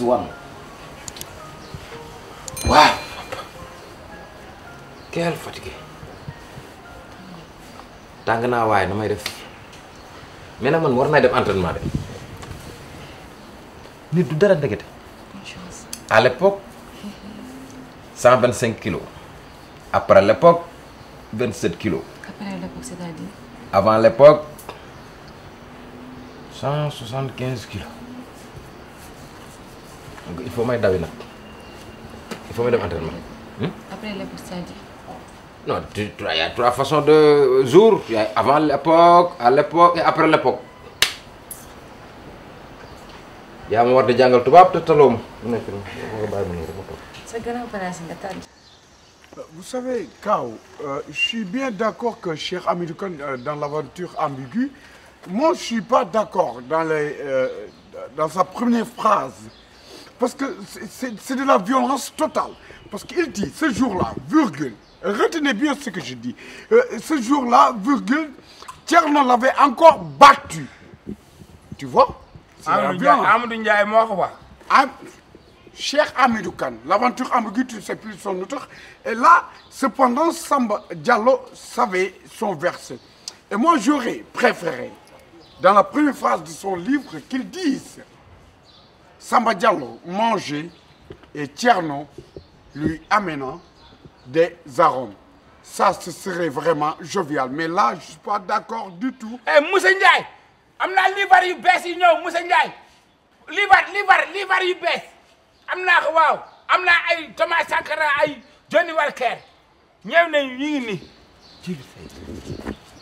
si wan waaw teel tàng naa waaye nu may def mais nag man war naa dem entraînement de nit du dara ndekete à l'époque cent vingt cinq kilos après l'époque vingt sept kilos après l'époque cest à cent soixante quinze kilos il faut may dawi nag il faut may def entraînement. Hmm? tu a trois de jour avant l'époque à l'époque après l'époque yaa ma war di jàngal tubaab te taloo euh, Vous savez, Kao, euh, je suis bien d'accord que Cheikh Hamidou Kane euh, dans l'aventure ambiguë, je suis pas d'accord dans les euh, dans parce que c'est de la violence totale. Parce qu'il dit, ce jour-là, virgule, retenez bien ce que je dis, euh, ce jour-là, virgule, Thierno l'avait encore battu. Tu vois C'est la violence. Ah, l'aventure ambiguë, tu son auteur. Et là, cependant, Samba Diallo savait son verset. Et moi, j'aurais préféré, dans la première phrase de son livre, qu'il dise Samba Diallo mangeait et Tierno lui amenant des arômes. Ça, ce serait vraiment jovial. Mais là, je ne suis pas d'accord du tout. Eh, Moussa am naa liibar yu bees yu ñëw Moussa Ndiaye. liibar liibar yu bees am naa ko waaw am naa ay Thomas Sankara ay Johnny Walker ñëw nañu ñu ngi nii.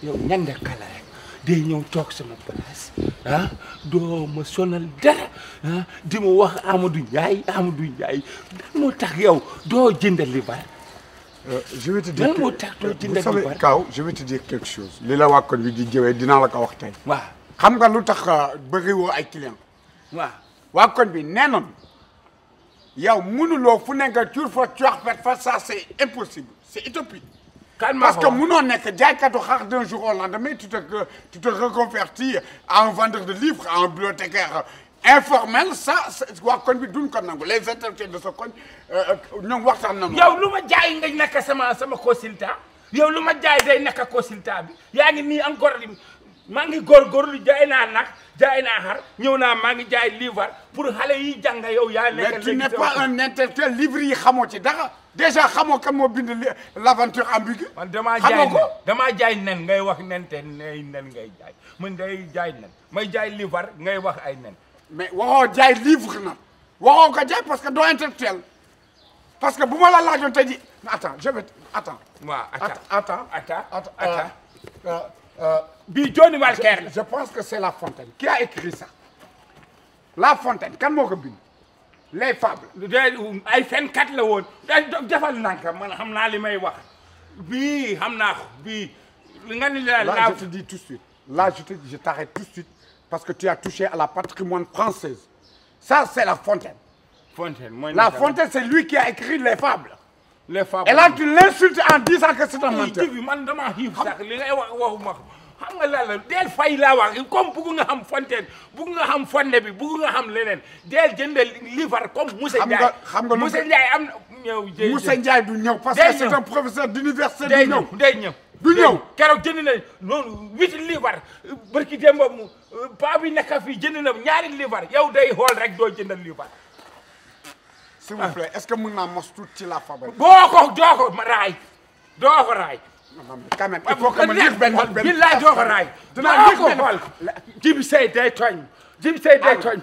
yow ñan de kala rek. day ñëw toog sama place ah doo ma sonal dara ah di ma wax Amadou Ndiaye Amadou Ndiaye lan moo tax yow doo jëndal li bar. Euh, je vais te dire lan moo tax doo jëndal li bar Kaaw je vais te dire quelque chose. li la waa kon bi di jëwee dinaa la ko wax tey. waaw xam nga lu tax euh, bëriwoo ay clients. waaw waa kon bi nee nañu yow mënuloo fu nekk tur fa cox fa ça c'est impossible c'est utopique. parce que munoo nekk jaaykatu xar d'un jour au tu te tu te reconvertis en vendeur de livres en informel ça waa koñ bi duñ ko nangu les intellectuels de so koñ euh, ñoom waxtaan nañu. yow lu ma jaay nga nekk sama sama consultant yow lu ma jaay day nekk consultant bi yaa ngi nii encore maa ngi góorgóorlu jaay naa nag jaay naa xar ñëw naa maa ngi jaay livre pour xale yi jàng yow. ya nekk léegi mais tu yi xamoo ci dara déjà xamoo kan moo bind l'aventure ambiguë. man damaa jaay nen damaa jaay nen ngay wax nen te nen ngay jaay man day jaay nen may jaay livre ngay wax ay nen. mais waxoo jaay livre na waxoo ko jaay parce que dont intellectuel parce que bu ma la laajoon tey jii attends je vais attends. waaw attends attends attends attends. Euh, euh, bii Johnny Walker je pense que c'est La Fontaine qui a écrit ça La Fontaine kan moo ko bind les fables. ay fenkat la woon defal nanka man xam naa li may wax bii naa ko bii. li nga ni la là je te dis tout de suite là je t'arrête tout de suite parce que tu as touché à la patrimoine française ça c'est La Fontaine. Fontaine mooy La Fontaine c'est lui qui a écrit les fables. et là tu l'insultes en disant que c'est un menteur. man damaa xiif sax li ngay wax waxuma ko xam nga lan la deel fay laa wax comme bugg nga xam fontaine bugg nga xam fonde bi bugg nga xam leneen deel jënde livre comme Moussa Ndiaye xam nga Moussa Ndiaye am ñëw mu Ndiaye du ñëw parce que c'est un professeur d'université du ñëw day ñëw du ñëw keroog jënd na noonu huit livre barki démb mu paa bi nekk fii jënd na ñaari livre yow day xool doo jëndal livre s'il vous plaît est-ce que mën naa mos tuut ci la fabrique boo ko doo ko raay quand même il ah, faut que ma yëg benn benn bi laa jox raay dinaa yëg benn xool Djibi Seye day tooñ Djibi Seye day ah, tooñ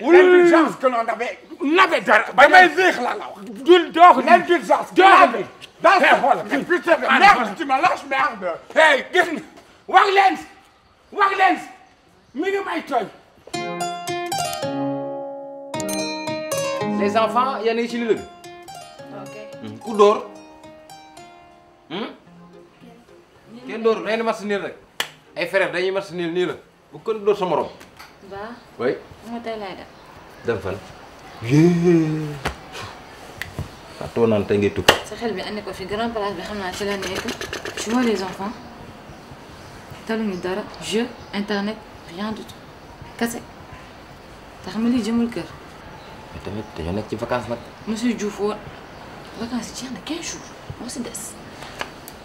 l'indulgence que l'on avait n'avait dara damay féex la la wax dul doo ko l'indulgence que l'on avait dans ce xool putain de ah, merde tu me lâches merde hey gis nga wax leen wax leen mi ngi may tooñ les enfants yéen a ngi ci lii la ok hmm. ku dóor hmm? kenn dooru day na match nul rek ay frère dañuy match nul nii la bu ko dóor sa morom. waaw. oui. moo tey laay def. dem fan. yéen. naan tey ngay tukki. sa xel bi andi ko fi grand place bi xam naa ci la nekk. tu vois les enfants. taluñu dara jeu internet rien du tout kese te xam nga lii jëmul kër. mais tamit dañoo nekk ci vacances nag. monsieur Diouf woon vacances yi jeex na 15 jours moo si des.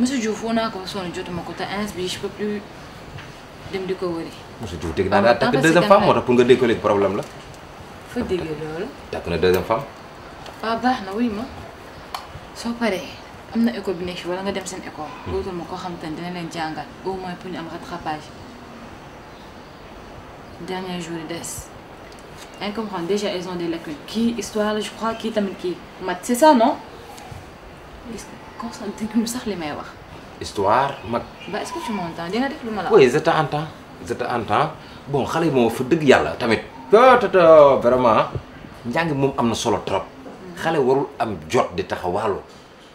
monsieur Diouf woo naa ko sonn jotuma ko te ins bi je peux dem di ko wëri. monsieur Diouf dégg ah, naa daa takk deuxième femme moo tax pour nga dégg ko léegi problème la. fa déggee loolu. takk na deuxième femme. waaw ah, baax na wuy ma soo paree am na école bi nekk fi wala nga dem seen école. Hmm. loolu ma ko xam te ne dina leen jàngal au moins pour ñu am rattrapage dernier jour yi des. yaa ngi comprendre déjà ils ont des kii histoire la je kii tamit kii mat c'est ça non. concentré déglu sax li may wax. histoire mag. ba est-ce que tu m'entends dina def lu ma la. oui je t'entends je t'entends bon xale yi moom fa dëgg yàlla tamit. tata vraiment njàng moom am na solo trop. xale warul am jot di taxawaalu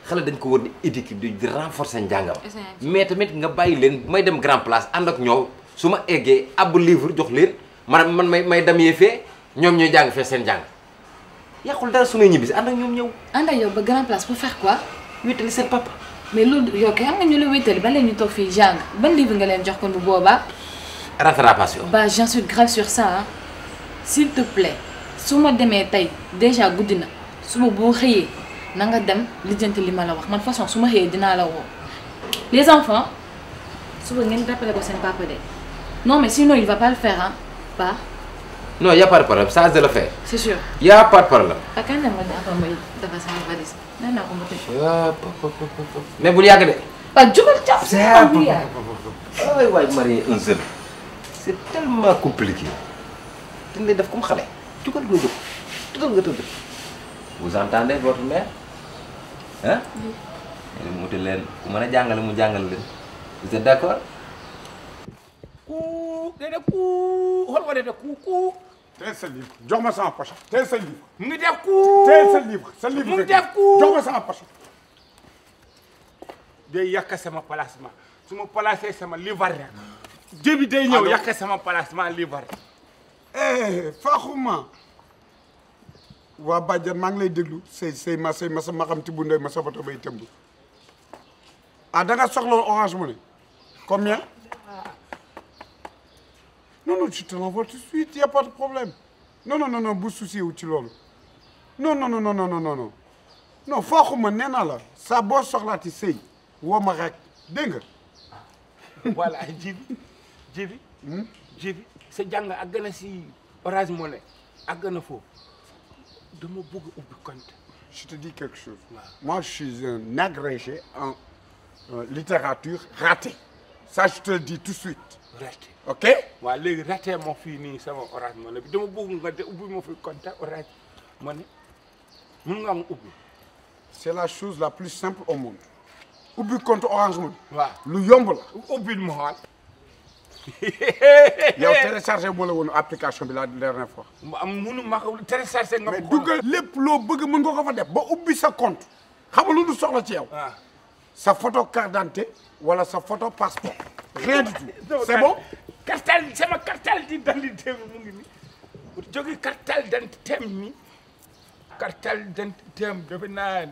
xale dañ ko war di éduquer di renforcer njàngam. mais tamit nga bàyyi leen may dem grand place ànd ak ñoom su ma eggee abbu livre jox leen maanaam man may may demee fee ñoom ñooy jàng fee seen jàng yàqul dara su ñuy ñibbisi ànd ak ñoom ñëw. ànd ak yow ba grand place pour faire quoi. wéetali seen papa mais loolu yow kay xam nga ñu la wéetali ba léegi ñu toog fii jàng ban livre nga leen jox kon bu boobaa. rattrapation. ba j'en suis grave sur ça ah s'il te plaît su ma demee tey déjà guddi na suba boo xëyee na nga dem lijjanti li ma la wax man façon su ma xëyee dinaa la woo les enfants suba ngeen rappelé ko seen papa de non mais sinon il va pas le faire ah ba. non y' a pas de problème ça je le fais. c'est sûr. y' a pas de problème. ah kañ la ma dafa nee naa ko mais bul yàgg de. waa jugal jàpp si xaw ma waay waay marier un jeune. c'est tellement compliqué. dañ lay def comme xale. jugal nga jóg tëddal nga tëdd. vous entendez votre mère ah. mu wuti leen ku mën a jàngale mu jàngale leen vous êtes d'accord. kuu nee na kuu xool de kuu te sa livre jox ma sama poche teel sa livre. mu ngi def ku. teel sa livre sa livre mu ngi def ku jox ma sama poche. day yàq sama placement su ma placé sama livre rek. jébi day ñëw yàq sama placement livre rek. Eh, Faxuma. waa Badiane maa ngi lay déglu say say ma say ma sa ma xam ti bu ndoy ma sa bato bay tëmb. ah da nga soxla orange mu ne combien. non non je te l'envoie suite y pas de problème non non non non ci loolu non non non non non non non non faaxuma la saa boo soxlaati sëy voilà jibi jibi jibi sa jàng ak gën si Orange Money ak gën a foofu dama bëgg ubbi compte. je te dis quelque chose. moi je suis un agrégé en euh, littérature raté. ça je te le dis tout de suite. rete ok. waaw léegi rete moo fii nii sama orange money bi dama bëgg nga de ubbi moo fi compte orange money mun nga am ubbi. c'est la chose la plus simple au monde. ubbi compte orange money. waaw lu yomb la. ubbi mu xool. yow téléchargé moo la woon application bi la dernière fois. ma munu ma ko téléchargé nga. mais duggal lépp loo bëgg mën nga ko fa def ba ubbi sa compte xam nga lu du soxla ci yow. sa photo carte d'identité wala sa photo passeport rien du tout c'est bon carte sama carte d'identité mu ngi ni jóge carte d'identité ni carte d'identité dafa naa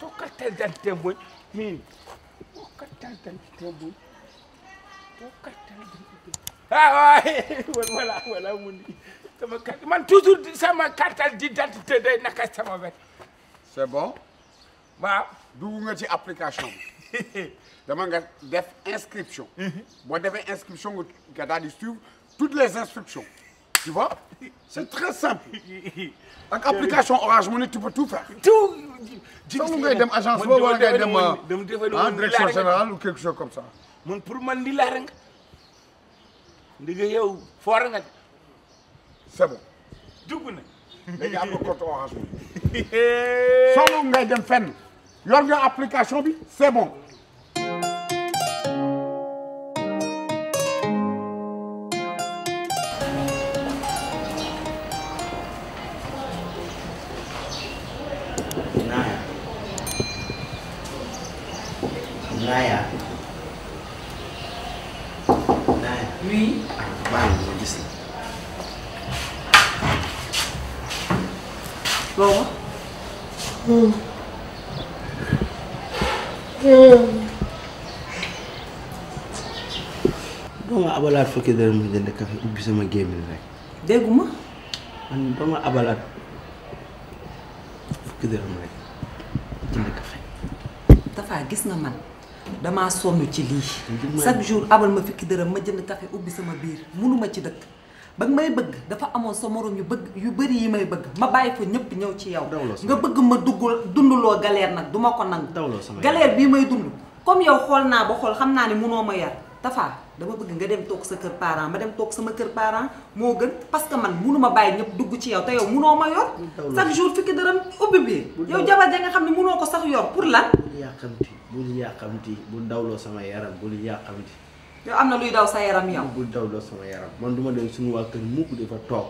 foo carte d'identité boy mi foo carte d'identité boy foo carte d'identité ah waay voilà voilà mu ni sama carte man toujours sama carte d'identité day naka sama wet c'est bon waaw dugg nga ci application bi dama nga def inscription mhm. boo defee inscription nga daal di suivre toutes les instructions tu vois c'est très simple ak application Orange Money tu peux tout faire tout solu ngay dem agence boobu wala ngay dem euh, en direction générale ou quelque chose comme ça man pour man di laara nga ndiga yow foora nga c'est bon dugg na léegi am nga compte Orange Money solu ngay dem fenn yor nga application bi c'est bon abalaat fukki dërëm ma jënd café ubbi sama gémmiñ rek. ma abalaat fukki dërëm gis na man damaa sonn ci lii. chaque jour abal ma fukki dërëm ma jënd café ubbi sama biir munuma ci dëkk. bag nga may bëgg dafa amoon sa morom yu bëgg yu bëri yi may bëgg ma bàyyi ko ñëpp ñëw ci yow. nga bëgg ma duggul dunduloo galère nag du ma ko nangu. galère bii may dund comme yow xool naa ba xool xam naa ne munoo ma yar Tafa. dama bëgg nga dem toog sa kër parent ma dem toog sama kër parent moo gën parce que man ma bàyyi ñëpp dugg ci yow te yow munoo ma yor. chaque jour fukki dërëm ubbi bi yow jabar ja nga xam ne munoo ko sax yor pour lan. bul yàqamti bul yàqamti bul dawloo sama yaram bul yàqamti. yow am na luy daw sa yaram yow. bul dawloo sama yaram man duma dem suñu waa kër mukk dafa toog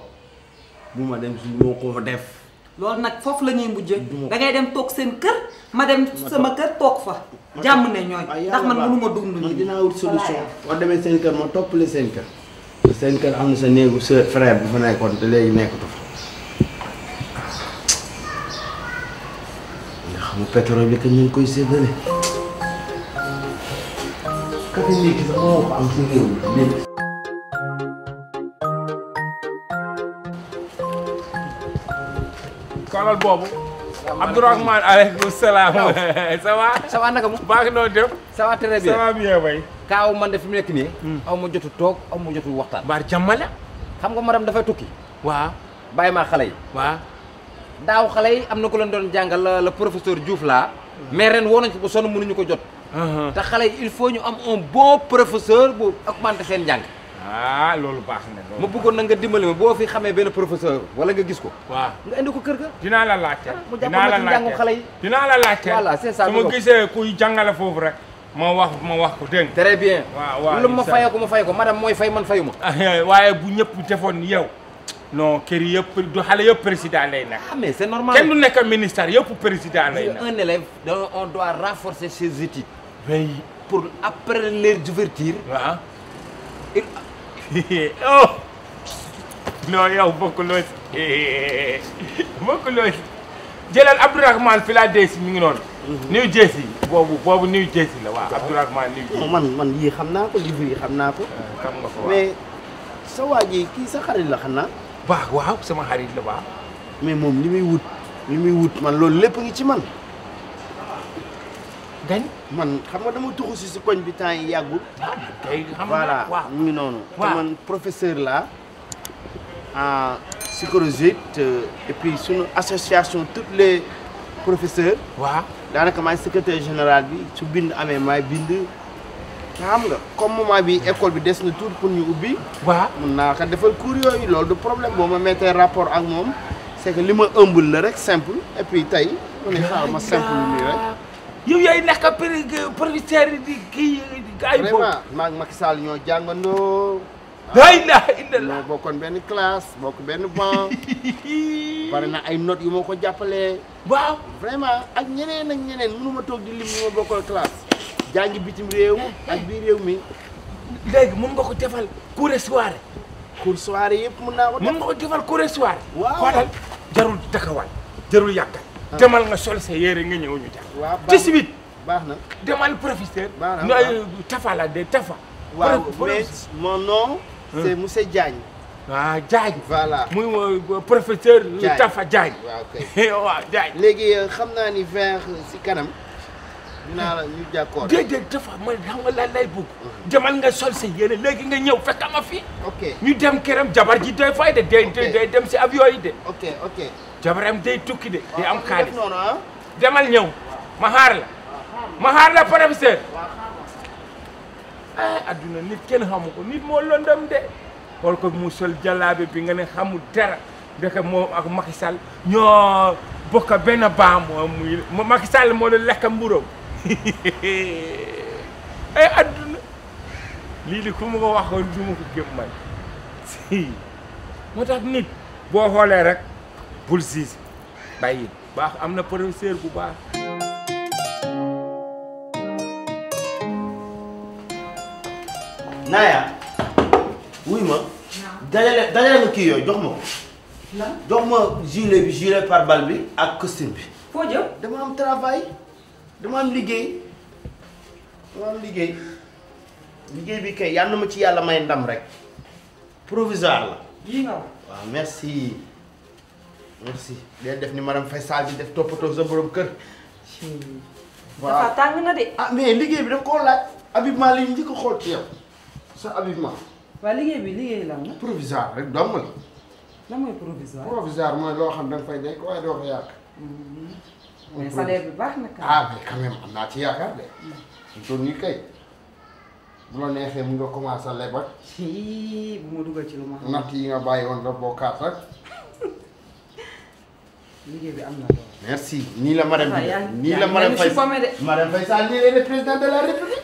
bu ma dem suñu moo ko def. loolu nag foofu la ñuy mujjee da ngay dem toog seen kër ma dem sama kër toog fa jàmm ne ñooy ndax man mënuma dund man dinaa wut solution war demee seen kër ma toppale seen kër seen kër am na sa néegu sa frère bu fa nekkoon te léegi nekkatu fa nga xam pétrole bi que ñu koy séddale xaaral boobu. Abdourahmane aleykum salaam. sawaa va. nag va mu. baax noo def. ça va très bien kaaw man de mu nekk nii. Hmm. aw ma jotu toog aw ma jotu waxtaan. baar jàmmale. xam nga madame dafay tukki. waa bàyyi ma xale yi. waaw daaw xale yi am na ko leen doon jàngal euh, la professeur Diouf laa. mais ren woo nañ ko ba sonn mënuñu ko jot. Uh-huh. te xale yi il faut ñu am un bon professeur ak augmenter seen njàng. ah loolu baax na loolu ma bëggoon na nga dimbali ma boo fi xamee benn professeur wala nga gis ko. waaw nga indi ko kër ga. dinaa la laajte ah, dinaa la laajte mu jàppale ci njàngu xale yi. dinaa la laajte voilà c'est ça su ma gisee kuy jàngale foofu rek. ma wax ma wax ko dégg très bien waaw waaw lu ma fayee ko ma fay ko madame mooy fay man fayuma. Ah, eh, waaye bu ñëpp defoon yow. non kër yëpp du xale yëpp président lay nekk. ah mais c'est normal kenn du nekk ministère yëpp président lay nekk. un élève donc on doit renforcer ses études. oui pour après les divertir. waaw oh non yow bokkuloo si bokkuloo si jëlal Abdourahmane fi laa dee si mi ngi mhm. New Jersey boobu boobu New Jersey la waaw Abdourahmane New Jersey. Oh, man man yii xam naa ko livre xam naa ko. Euh, xam nga ko mais sa waa ji kii sa xarit la xanaa. baax waaw sama xarit la baax mais moom li muy wut li muy wut man loolu lépp ngi ci man. gañ man xam nga dama tuxu si si koñ bi temps yi yàggul. Ah, voilà mu ngi noonu. waaw man professeur laa en psychologie et puis suñu association toutes les professeurs. waaw daanaka maay secrétaire général bi su bind amee maay bind. xam nga comme moment bi école bi des na tuuti pour ñu ubbi. waa mun naa ko defal cours yooyu loolu du problème boo ma mettee rapport ak moom c'est que li ma ëmbul la rek simple et puis tey. mu ne xaaral ma simple nii rek. yow yaay nekk professeur di kii ay boobu vraiment maa ngi Macky Sall ñoo jàngandoo. la ilaha illallah ñoo bokkoon benn classe bokk benn banc. bari na ay notes yu moo ko jàppalee. waaw vraiment ak ñeneen ak ñeneen mënu ma toog di lim ñu ma bokkoon classe. jàngi bitim réew ak bii réew mi. léegi mun nga ko defal cours soirée. cours soirée yëpp mun naa ko def mun nga ko defal cours soirée. waaw xoolal jarul taxawal jarul yàggal. Ah. demal nga sol yére nga ñëw ñu def. waaw baax na baax na demal professeur. baax na Tafa la de Tafa. waaw mais mon nom. c'est monsieur Diagne. ah Diagne. voilà muy euh, euh, professeur. Tafa Diagne. waaw kay léegi euh, xam naa ni vers si kanam. naa la ñu jàkkoor déedéet nga lay bëgg. demal nga sol sa yére léegi nga ñëw fekk ma fi. ñu dem këram jabar ji day fay de. day dem si avion yi de. ok ok. jabaram day tukki de day am xaalis. Ah. demal ñëw ma xaar la. ma xaar la professeur. ah adduna nit kenn xamu nit moo lëndëm de. xool ko mu sol jalaabe bi nga ne xamul dara ndeke moom ak Macky ñoo bokk benn baam muy Macky moo doon lekk mburoom ay adduna lii li ku ma ko waxoon du moo tax nit boo xoolee rek bul siis bàyyi baax am na professeur bu baax naaya wuy ma dajale dajale nga kii yooyu jox ma ko jox ma gilet bi gilet pare-balle bi ak costume bi foo jëm dama am travail dama am liggéey dama am liggéey liggéey bi kay yàlla na ma ci yàlla may ndam rek provisoire la. yii nga waaw merci merci. day def ni madame Faye Sall di def toppatoo sa borom kër. waaw tàng na de. ah mais liggéey bi daf koo laaj. habillement la ñu njëkk a xool ci yow sa habillement. waaw liggéey bi liggéey la am provisoire rek dong la. lan mooy provisoire. provisoire mooy loo xam da nga fay nekk waaye doo ko yàq. Mhm. mais salaire bi baax na. ah am naa ci yaakaar de. ñu toll nii kay bu la neexee mu nga commencé lebal. fii bu ma dugal ci lu ma. natt yi nga bàyyi woon la bokkaat rek. liggéey am na merci nii la Marème nii la Marème Faye Marème Faye Sall nii la président de la république.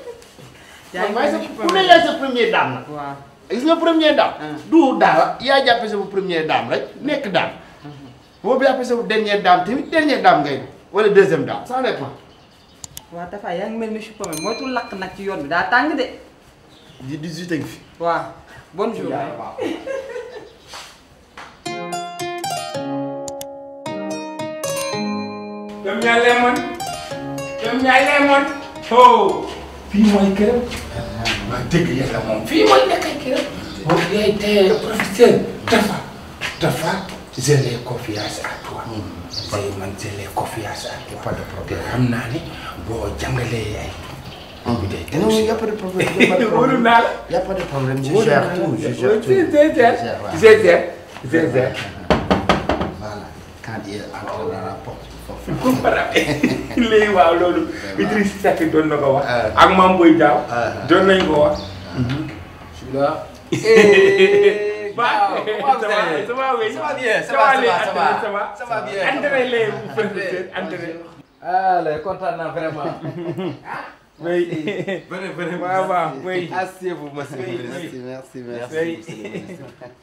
yaa ngi may nga première dame. du dara yaa jàppe sa bu première dame rek nekk dame. boo jàppee sa bu dernière dame tamit dernière dame ngay. wala deuxième dame ça dépend. waaw Tafa yaa ngi mel ni choupa mi moytu lakk nag ci yoon bi daa tàng de. di di si tënk fi. waaw bonne journée ñoom ñaar lemoon ñoom ñaar lemoon. oh. fii mooy këram. waaw dëgg yàlla moom fii mooy nekkay këram. boo yaay tey professeur Tafa Tafa. je l'ai confiance à toi. je hmm. man je l'ai confiance à toi. pas de problème te xam naa ne boo jàngalee yaay. Hmm. bu dee tamit non y' a pas de problème wóolu naa la. y' a pas de problème je gère tout je gère tout je gère je gère voilà quand il entre dans la porte. léegi waaw loolu. Idriss Seck doon na ko wax. Ah. ak Mame Boye Diao. Ah. doon ko waaw waaw ça va ça va oui ça va bien ça va ça va ça va ça va bien entrain lay entrain ah lay kontaan naa vraiment oui bëri bëri waaw waaw oui assez vous merci merci merci merci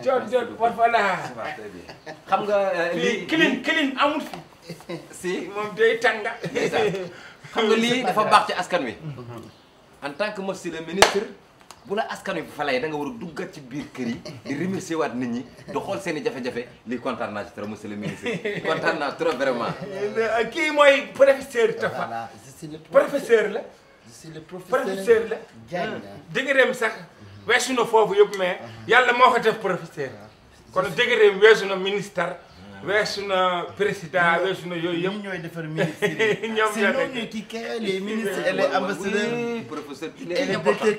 jot jot war fa la xam nga lii clean clean amul fi si moom day tànga xam nga lii dafa baax ci askan wi en tant que monsieur le ministre bu la askan wi falee da nga war a duggaat ci biir kër yi di remercier waat nit ñi di xool seen i jafe-jafe lii kontaan naa ci trop monsieur le ministre kontaan naa trop vraiment. kii mooy professeur Tafa professeur la. professeur la dëgëreem sax weesu na foofu yëpp mais uh-huh. yàlla moo ko def professeur uh-huh. kon dëgëreem weesu na ministère. weesu na président weesu na yooyu yëpp ñi ñooy defar ministre yi. ñoom ñoo nekk qui créent les ministres et les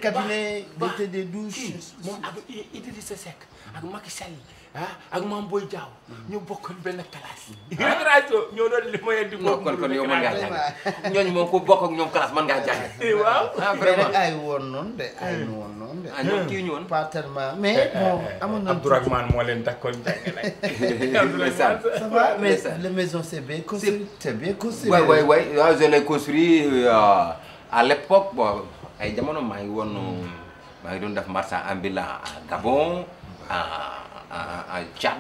cabinet directeur des douches. moom ak Idrissa Seck ak Macky Sall ah ak maam booy jaaw ñu bokkoon benn classe. génération ah. ñoo doon li ma leen di. bokk kon kon yow mën ngaa jàng ñooñu moom ku bokk ak ñoom classe mën ngaa jàng. Eh, waaw ah vraiment ay woon noonu de ay nu woon noonu de. ah ñoom kii ñu woon. pas tellement mais eh, bon eh, amoon nañu. Abdourahmane moo leen dakkoon jàng nag. Abdourahmane ça va mais la maison c'est bien construit. c'est bien construit. waay waay waay waaw je l'ai construit euh, à l'époque bon ay jamono maa ngi woon maa ngi doon def marchand ambulant à Gabon à. à Tchad.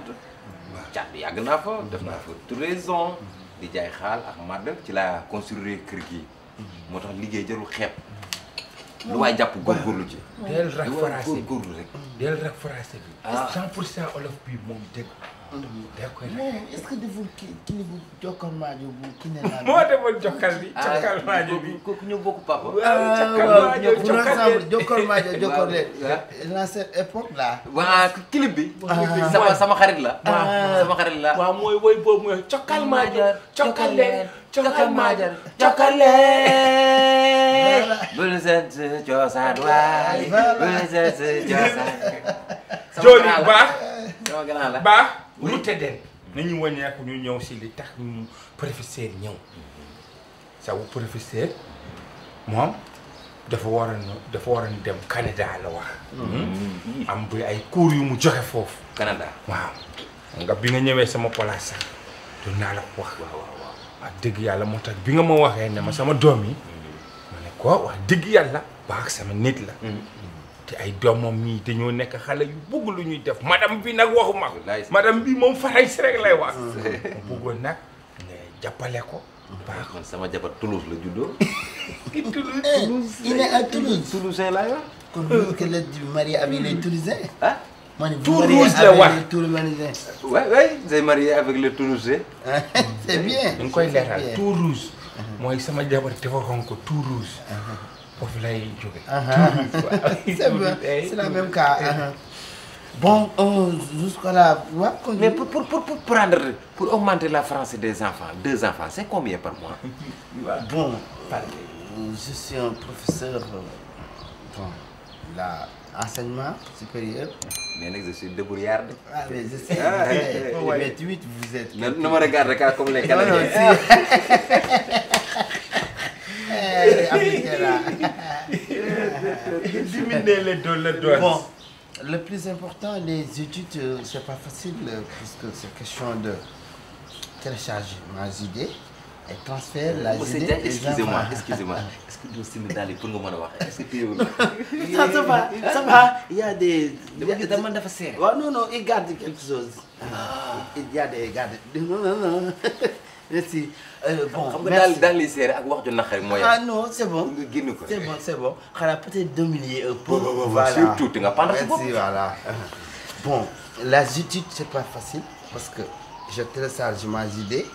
Tchad yàgg naa fa def naa fa treize ans di jaay xaal ak màdd ci laa construire kër gi mm-hmm. moo tax liggéey jarul xep mm-hmm. lu waay jàpp góorgóorlu ci del rek góorgóorlu rek del rek français ah. bi cent pour cent olof bi moom moom ah, ah, ah, bi sama sama la. sama xarit la. waaw mooy woy boobu mooy jokkal maajo jokkal leen. jokkal bul seet si coosaan waay bul seet baax lu tëddeen nañu wàññeeku ñu ñëw si li tax mu professeur ñëw sabu professeur moom dafa war a dafa war a dem Canada la wax mm-hmm. am bu ay cours yu mu joxe foofu Canada waaw nga bi nga ñëwee sama place sax doon naa la ko wax wax dëgg yàlla moo tax bi nga ma waxee ne ma sama doom yi ma ne ko wax dëgg yàlla baax sama nit la mm-hmm. te ay doomam ñii dañoo nekk xale yu bëgg lu ñuy def madame bi nag waxuma ko madame bi moom faray si rek lay wax mu mm. bëggoon nag nga jàppale ko baax man sama jabar Toulouse la juddoo Toulouse eh, il est à Toulouse Toulousain laa kon vous que ah ma ne Toulouse la wax Toulousains waay waay c'est marié avec les Toulousains c'est bien dañ koy leeral mooy sama jabar dafa xonk ko Toulouse ah, ah, ah. foofu lay jóge c'est la même eh, cas bon oh, jusqu'à là mais pour prendre pour augmenter la français des enfants deux enfants c'est combien par mois bon je professeur bon enseignement supérieur. mais nag je suis débrouillard. ah mais je sais. ah oui mais eh, eh, huit vous êtes. na ma regarde comme les canadiens. Eh, eh, bon le plus important les études euh, c'est pas facile euh, puisque c'est question de téléchargement d'idées et transfert la idée excusez-moi excusez-moi est-ce que doo simi daal yi pour nga mën a wax est-ce que téyewul ça va ça va il y a des dama dafa seer waaw non non il garde quelque chose ah. il y a des garde non non merci euh, bon xam nga daal daal di seere ak wax ju naqari mooy. ah non c' est bon nga génn ko. c' est bon c' est bon xanaa peut-être dominer un peu. voilà surtout nga pendre sa bopp merci voilà. bon la étude c' est pas facile parce que je télécharge mes idées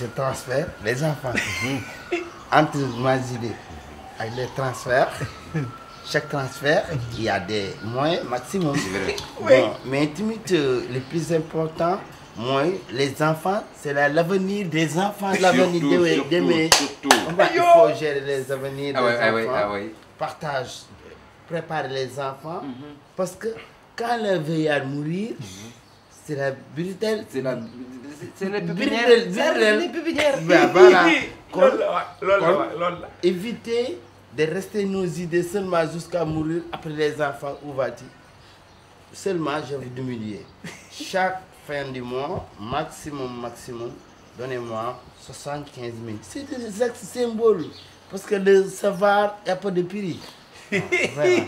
je transfère les enfants entre mes idées ak les transferts chaque transfert il y a des moyens maximum. bon mais tamit euh, le plus important. mooy les enfants c'est là l'avenir des enfants. l'avenir surtout demee on va il faut gérer les avenirs. Ah des ah enfants ah les enfants. Mhm. que quand le vieillard mourir. Mhm. la brutelle. c'est la c'est la pépinière c'est de rester nos idées seulement jusqu'à mourir après les enfants va-t-il je vais diminuer chaque. fin du mois maximum maximum donnez-moi 75 000. c'est des actes symboles parce que le savoir y a pas de prix. vraiment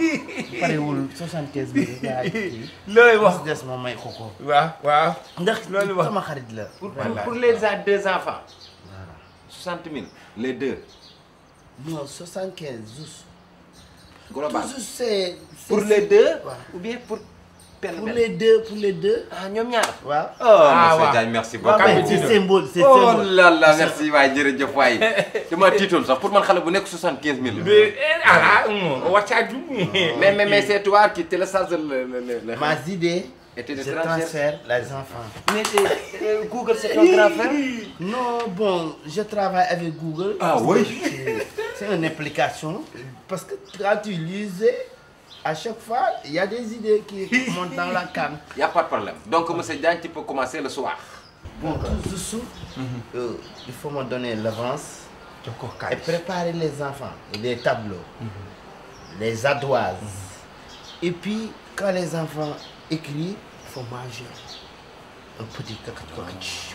parewul 75 000 daal kii. looy wax des ma may ko ko. waaw waaw. ndax sama xarit la. pour deux non 75 juste. global toujours c'est pour les deux. ou bien pour. benn pour les deux pour les deux. ah ñoom ñaar. waaw ah, ah merci beaucoup. c'est symbole c'est symbole. oh là là merci waay jërëjëf waay. dama tiitoon sax pour man xale bu nekk soixante mille. mais eh, ah, ah, mm, ah mais qui télécharge le le le. ma idée. était de transfert les enfants. mais c'est Google c'est ton non bon je travaille avec Google. ah oui. c'est une application. parce que quand à chaque fois il y a des idées qui montent dans la canne. y a pas de problème donc monsieur Diagne tu peux commencer le soir. Mhm. Euh, il faut me donner l'avance. et préparer les enfants les tableaux. Mhm. les ardoises. et puis quand les enfants écrivent il faut manger un petit cacahuète.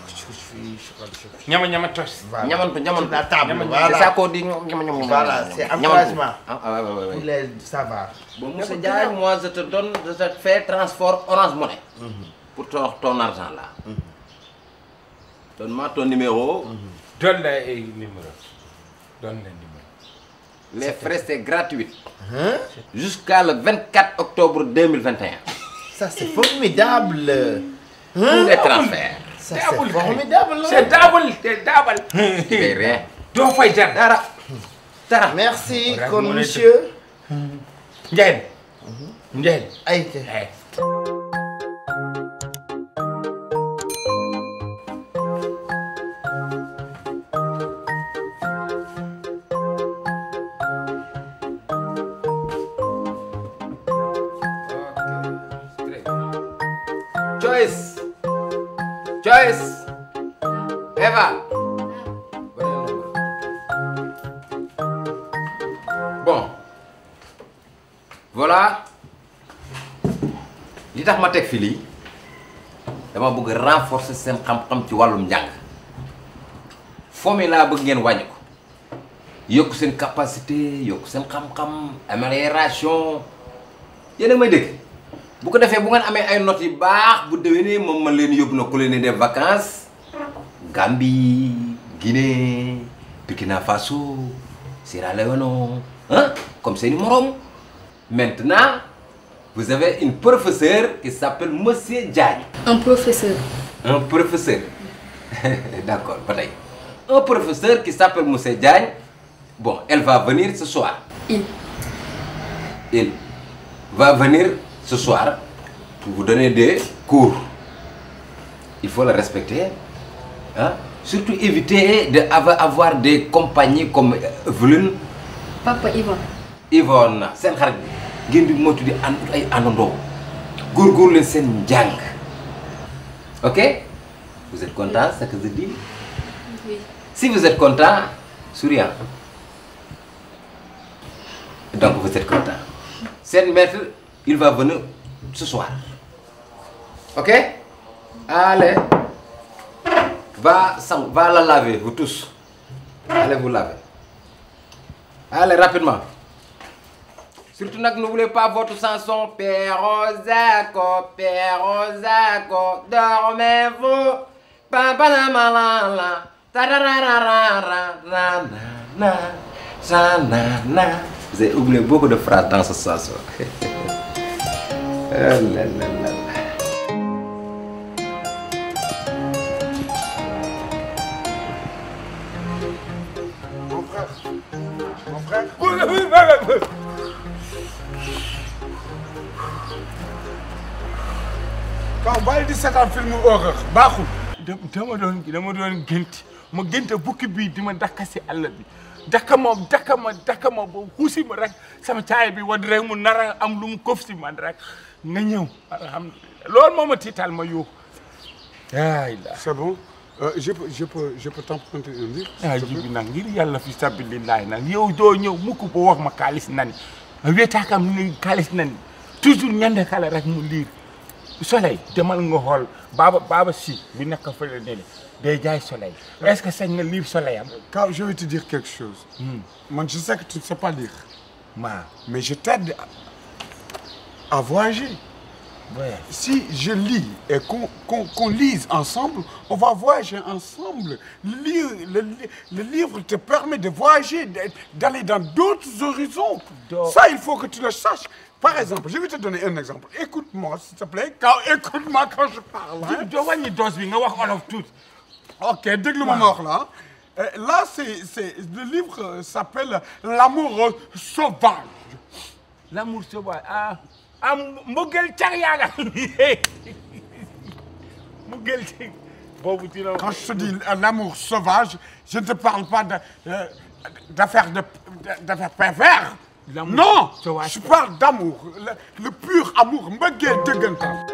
ñama ñama tos. ñamantu ñamantu la table c'est ça qu'on dit ñama ñama. voilà c'est encouragement. ah, ah oui Orange Money. Mhm. pour ton ton argent mhm. mhm. la ay eh, numéro les frais c'est jusqu'à le 24 octobre 2021. ça c'est les transferts. daabul formidable c'est daabul c'est dara dara merci kon monsieur Ndiaye mhm. Ndiaye voilà li tax ma teg fi lii dama bëgg renforcer seen xam-xam ci wàllum njàng foomi laa bëgg ngeen wàññi ko yokk seen capacité yokk seen xam-xam amélioration yéen a may dégg bu ko defee bu ngeen amee ay not yu baax bu déwénee moom man leen yóbbu na ku leen des vacances Gambie Guinée Burkina Faso Sierra Leone ah comme seeni moroom Maintenant, vous avez une professeure qui s'appelle Monsieur Diagne. Un professeur. Un professeur. D'accord, bataille. Un professeur qui s'appelle Monsieur Diagne. Bon, elle va venir ce soir. Il. va venir ce soir pour vous donner des cours. Il faut le respecter. Hein? Surtout éviter d'avoir des compagnies comme euh, Vlune. Papa Yvonne. Yvonne, c'est un ngeen di moytu di ànd ay àndandoo góorgóorlu leen seen njàng. ok vous êtes content ce que je dis. si vous êtes content souriant. donc vous êtes content. seen maître il va venir ce soir. ok. allez. va sang va la laver vous tous. allez vous laver. allez rapidement. surtout nag n'oubliez pas votre chanson Perrozaco Perrozaco dormez-vous pampanamalala tarararararana sanana vous avez oublié beaucoup de phrases dans cette chanson oh là là là Mon frère Mon frère kaw bàyyi di seetaan film horreur baaxul. dama doon dama ma génte bukki bii di ma dakka si àll bi dakka ma dakka ma dakka ma ba xuusi ma rek sama caay bi wad rek mu nar a am lu mu kof man rek nga ñëw alhamdulilah loolu moo ma tiital ma yóbbu. ayla c'est bon euh, je peux je peux bi nag ngir yàlla fi sabilillahi nag yow doo ñëw mukk boo wax ma kaalis nani wetaakam ni kaalis nani toujours ñande kala rek mu liir. soleil demal nga xool baaba baaba si bu nekk fële ne day jaay soleil est-ce que sañ nga lire soleil am. Kaaw je vais te dire quelque chose. Hmm. man je sais que tu ne sais pas lire. ma mais je t'aide à voyager. Ouais. Si je lis et qu'on qu'on qu'on lise ensemble, on va voyager ensemble. Le livre, le, le livre te permet de voyager, d'aller dans d'autres horizons. Ça, il faut que tu le saches. Par exemple, je vais te donner un exemple. Écoute-moi, s'il te Quand, je parle. Hein. Tu wàññi nga wax olof tout. OK, déglu ma ma wax Là, euh, c'est le livre euh, s'appelle L'amour sauvage. L'amour sauvage. Ah, ah, quand je dis euh, l'amour sauvage, je ne parle pas d'affaires de pervers. non je parle d'amour le, le pur amour mbëggeel dëggantaan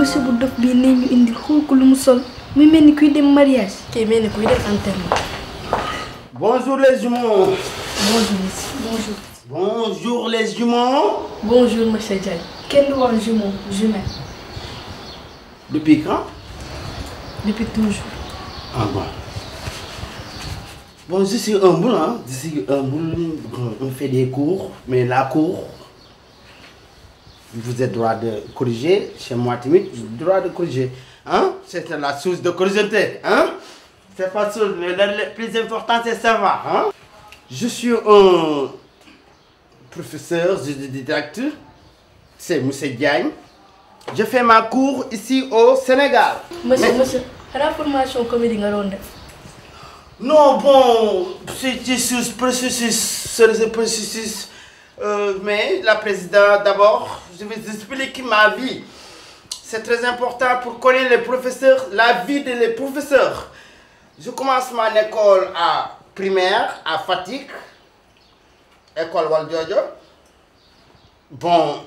monsieur bu dof bii nee ñu indi xool ko lu mu sol muy mel ni kuy dem mariage kii mel ni kuy dem enterrement. bonjour les jumeaux. bonjour monsieur bonjour. bonjour les jumeaux. bonjour monsieur Diagne. kenn du wax jumeaux jumelle. depuis quand. toujours. ah bon bon je suis humble hein je suis humble cours mais la cour. vous êtes droit de corriger chez moi tamit droit de corriger ah c'est la source de corriger ah c'est pas source mais le plus important c'est savoir ah. je suis un professeur je suis didacteur c'est monsieur Diagne je fais ma cours ici au Sénégal. formation comédie nga doon def. non bon c'est processus processus euh, mais la présidente d'abord. je vais vous expliquer ma vie c'est très important pour connaître les professeurs la vie de les professeurs je commence mon école à primaire à Fatick école Valdiodio bon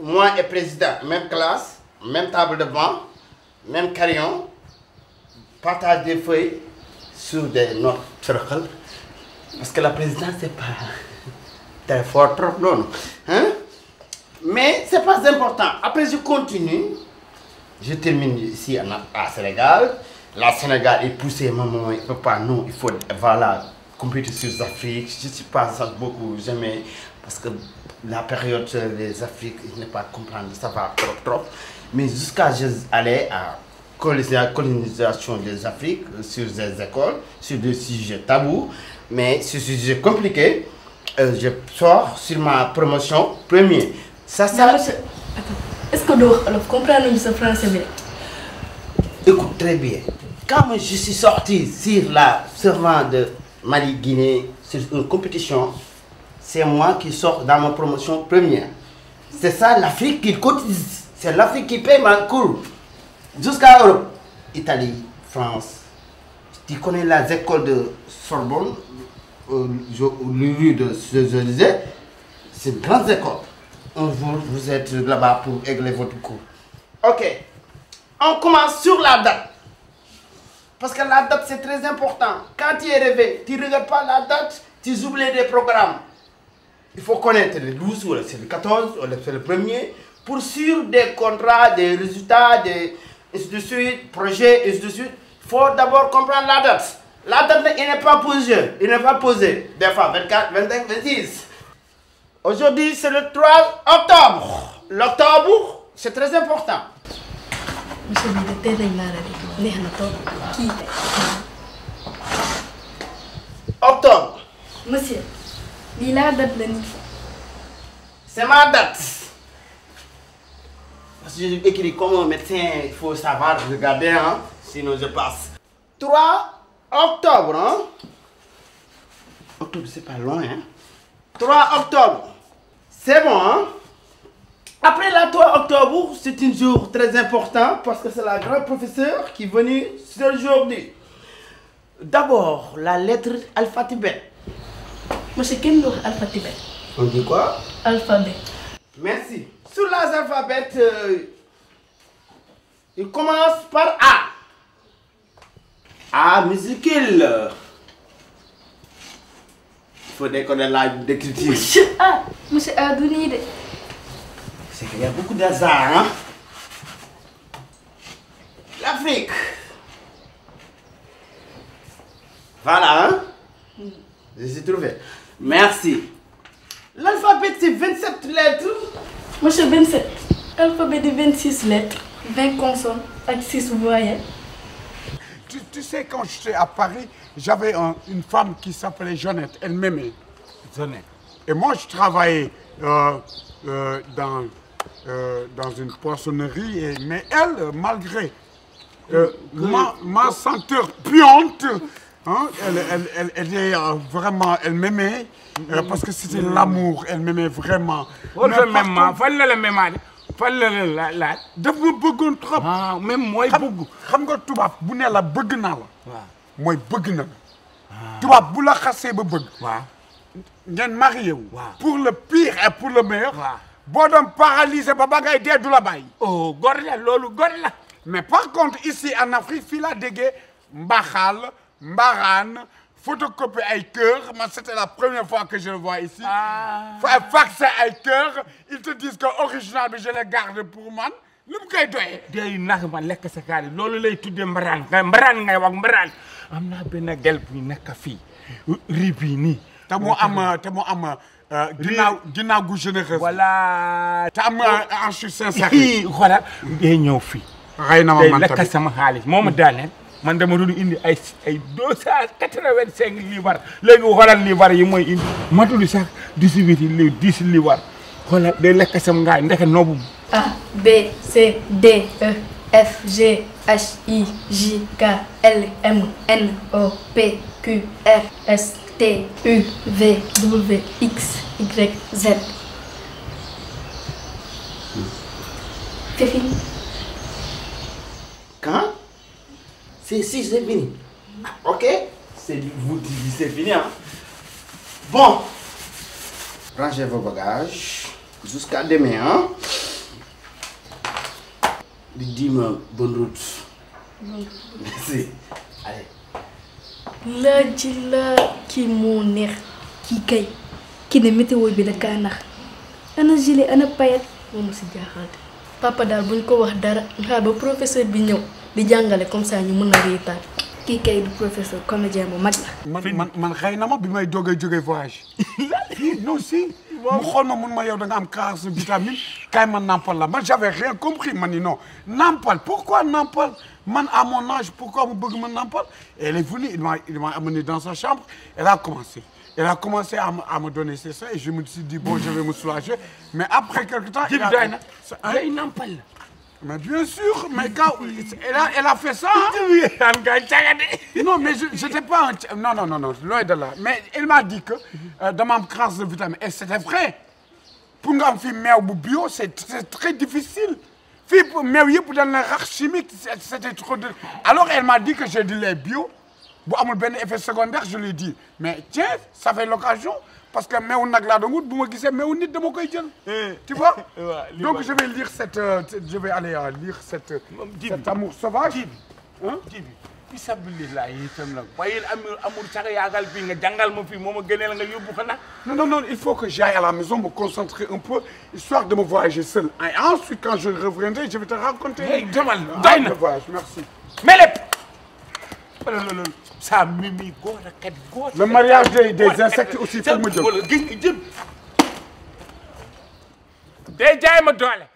moi et président même classe même table de banc même carion partage des feuilles sur des notes parce que la présidence c'est pas très fort trop noonu mais c'est pas important après je continue je termine ici à Sénégal la Sénégal est poussé maman il peut pas il faut voilà compétir sur Afrique je suis pas ça beaucoup jamais parce que la période des Afriques je n'ai pas comprendre ça trop trop mais jusqu'à je allais à la colonisation des Afriques sur des écoles sur des sujets tabous mais ce sujet compliqué euh, je sors sur ma promotion premier ça ça monsieur est-ce que doo wax olof comprendre nañu sa français bi écoute très bien quand moi je suis sorti sur la servant de Mali Guinée sur une compétition c'est moi qui sors dans ma promotion première c'est ça l'Afrique qui cotise c'est l'Afrique qui paye ma cour jusqu'à Europe Italie France tu connais les écoles de Sorbonne euh, l'ULU de José Lisée c'est une grande école un jour vous êtes là pour régler votre cours. ok on commence sur la que la date très important quand tu es rêvé tu regardes pas la des programmes il faut connaître le 12 wala c'est le 14 wala c'est le pour suivre des contrats des résultats des ainsi de suite projets ainsi de suite faut d'abord comprendre la date la date nag il n'est pas posée il n'est pas posée des Aujourd'hui, c'est le 3 octobre. L'octobre, c'est très important. monsieur bi de tey la nii. c'est ma date. parce que j'ai écrit comme il faut savoir regarder hein sinon je passe. 3 octobre octobre c'est pas loin hein. octobre. c'est bon hein après la 3 c'est un jour très important parce que c'est la grande professeure qui est venue aujourd'hui d'abord la lettre alphabet monsieur kenn wax alphabet on dit quoi alphabet merci sur les alphabets euh, il commence par A A minuscule faut déconner laaj d'écriture. ah monsieur ah du nii de. c'est qu'il y a beaucoup d'hasard hein. l'Afrique. voilà hein. Mm. je suis trouvé. merci. l'alphabet c'est 27 lettres. monsieur 27. alphabet de 26 lettres. 20 consonnes ak 6 voyelles. tu, tu sais, quand j'étais à Paris, j'avais un, une femme qui s'appelait Jeannette, elle m'aimait. Jeannette. Et moi, je travaillais euh, euh, dans, euh, dans une poissonnerie, et, mais elle, malgré euh, euh, ma, ma senteur puante, Hein? Elle, elle, elle, elle, est euh, vraiment, elle m'aimait euh, mm-hmm. parce que c'était l'amour, elle m'aimait vraiment. Mais, par contre, fan la la laaj laaj. daf ma trop. waaw ah, mooy bëgg. xam nga tubaab bu ne la bëgg naa la. mooy bëgg na la. Ah. tubaab bu la xasee ba bëgg. waaw ngeen marié wu. waaw le pire et pour le meilleur. waaw boo doon ba ba ngay dee du la bàyyi. oh gor la loolu gor la. mais par contre ici en Afrique fii laa déggee mbaxaal mbaxaan. photocopie ay cœur man c'était la première fois que je le vois ici. ah fa faxé ay cœur ils te disent que original bi je le garde pour man lu mu koy doyee. day nax ma lekk sa kaari loolu lay tuddee mbaraan ngay mbaraan ngay wax mbaraan am naa benn gel bu nekk fii ribi nii. te mu am te wala am. Euh, ginnaaw ginnaaw gu généreux. voilà. te am euh, en succès. xoolal day ñëw fii. xëy na ma man tamit day lekk sama xaalis moomu man dama doon indi ay ay deux cent quatre cinq libar léegi xoolal libar yi mooy indi matul sax dix-huit libar xoolal day sam ngaay ndeke noobu A B C D E F G H I J K L M N O P Q R S T U V X Y Z C'est si c'est fini. Ok C'est vous divisez, Bon. Rangez vos bagages. Jusqu'à demain. Hein? Dis-moi, bonne route. route. Merci. Allez. laaj kii moo neex kii kay kii ne météo bi la kaa nax ana gilet ana payet moo si jaaxal papa daal buñ ko wax dara xaar ba professeur bi ñëw di jàngale comme ça ñu mën a réetaan kii kay du professeur comédien bu mag la. man man man na ma bi may jógee jógee voyage. non si. mu xool ma mun ma yow da nga am carence kay man nampal la man j'avais rien compris man ni non nampal pourquoi nampal man a mon âge pourquoi mu bëgg ma nampal elle est venue il m'a il m'a dans sa chambre elle a commencé elle a commencé à me donner ses seins et je me suis bon je vais me soulager mais après quelque temps. il a day na day nampal mais bien sûr elle a fait ça non mais je j' pas un non non non non loin de là mais il m'a dit que euh, dama am carence de vitamine et c' vrai pour nga am fii meew bu bio c' est c' est très difficile fii meew yëpp dañ la rax chimique c' trop de alors elle m'a dit que j'ai dit les bio bu amul benn effet secondaire je lui ai mais tiens ça fait l'occasion parce que meew nag laa doon wut bu ma gisee meew nit dama koy jël. Eh. tu vois donc je vais lire cette euh, je vais aller euh, lire cette. Euh, cet amour sauvage ji bi ah ji bi. bisimilah itam nag bàyyil amul amul sax yaagal fii nga jàngal ma fii moom a gëneel nga yóbbu ko non non il faut que j'aille à la maison me concentrer un peu histoire de me voyager seul et ensuite quand je reviendrai je vais te raconter. hey demal ah, doy ça mimi góor a kat góor. le mariage des des insectes aussi foog ma jóg gis nga jëm. day jaay ma doole.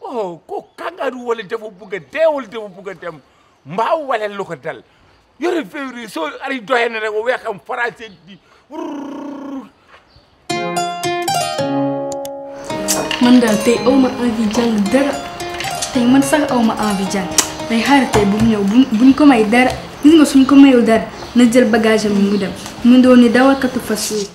oh ko kangaru wala dafa bugg a dee wala dafa bugg a dem mbaaw wala lu ko dal yore février soo ari doxee na rek weexam français bi. man daal tey aw ma envie jàng dara tey man sax aw ma envie jàng. mais xaaral tey bu mu ñëw buñ ko may dara gis nga suñ ko mayul dara na jël bagage am mu dem mu doon ni dawalkatu fas yi.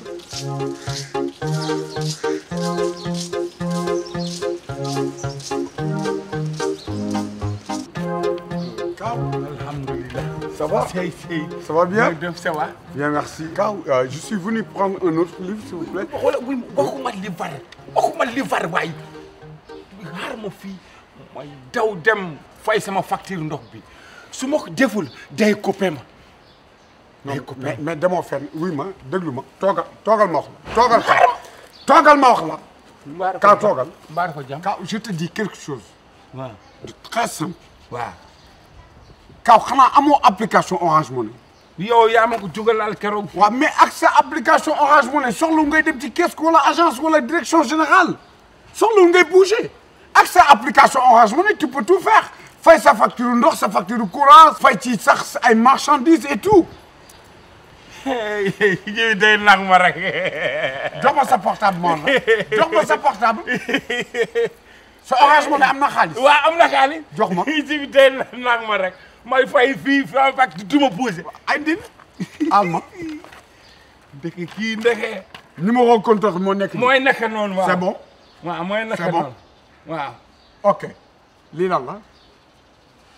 Ça va c'est, c'est. Ça va bien ça va. bien merci. Kaaw euh, je suis venu prendre un autre livre s'il vous plaît. wala oui waxuma li var waxuma li var waaye xaar ma fii mooy daw dem. fay sama facture ndox bi su ma ko deful day coupé ma. day coupé mais mais demoo fenn wuy ma déglu ma toogal toogal ma wax la. toogal ka toogal ma wax la. mbaara ko toogal mbaara ko jàmm ka je te dis quelque chose. waaw très simple. waaw. kaw xanaa amoo application orange money. yow yaa ma ko jógalal keroog. waaw mais ak sa application orange money soxla ngay dem ci caisse wala agence wala direction générale soxla ngay bouger ak sa application orange money tu peux tout faire. fay sa facture ndox sa facture courant fay ci sax ay marchandises et tout. yéen day nag ma rek. jox ma sa portable moom la jox ma sa portable. sa orange moom am na xaalis. waaw am na xaalis. jox ma yéen day nag ma rek may fay fii fa facture du ma posé. andil alma. ndeke kii ndeke. numéro compteur moo nekk nii. mooy nekk noonu waaw c'est bon. waaw mooy nekk noonu. c'est bon waaw. ok lii lan la.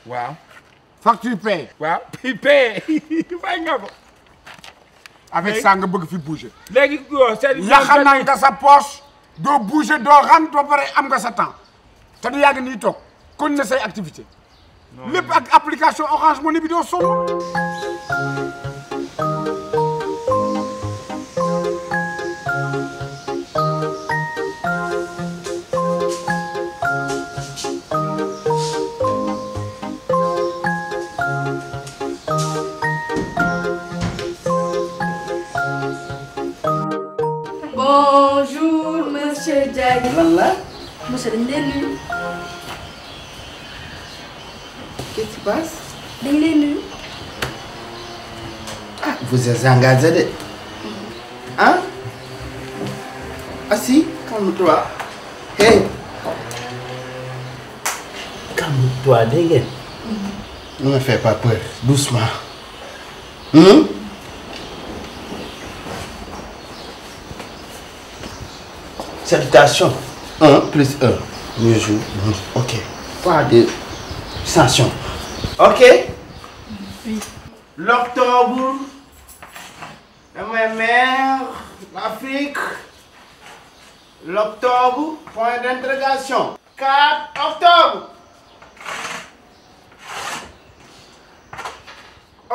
waaw facture paye waaw paye fay nga ko avec ça nga bëgg fi bouger léegi yaxanal nga sa poche doo bouger doo xam doo pare am nga sa temps te du yàgg nii toog kon say activité lépp ak application Orange Money bi doo solo bonjour monsieur Diagne. la. monsieur dañ leen nuyu. qu'est-ce qui passe. dañ leen ah vous êtes engagé de. ah. assis calme-toi. hey. calme-toi dégg ngeen. ne me fais pas peur doucement. Hum? salutation 1 plus 1 mieux jour mmh. ok pas de sanction ok oui. l'octobre ma mère l'Afrique l'octobre point d'interrogation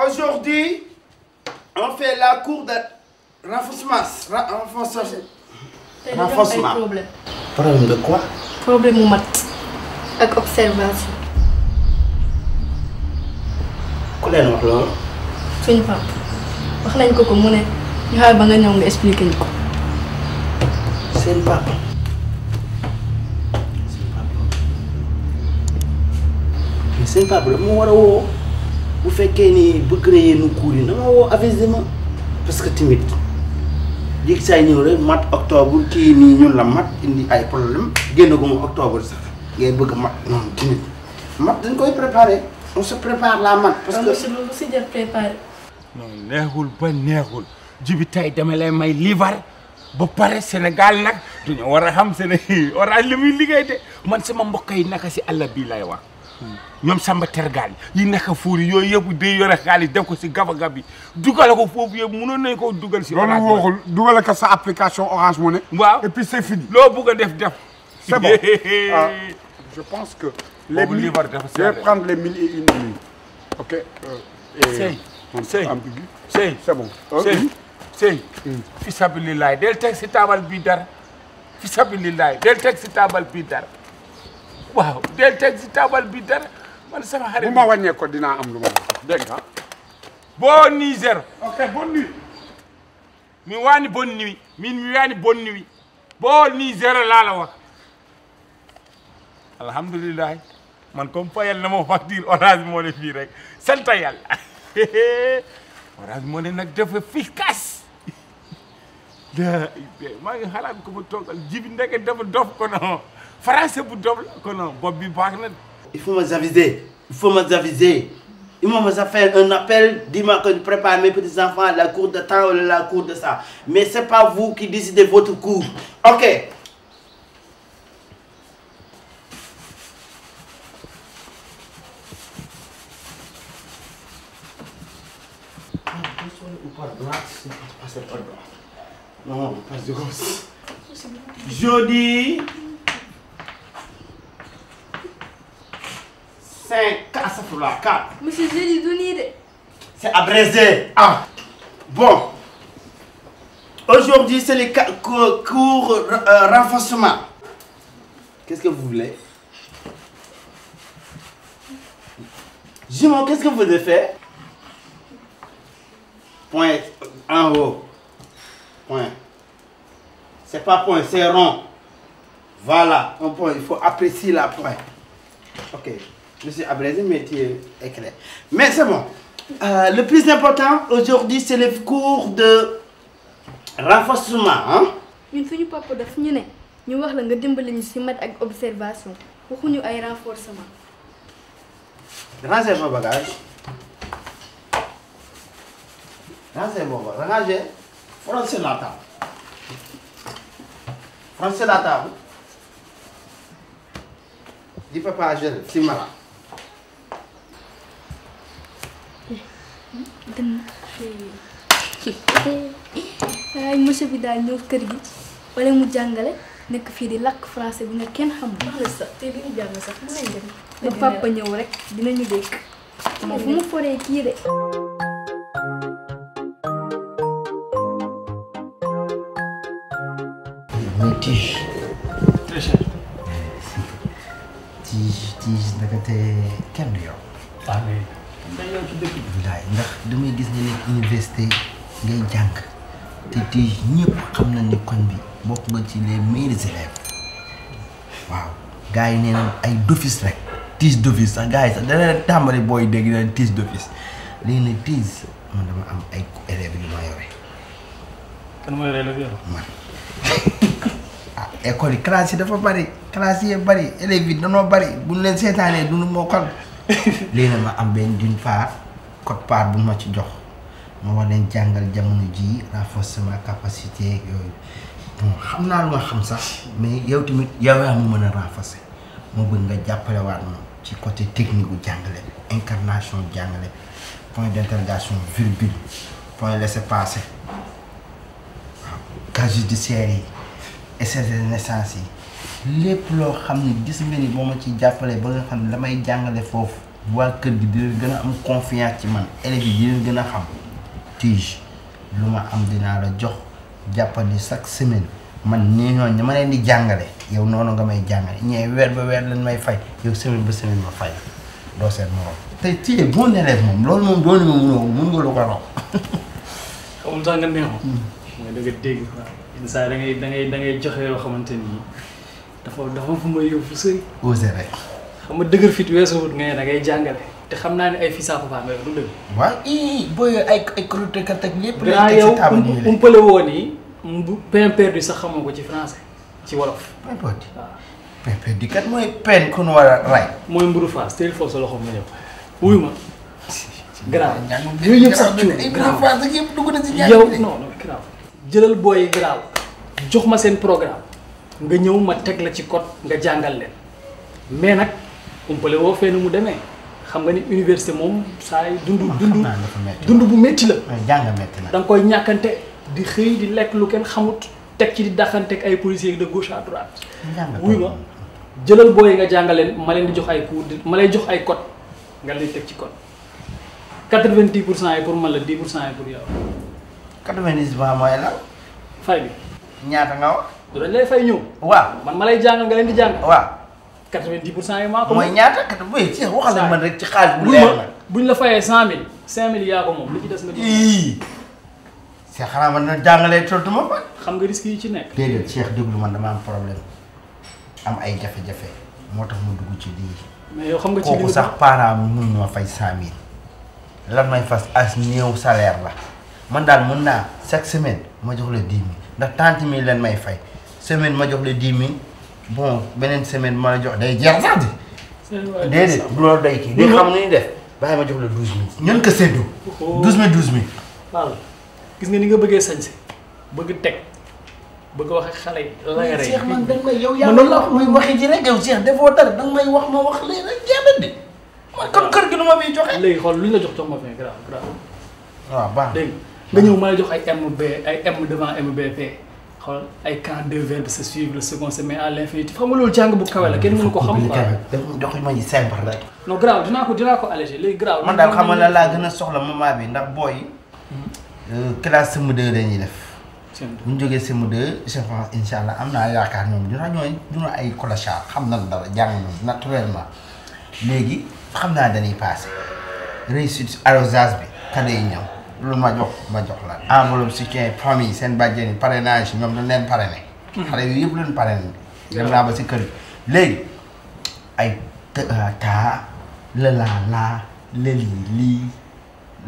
aujourd'hui on fait la cour de renforcement renforcement problème de quoi. problème mu mat ak observation. ku leen wax loolu. suñu pap wax nañ ko ko mu ne ñu ba nga ñëw nga expliqué ñu ko. seen pap seen pap mais mu war a woo bu fekkee ni bëgg na yéen a kuur yi parce que timide. yéeg say ñëw rek mat octobre kii nii ñun la mat indi ay problème génnaguma octobre sax ngay bëgg mat noonu tamit mat dañ koy préparer on se prépare la mat. parce que loolu si jar préparer. non neexul ba neexul jibi tay lay may liibar ba pare Sénégal nag duñu war a xam Sénégal orange li muy liggéey de man sama mbokk yi naka si àll bii lay wax. ñoom Samba tergaal yi nekk fuuri yooyu yëpp day yore xaalis def ko si gabagab bi dugale ko foofu yëpp mënoon nañ ko dugal si loolu waxul dugale ko sa application Orange Money waaw et c'est fini loo bugg a def def c'est bon ah, je pense que les mille je vais prendre si taabal bii dara fi sabilillaay del teg si taabal bii dara waaw del si tabal bi dara man sama xarit. bu ma wàññee ko dinaa am lu ma wax dégg nga. bonne nuit zéro. ok bonne nuit. mi waani bonne nuit mi mi waani bonne nuit bonne nuit zéro laa la wax alhamdulilah man comme fayal na ma facture moo ne fii rek sant yàlla orange moo nag dafa efficace maa ngi xalaat ko ma toogal jibi ndeke dafa dof ko non français bu dof la kono bopp bi baax na il faut ma aviser il faut ma aviser ils m'ont fait un appel dis-moi que je prépare mes petits enfants à la cour de temps ou la cour de ça mais c'est pas vous qui décidez votre cours ok cinq astafurlah quatre. monsieur jeudi du est abrégé ah. bon aujourd'hui c'est le cours cours euh, renforcement. qu'est-ce que vous voulez. jumeau qu'est-ce que vous voulez faire. point c'est pas point c'est rond voilà un il faut apprécier la point ok. je suis abrégé, mais tu Mais c'est bon. Euh, le plus important aujourd'hui, c'est le cours de renforcement. Hein? ñun suñu papa daf ñu ne ñu wax la nga dimbali ñu ci mat ak observation waxuñu ay renforcement. ranger mon bagage ranger mon bagage français la table français la table di papa je suis malade. dënn waaye bi daal ñëw kër gi wala mu jàngale nekk fii di làkk français bi nga kenn xamul. sax te ñëw rek dinañu dégg. moom fu mu foree kii de. mooy tige. très eh, te kenn yow. Ah, ndax damay gis ne nekk université ngay jàng te te ñëpp xam na ni koñ bi bokk nga ci les meilleurs élèves waaw gars yi nee na ay d'office booy dégg na tige d'office léegi nag tige ah, yi classe dafa bari classe yi bari élèves yi danoo bari buñ leen seetaanee duñu mokkal. lii ma am benn d'une part code part bu ma ci jox ma war leen jàngal jamono ji renforcer ma capacité yooyu bon xam naa lu nga xam sax mais yow tamit yow yaa ma mën a renforcer moo bëgg nga jàppale waat ci côté technique bu jàngale bi incarnation jàngale bi point d'interrogation virgule point laissez-passer waaw casier judiciaire yi essai naissance yi. lépp loo xam ne gis nga ni boo ma ci jàppalee ba nga xam ne la may jàngale foofu waa kër gi dina gën a am confiance ci man élèves yi dina gën a xam tige lu ma am dinaa la jox jàppale chaque semaine man nii ñooñu dama leen di jàngale yow noonu nga may jàngale ñee weer ba weer lañ may fay yow semaine ba semaine ma fay doo seet morom tey tiyee bon élève nga lu hmm. dégg quoi yenn saa da ngay da xamante dafa dafa fu may yóbbu sëy. osé rek. xam nga dëgër fit weesuwut nga ne da ngay jàngale. te xam naa ne ay fii saako baax du dëgg. waaw ii booy ay ay chronique kat ak lépp. yow um, umpale woon yi bu perdu sax xamoo ko ci français ci wolof. pain perdu waaw. pain perdu kat mooy pain ku war a ray. mooy mburu faas teel foofu sa loxo mu ma. grave sax cuur grave yow non non grave jëlal booy grave jox ma seen programme. nga ñëw ma teg la ci code nga jàngal leen mais nag umpale woo fee nu mu demee xam nga ni université moom saa yi dund dund dund bu métti la jàng da nga koy ñàkkante di xëy di lekk lu kenn xamut teg ci di daqante ay policiers de gauche à droite wuy ma jëlal booy nga leen ma leen di jox ay cours ma lay jox ay code nga leen teg ci code quatre-vingt-dix pour cent yi pour man la dix pour cent yi pour yow la fay bi ñaata nga wax du dañ lay fay ñëw. waaw man ma lay jàngal nga leen di jàng. waaw 90 pour cent yi maa ko. mooy ñaata kat bu ci waxal na man rek ci xaalis. bu leer la buñ la fayee 100000 5000 yaa ko man na jàngalee tontu xam nga risque yi ci nekk. man dama am problème am ay jafe-jafe moo tax mu dugg ci lii. mais yow xam nga ci lii sax parent mu mun ma fay 100000 lan may fas as néew la man daal mun naa chaque semaine ma jox la 10 ndax 30 000 leen may fay. semaine ma jox la dix mille bon beneen semaine ma la jox day jeex sax de. déedéet du loolu day kii. day xam nu ñuy def bàyyi ma jox la douze mille. ñun ko séddu. douze mille douze mille. waaw gis nga ni nga bëggee sañse bëgg teg bëgg wax ak xale yi. la rey Cheikh man danga may yow yaa ma wax muy waxi ji rek yow Cheikh defoo dara danga may wax ma wax léegi rek jeex na de man kon kër gi nu ma fiy joxe. léegi xool lu ñu la jox jox ma fee grave grave. waaw ah, baax na dégg nga ñëw ma la jox ay MB ay M devant MBP. xool ay camps de verbes se suivent le second se met à bu kawe la kenn mënu ko xam quoi ma ñu simple rek ko dinaa ko allégé léegi grave man daal xam nga laa gën a soxla moment bi ndax booy hmm. euh, classe sem 2 dañuy def bu jógee sem 2 je pense insha allah am naa yaakaar ñoom dina ñooy dina ay clochard xam na dara jàng na naturellement léegi xam naa dañuy passé réussite arrosage bi kade yi ñëw lu ma jox ma jox la enveloppe soutien famille seen bàjjen yi parrainage ñoom dañ leen parrainé xale yooyu yëpp leen parrainé dem naa ba si kër gi ay euh, taa la laa laa la lii lii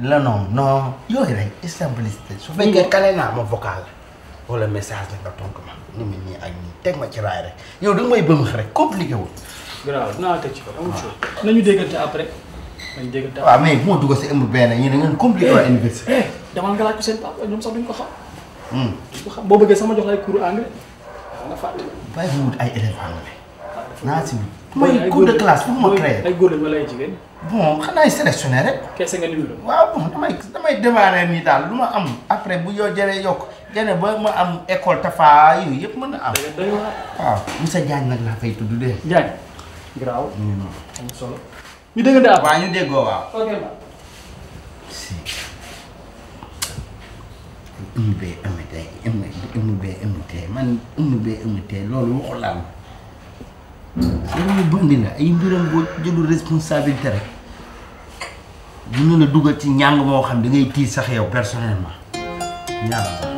la non non yooyu rek simplicité su fekkee kale naa ma vocal wala message la nga tontu ma ni mu nii ak nii teg ma ci rek yow da nga may bëmx rek compliqué wul. grave dinaa teg ci ko amul nañu déggante après. dañ dégg dara waaw mais moo dugg si amul benn ñu ne ngeen compliqué waa eh, université. Eh, demal nga laaj ko seen papa ñoom sax duñ ko xam. Hmm. boo bëggee sama jox lay cours anglais nga fàtte. bàyyi fi mu wut ay élèves anglais ah, naa si mooy cours de classe fu mu jigéen. bon xanaa sélectionné rek. kese nga nuyu waaw bon damay damay démarrer nii daal lu ma am après bu yoo jëlee yokk gene ba ma am école tafa yooyu yëpp mën na am. dëgg la waaw Moussa nag laa fay tudd de. Diagne. Garaaw. ñu déggante am waaw ñu déggoo waaw. ok ba. si. umu bee amu tey umu umu bee amu man umu bee amu tey loolu waxu la am. loolu bandi la ay mbiram boo jëlul responsabilité rek. dina la dugal ci ñàng moo xam dangay ngay tiit sax yow personnellement ñaar.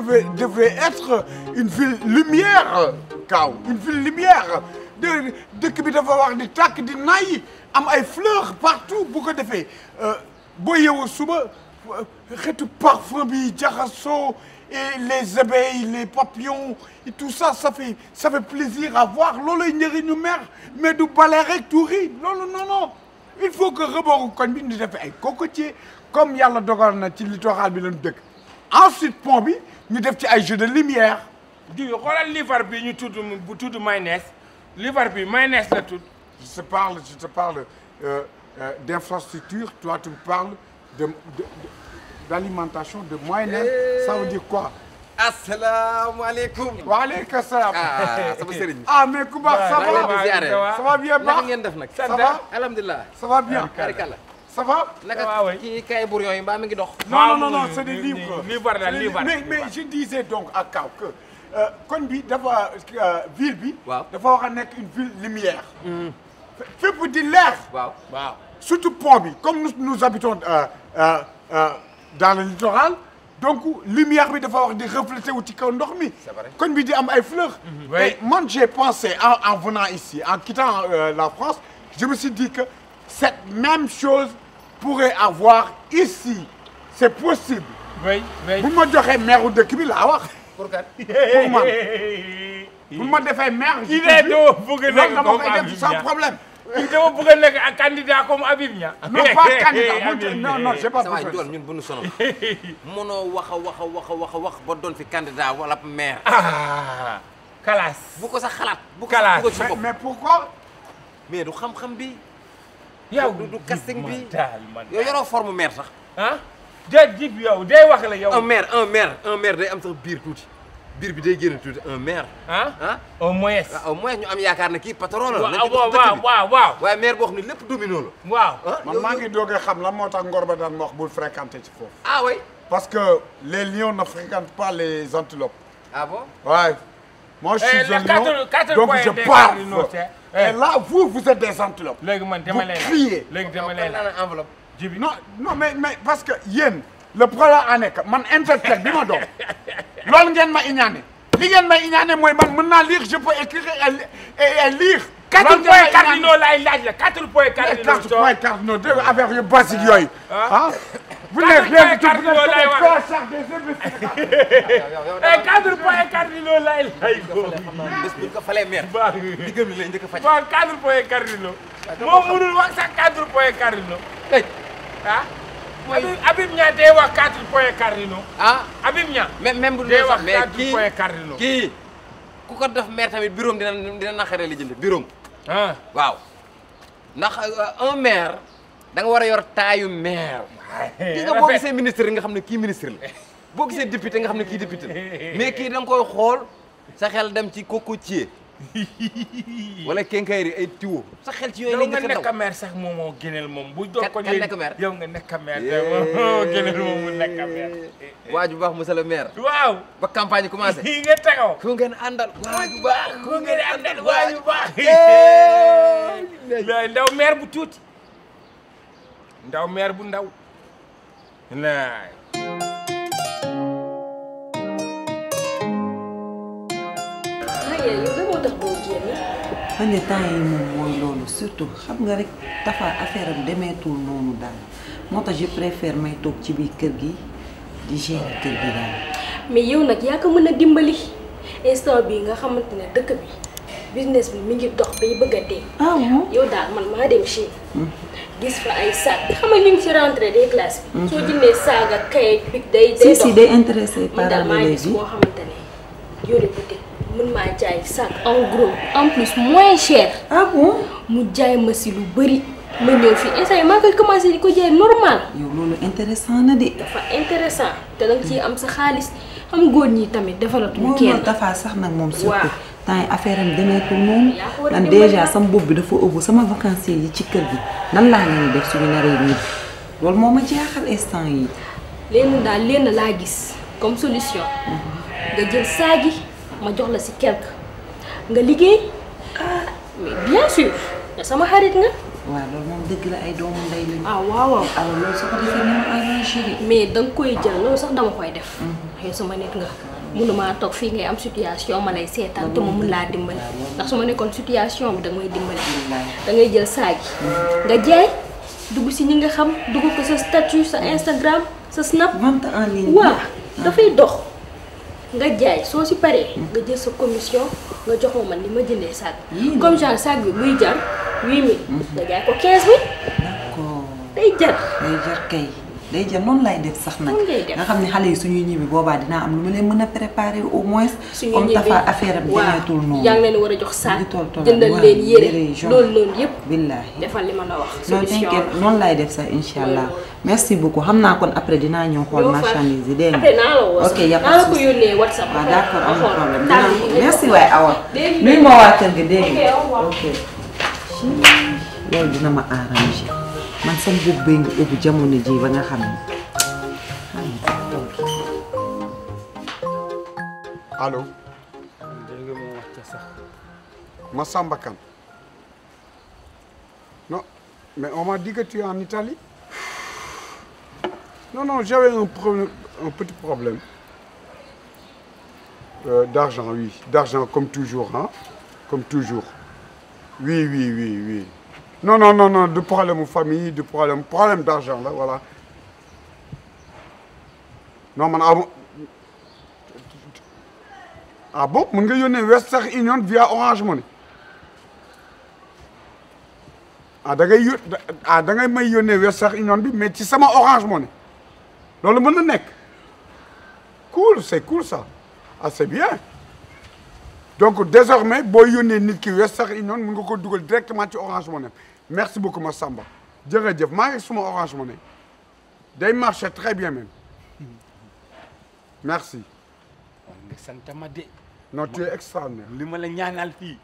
devait, devait être une ville lumière Kaaw une ville lumière de dëkk bi dafa wax di tàkk di nay am ay fleurs partout bu ko defee euh, boo yeewoo suba euh, xeetu parfum bi jaxasoo et les abeilles les papillons et tout ça ça fait ça fait plaisir à voir loolay njëriñu mer mais du bale rek tuuri loolu non non il faut que rebooru koñ bi ñu def ay cocotier comme yàlla dogal na ci littoral bi la dëkk. ensuite pont bi ñu def ci ay jeux de lumière. di xoolal liibar bi ñu tudd bu tudd mayonnaise liibar bi mayonnaise la tudd. je te parle je te parle euh, euh, d'infrastructure toi tu me parles de de, de d'alimentation de mayonnaise. Hey. Eh. ça veut dire quoi. asalaamaaleykum. waaleykum salaam. ah sama sëriñ. ah mais ku baax ça va. ça va bien baax naka ngeen def nag. ça va alhamdulilah. ça va bien. ça va. waaw waay naka kii kay bur yooyu mbaa mi ngi dox. non non non ah, c'est des livres livres la livres mais mais je disais donc à Kaw que euh, kon bi dafa euh, ville bi. waaw dafa wax a nekk une ville lumière. Hmm. fépp di leer. waaw waaw surtout pont bi comme nous nous habitons euh, dans le littoral. donc lumière bi dafa wax di refléter wu ci kaw ndox mi. kon bi di am ay fleurs. Mhm. oui man j'ai pensé en en venant ici en quittant euh, la France je me suis dit que cette même chose. pourrait avoir ici c'est possible. oui oui bu ma joxee maire dëkk bi laa wax. pour kat pour man bu ma defee maire. ji bi dama koy def sans problème. dama bëgg a nekk ak candidat comme Habib Niang. non pas candidat non non c'est pas ça. waaye doon ñun bu ñu sonal mënoo wax a wax a wax a wax a wax ba doon fi candidat wala maire. ah. kalaas bu ko sax xalaat. bu ko sax mais pourquoi. mais du xam-xam bi. yow du casting bi yow yoroo forme mère sax. ah day jib yow day wax la yow. un maire un maire un maire day am sax biir tuuti biir bi day génn tuuti un maire. ah au moins. waaw ah, au moins ñu am yaakaar ne kii patron la. waaw waaw waaw waaw waaye maire boo xam ne lépp domino la. waaw maa ngi doog a xam la moo tax ngor ba daan wax bul fréquenter ci foofu. ah oui. parce que les lions ne fréquentent pas les antilopes. ah bon. waaw ouais. moi je suis eh, un lion donc je pars. Eh. et là vous vous êtes des antilopes. léegi man dama lay la léegi dama lay la enveloppe. ji no no non parce que yéen le problème en est que man interprète bi ma doon loolu ngeen ma iñaane li ngeen may mooy man mën naa liir je peux écrire et lire. quatre points cardinaux laay laaj la quatre points cardinaux. quatre points cardinaux dégg affaire yu basique ah. yooyu ah. ah. bu nekk léegi tur bu nekk léegi trois sacs de service. ay cadre point carte yi loolu laay lay góor bés bu ko falee meer diggam lay njëkk a faj waaw cadre point carte yi moom mënul wax sax cadre point carte yi ah mooy Habib Niang day wax cadre point carte yi ah Habib Niang même bu dul sax mais kii kii ku ko def meer tamit bureau dina dina naqaree li jënd bureau ah. waaw ndax euh, un maire da nga war a yor taayu maire gis nga boo gisee ministre nga xam ne kii ministre la boo gisee député nga xam ne kii député la kii da nga xool sa xel dem ci cocotier wala kénkayri ay tiwo sa xel ci yooyu la nga nekk maire sax moom moo gënal moom bu doon ko léegi yow nga nekk maire moo gënal moom mu nekk maire eh, eh. waa waaw ba campagne commencé yi nga taxaw ku ngeen àndal waa ju baax ku ngeen àndal waa ju baax eh. ndaw maire bu tuuti ndaw maire bu ndaw Nice. waaye yow moo tax boo génn. ma ne temps yi moom mooy loolu surtout xam nga rek dafa affaire am demeetul noonu daal moo tax je préfère may toog ci biir kër gi di gérer kër gi daal. mais yow nag yaa ko mën a dimbali instant bii nga xamante ne dëkk bi business bi mi ngi dox bay bëgg a dee. ah yow daal man maa dem Chine. gis fa ay saag xam nga ñu ngi ci rentrée des classes. Mhm. soo jëndee saag ak kayit bi day. day dox si si léegi man xamante ne yore boutique mën maa jaay saag en gros en plus moins cher. ah mu jaay ma si lu bëri. ma ñëw fii instant maa koy commencé di ko jaay normal. yow loolu intéressant na de. dafa intéressant te danga ciy am sa xaalis xam góor ñi tamit defalatuñu kenn. moo tax sax nag moom surtout. temps yi affaire am demeetul noonu déjà sama bopp bi dafa ëbb sama vacances yi ci kër gi nan laa leen def suñu naree nit moo ma yi daal lenn laa gis comme solution mhm. nga jël saa gi ma jox la si quelque nga liggéey ah. mais bien sûr nga sama xarit nga waaw loolu ay doomu ah, mais da koy jël loolu sax dama koy def xëy mhm. sama nit nga mënumaa toog fii ngay am situation ma lay seetaan te ma mun laa dimbali ndax su ma nekkoon situation bi da ngay dimbali da ngay jël saa nga jaay dugg si ñi nga xam dugg ko sa statut sa Instagram sa snap vente en ligne dafay dox nga jaay soo si paree nga jël sa commission nga joxoo ma li ma jëndee saag comme genre saag bi buy jar huit mille nga ko quinze mille day jar day jël noonu lay def sax nag nga xam ne xale yi suñuy ñibbi boobaa dinaa am lu ma leen mën a préparer au moins comme tafa affaire am demeetul noonu yaa ngi leen war a jox saal jëndal leen yére loolu loolu yëpp billaahi defal li ma la wax non t'inquiète noonu lay def sax insha allah merci beaucoup xam naa kon après dinaa ñëw xool marchandise yi dégg nga ok y'a pas souci waaw ah, d'accord amul problème dinaa merci waay awa dina ma arranger man sama bopp bay nga ubbi jamono ji ba nga xam ne allo dégg ma wax ca sax ma Samba Kane non mais on m'a dit que tu es en Italie non non j'avais un problème un petit problème euh, d'argent oui d'argent comme toujours hein comme toujours oui oui oui oui non non non non du problème mu famille du problème problème d'argent la voilà non man amu a ah bon mën nga yónnee Western Union via Orange Money a ah, da ngay yónn ah, da ngay may yónnee Western Union bi mais ci sama Orange Money loolu mën na nekk cool c'est cool ça ah c'est bien. donc désormais booy yónnee nit ki West sax Union nga ko dugal directement ci Orange Money merci beaucoup Massamba jërëjëf maa ngi suma Orange Money day marché très bien même merci. war nga sant ma de. non tu es extraordinaire. li ma la ñaanal fii.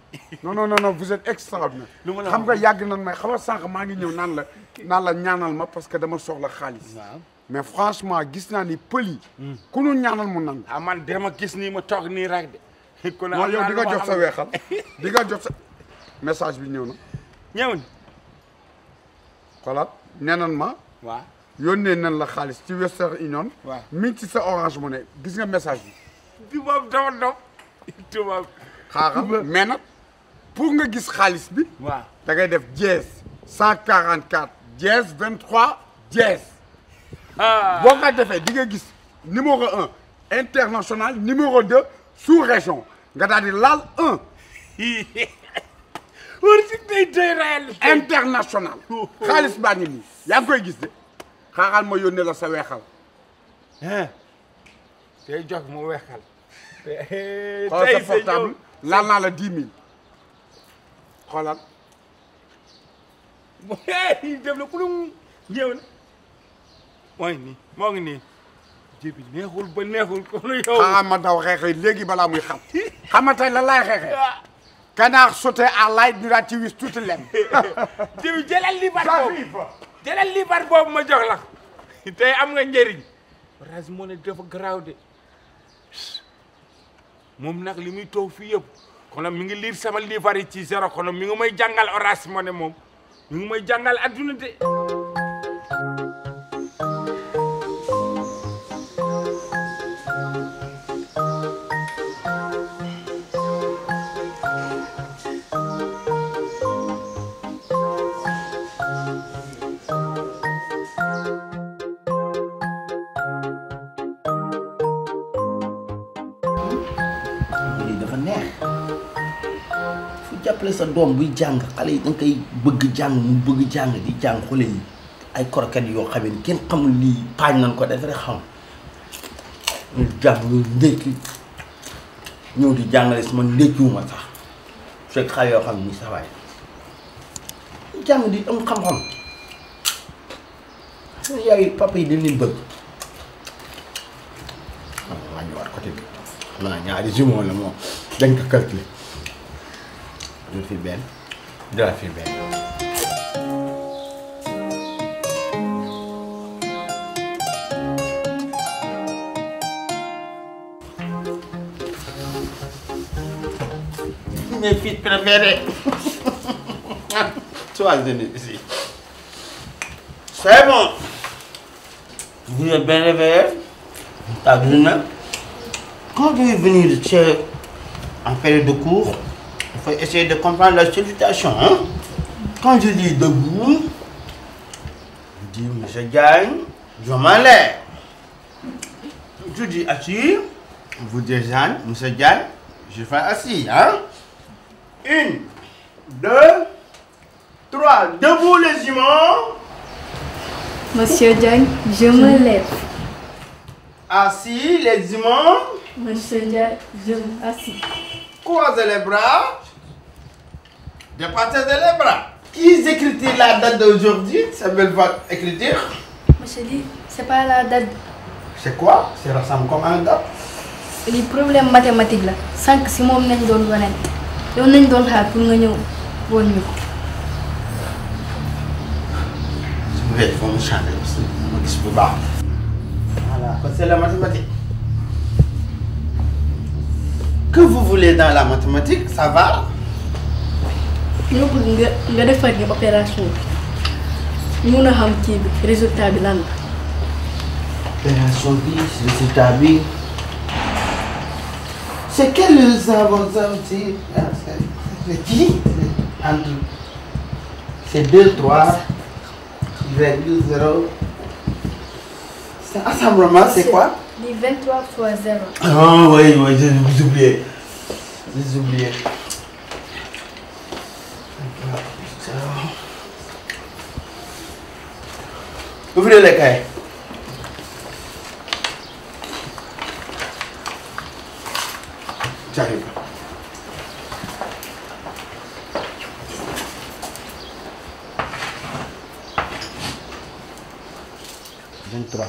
non non non vous êtes extraordinaire. lu ma la xam nga yàgg nan may xamal sànq maa ngi ñëw nan la naan la ñaanal ma parce que dama soxla xaalis. mais franchement gis naa ni pël yi. Hmm. ku nu ñaanal mu nan ah man dama gis nii ma toog nii rek de. ku ne yow di nga jot sa weexal di nga jot sa message bi ñëw na. ñëw na. xoolal nenan ma. waaw yónnee nan la xaalis ci Western Union. waaw mi ngi ci sa orange mu ne gis nga message bi. bi boobu dafa doon. tubaab xaaral mais nag pour nga gis xaalis bi. waaw da ngay def jees. 144 jees 23 jees. boo ko defee di nga gis numéro un international numéro deux sous région. nga daal di laal un. war si day day rayal. international. xaalis baa ngi nii yaa ngi koy gis de xaaral ma yónnee la sa weexal. tey jox mu weexal. naa la dix mille xoolal. bu dee déglu mooy nii liggéey bi neexul ba neexul kon yow. ah daw xeexee léegi balaa muy xam xam nga tey lan laay xeexee. gannaaw sauté à laay ñu daal ci lem. jiw jëlal liibar boobu ma jox la tey am nga njëriñ. Orange Money dafa garaaw de moom nag li muy toog fi yëpp kono mi ngi sama liibar yi ci zéro kono mi ngi may jàngal Orange moom mi ngi may adduna de. sa doom buy jàng xale yi danga koy bëgg jàng mu bëgg jàng di jàng xule yi ay croquettes yoo xam ne kenn xamul lii paañ nañ ko def xam ñu jàng ñëw di jàngale si man ndékkiwuma sax fekk xale yoo xam ne am xam-xam yaayu papa yi dañ leen bëgg waaw maa côté bi naa ñaari jumeaux la moom dañ ko calculer jël fi benn jëlaat fi benn. mes fils préférés choisissez ici. c'est bon. vous êtes bien réveillé. t'as vu nag. quand tu es venu chez en période de cours. faut essayer de comprendre la situation. Hein? Quand je dis debout, je dis monsieur Gagne, je m'en lève. Je fais assis. Hein? Une, deux, trois, debout les humains. Monsieur Gagne, je me lève. Assis les humains. Monsieur Gagne, je assis. Croisez les bras. Dépassez de les bras. Qui écrivent la date d'aujourd'hui Ça veut pas écriture. Monsieur dit, c'est pas la date. C'est quoi C'est ressemble comme un date. li problème mathématique la sànq si moom nañ doon waneen yow nañ doon xaar pour nga ñëw woon ñu ko. su ma weesoo foofu mu changé parce que ma gis bu baax. voilà kon c'est la mathématique. que vous voulez dans la mathématique ça va. ñoo bëgg nga nga defar ñu opération bi mun a xam kii bi résultat bi lan la. opération bi résultat bi c'est quel résultat bon ça aussi ci entre c'est deux trois virgule zéro c'est assemblement c'est quoi. du 23 fois 0. ah oui oui j'ai oublié j'ai oublié. Ouvrez les cahiers. J'arrive. vingt-trois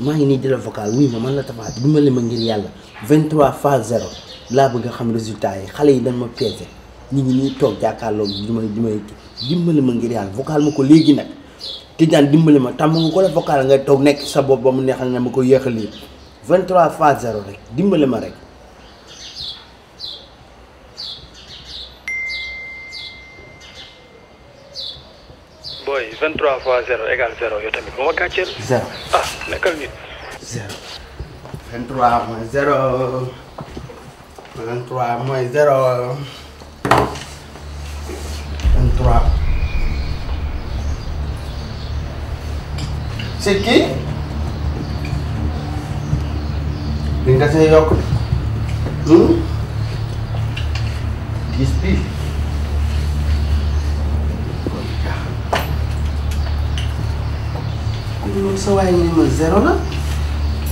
maa ngi nii di la vocal wuy ma man la tabaat dimbali ma ngir yàlla vingt-trois fois zéro laa bëgg a xam résultat yi xale yi dañ ma piégé ñu ngi nii toog jàkkaarloo bi di may di dimbali ma ngir yàlla vocal ma ko léegi nag Tidiane dimbali ma tàmm nga ko la vocal nga toog nekk sa bopp ba mu neex na ma ko yéexal lii 23 fois 0 rek dimbali ma rek. booy 23 fois 0 égale 0 yow tamit bu ma gàcceel. 0 ah nekkal nit. 0 23 moins 0 23 2023. sikki li nga see yokk gis bi loolu sa waay ni ma zéro la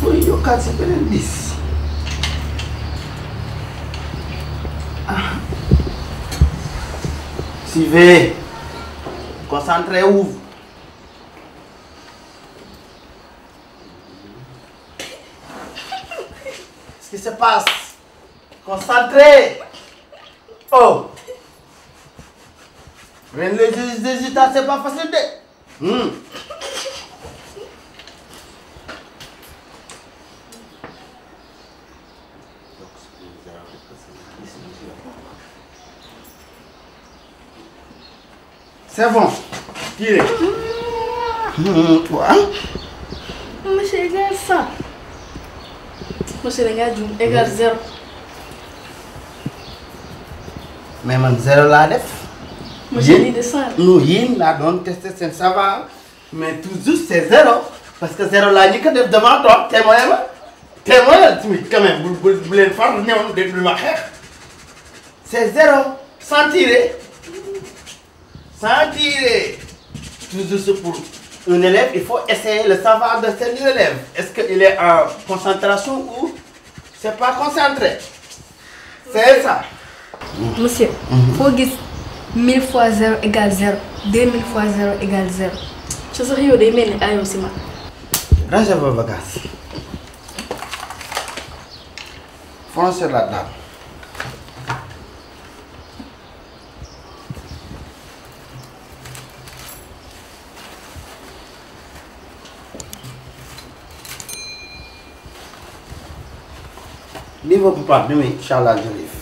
mooy yokkaat si beneen dix hmm? ah Suivez. Concentrez-vous. Ce qui se passe. Concentrez. Oh. Rien les hésitants, c'est pas de. Hmm. c'est bon tirez. waaw. Mmh, monsieur égal cent. monsieur da ngaa juum égal mais man zéro laa def. monsieur lii de cent la yéen laa doon testé seen savoir mais toujours c' est zéro parce que zéro laa ñu ko def devant toi témoin la témoin la tamit quand même bu bu bu leen faru ñëwoon déglu ma xeex. c' est zéro sans sa tirer toujours pour un élève il faut essayer le savoir de cet élève est-ce qu'il est en concentration ou c'est pas concentré c'est ça monsieur foo gis mille fois zéro égale zéro égal mille fois zéro égale zéro ci sax yow day mel la niveau Papa bi muy incha allah jërëjëf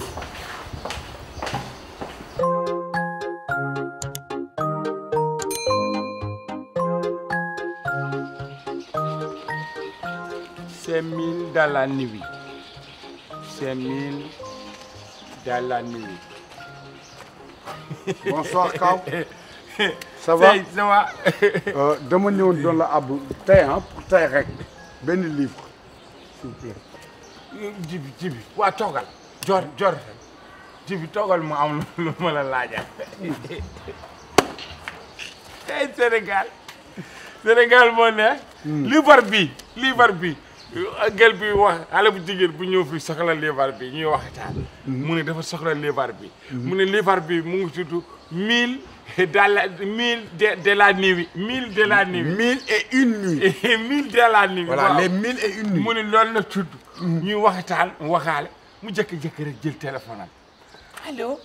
c'est mille bonsoir Kaw ça va ça euh, la ab tey ah pour tey rek benn livre s'il vous jibi jibi waa toogal jor jor jibi toogal mu am lu ma la laajal ay Sénégal Sénégal moo ne hmm. liibar bi liibar bi gel bi wax xale bu jigéen bu ñëw fi soxla liibar bi ñuy waxtaan hmm. mu ne dafa soxla liibar bi hmm. mu ne liibar bi mu ngi tudd mil dans la mille de de la nuit mille de la nuit mille et une nuit mille de la nuit voilà mu ne loolu ñuy waxtaan waxaale mu jékki-jékki rek jël téléphone am allo.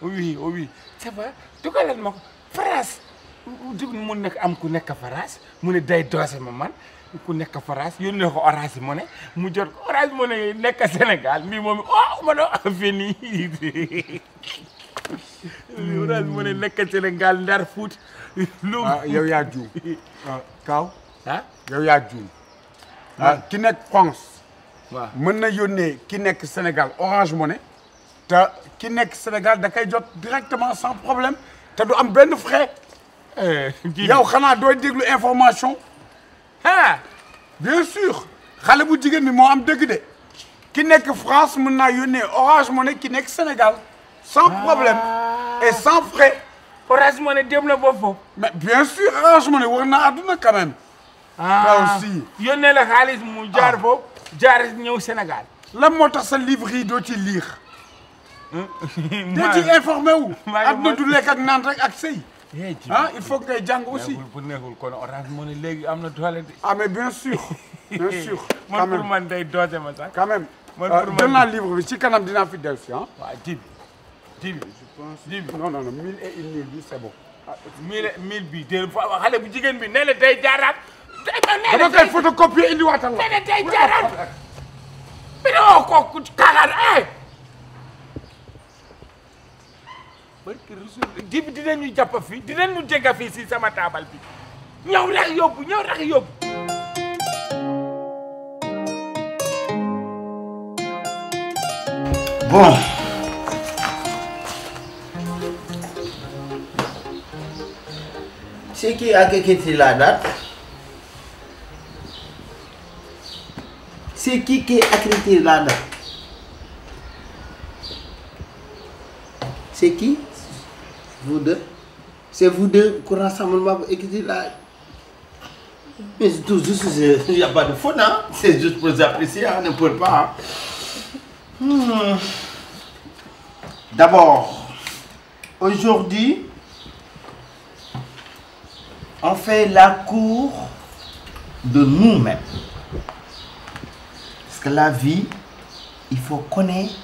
oui oui ça va dugalal ma ko France di mu nekk am ku nekk France mu ne day doose ma man ku nekk France yónnee ko Orange Money mu jot ko Orange Money nekk Sénégal mbii moom oh ma doon affaire ah, nii Orange Money nekk Sénégal ndar fuut. lu ah, yow yaa juum. Ah, Kaaw. ah yaa juum. ki nekk France. waaw mën na yónnee ki nekk Sénégal Orange Money te ki nekk Sénégal da koy jot directement sans problème te du am benn frais. Eh, yow xanaa dooy déglu information. ah bien sûr xale bu jigéen bi moo am dëgg de ki nekk France mën naa yónnee Orange Money ki nekk Sénégal sans ah. problème et sans frais. Orange Money dem na boobu foofu. mais bien sûr Orange Money war naa àdduna quand même. Ah. aussi yónnee la xaalis mu jaar ah. foofu. jaar ñëw Sénégal lan moo tax sa livre yi doo ci lire doo ci informé wu adduna du lekk naan rek ak sëy eh, ah, il faut ngay jàng aussi bu nekkul kon orange mu ne léegi am na doole ah mais bien sûr bien sûr man pour man day doose ma sax ah waaw ji bi ji bi je pense ji bi non non non mille et une bi c'est bon ah, mille bu jigéen bi nee day jaaraat dama koy photocopie indi waatal la. nee na tey jaral bi ne woo kooku kaxaan eh. barke Rasuul di dinañu jàpp fii dinañu jégga fii si sama taabal bi ñëw rek yóbbu ñëw rek yóbbu. bon c'est qui qui est accrédité C'est qui Vous C'est vous deux qu'on rassemblement pour écrire là c'est tout juste, il n'y a de faute, hein C'est juste pour apprécier, on ne peut pas. Hein? Hmm. on fait la cour de nous-mêmes. que la vie, il faut connaître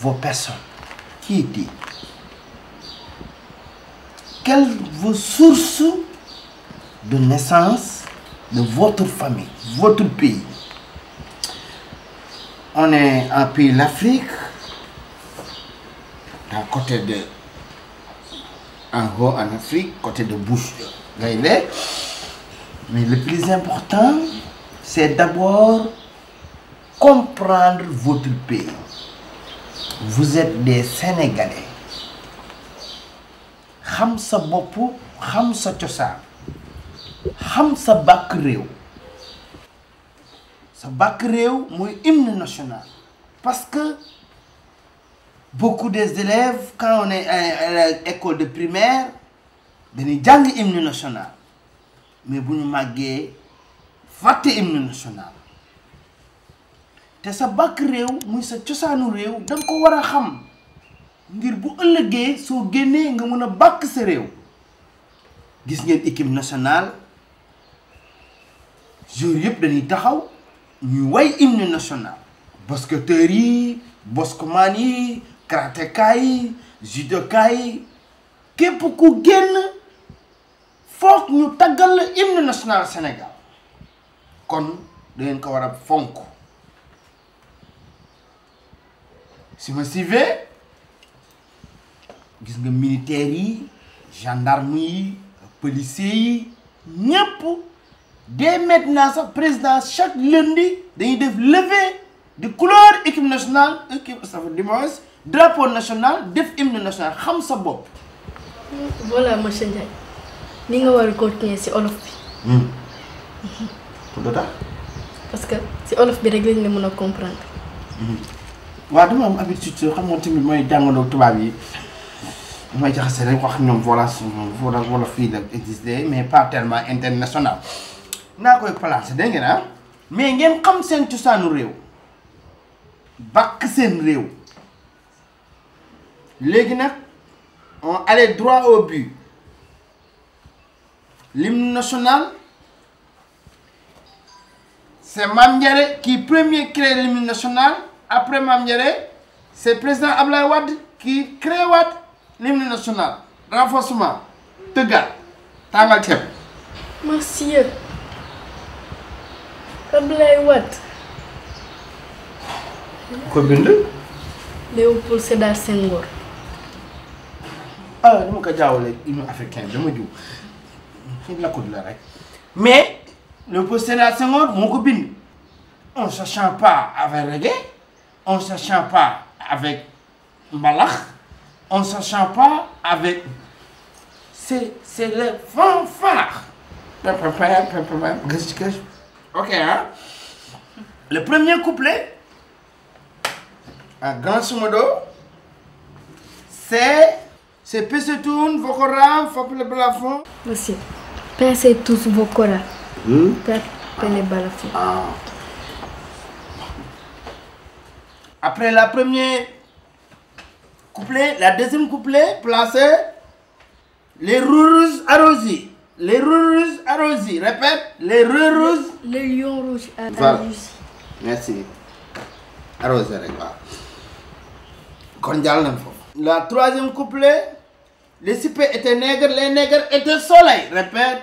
vos personnes. Qui est-il Quelles vos sources de naissance de votre famille, votre pays On est un pays l'Afrique, d'un côté de en haut en Afrique, côté de Bouche Mais le plus important, c'est d'abord comprendre votre pays. Vous êtes des Sénégalais. xam sa bopp xam sa cosaan xam sa bàkk réew sa bàkk réew mooy hymne national parce que beaucoup des élèves quand on est à l'école de primaire dañuy jàng hymne national mais bu ñu màggee fàtte hymne national te sa bàkk réew muy sa cosaanu réew danga ko war a xam ngir bu ëllëgee soo génnee nga mën a bàkk sa réew gis ngeen équipe nationale joueurs yëpp dañuy taxaw ñuy way hymne national basketteurs yi boskomaan yi karateka yi judoka yi képp ku génn foog ñu taggal hymne national Sénégal kon dangeen ko war a fonk si ma suivez gis nga militaires yi gendarme yi policiers yi ñëpp dès maintenant sax président chaque lundi dañuy def levée de couleur équipe nationale équipe safa dimanche drapeau national def hymne national xam sa bopp. voilà monsieur Ndiaye ni nga war a continuer si olof bi. Hmm. parce que si olof bi rek lañ mën a comprendre. Hmm. waaw dama am habitude xam nga tamit mooy jàngandoo tubaab yi damay jaxase rek ko ñoom voilà voilà wala fii la existé mais pas tellement international naa koy placé dégg ngeen ah mais ngeen xam seen cosaanu réew bàkk seen réew léegi nag on allait droit au but l'hymne national c'est Mame Ndiaré qui premier crée l'hymne national après Mame Ndiaye c'est président Ablaye Wade qui crée waat l'hymne national renforcement tëggaat tàngal ceeb. monsieur Ablaye Wade. ko bind. Léopold Sédar Senghor. ah ni ma ko jaawalee Union africaine dama jiw xëy na ko la rek mais Léopold Sédar Senghor moo ko bind on se chante pas avec reggae. on ne s'acharne pas avec Mbalach, on ne s'acharne avec... C'est les fanfares. Ok, hein? Le premier couplet, à grand modo, c'est... C'est Pese Toun, Vokora, Fapele Balafon. Monsieur, Pese Toun, Vokora, Fapele hmm? Balafon. Ah. Après la première couplet, la deuxième couplet, placez les rouges arrosés. Les rouges arrosés. Répète, les rouges. Les lions rouges arrosés. Voilà. Merci. Arrosé rek La troisième couplet, les cipètes étaient nègres, les nègres étaient soleil. Répète.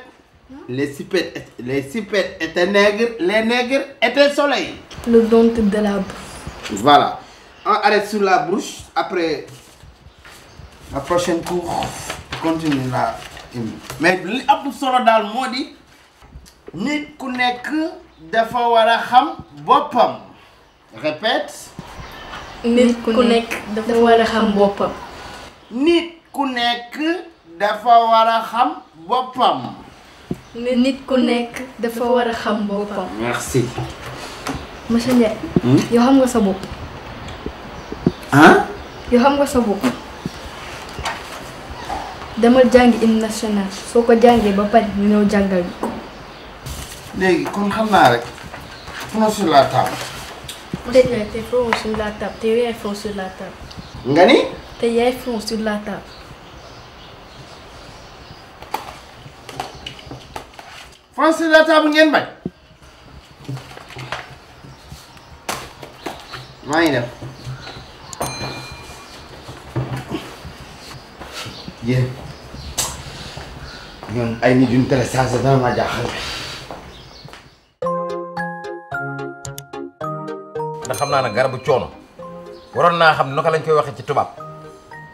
Les cipètes, les cipètes étaient nègres, les nègres soleil. Le ventre de l'arbre. Voilà. On arrête sur la bouche. Après, la prochaine cours, continue la mais li ëpp solo daal moo di nit ku nekk dafa war a xam boppam. répète. nit ku nekk dafa war a xam boppam. nit ku nekk dafa war xam boppam. nit ku nekk dafa monsieur Ndiaye. yow xam nga sa bopp. ah. xam nga sa bopp. demal jàngi hymne national soo ko jàngee ba pare ñu ñëw jàngal bi. léegi kon xam naa rek. front sur la table. monsieur Ndiaye te front sur la table te yaay front sur la table. nga ni. te yaay front sur la table. front sur la table ngeen bañ. Bueno. yéen ñoom ay nit ma jaaxal. xam naa ne garabu coono waroon naa xam naka lañ koy waxee ci tubaab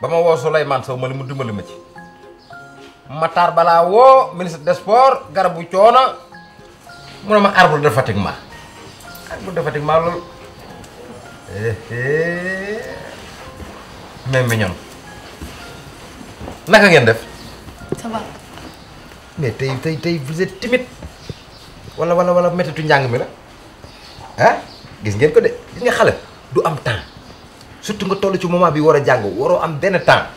ba ma woo Souleymane Sow ma li mu dimbali ma ci. Matar balaa woo ministre des sports garabu coono mu ne ma arbre de Fatick ma arbre de Fatick mais mais ñoom naka ngeen def. ça mais tey tey tey vous êtes timide wala wala wala méttiitu njàng mi la ah gis ngeen ko de gis nga xale du am temps surtout nga toll ci moment bi war a jàng waroo am benn temps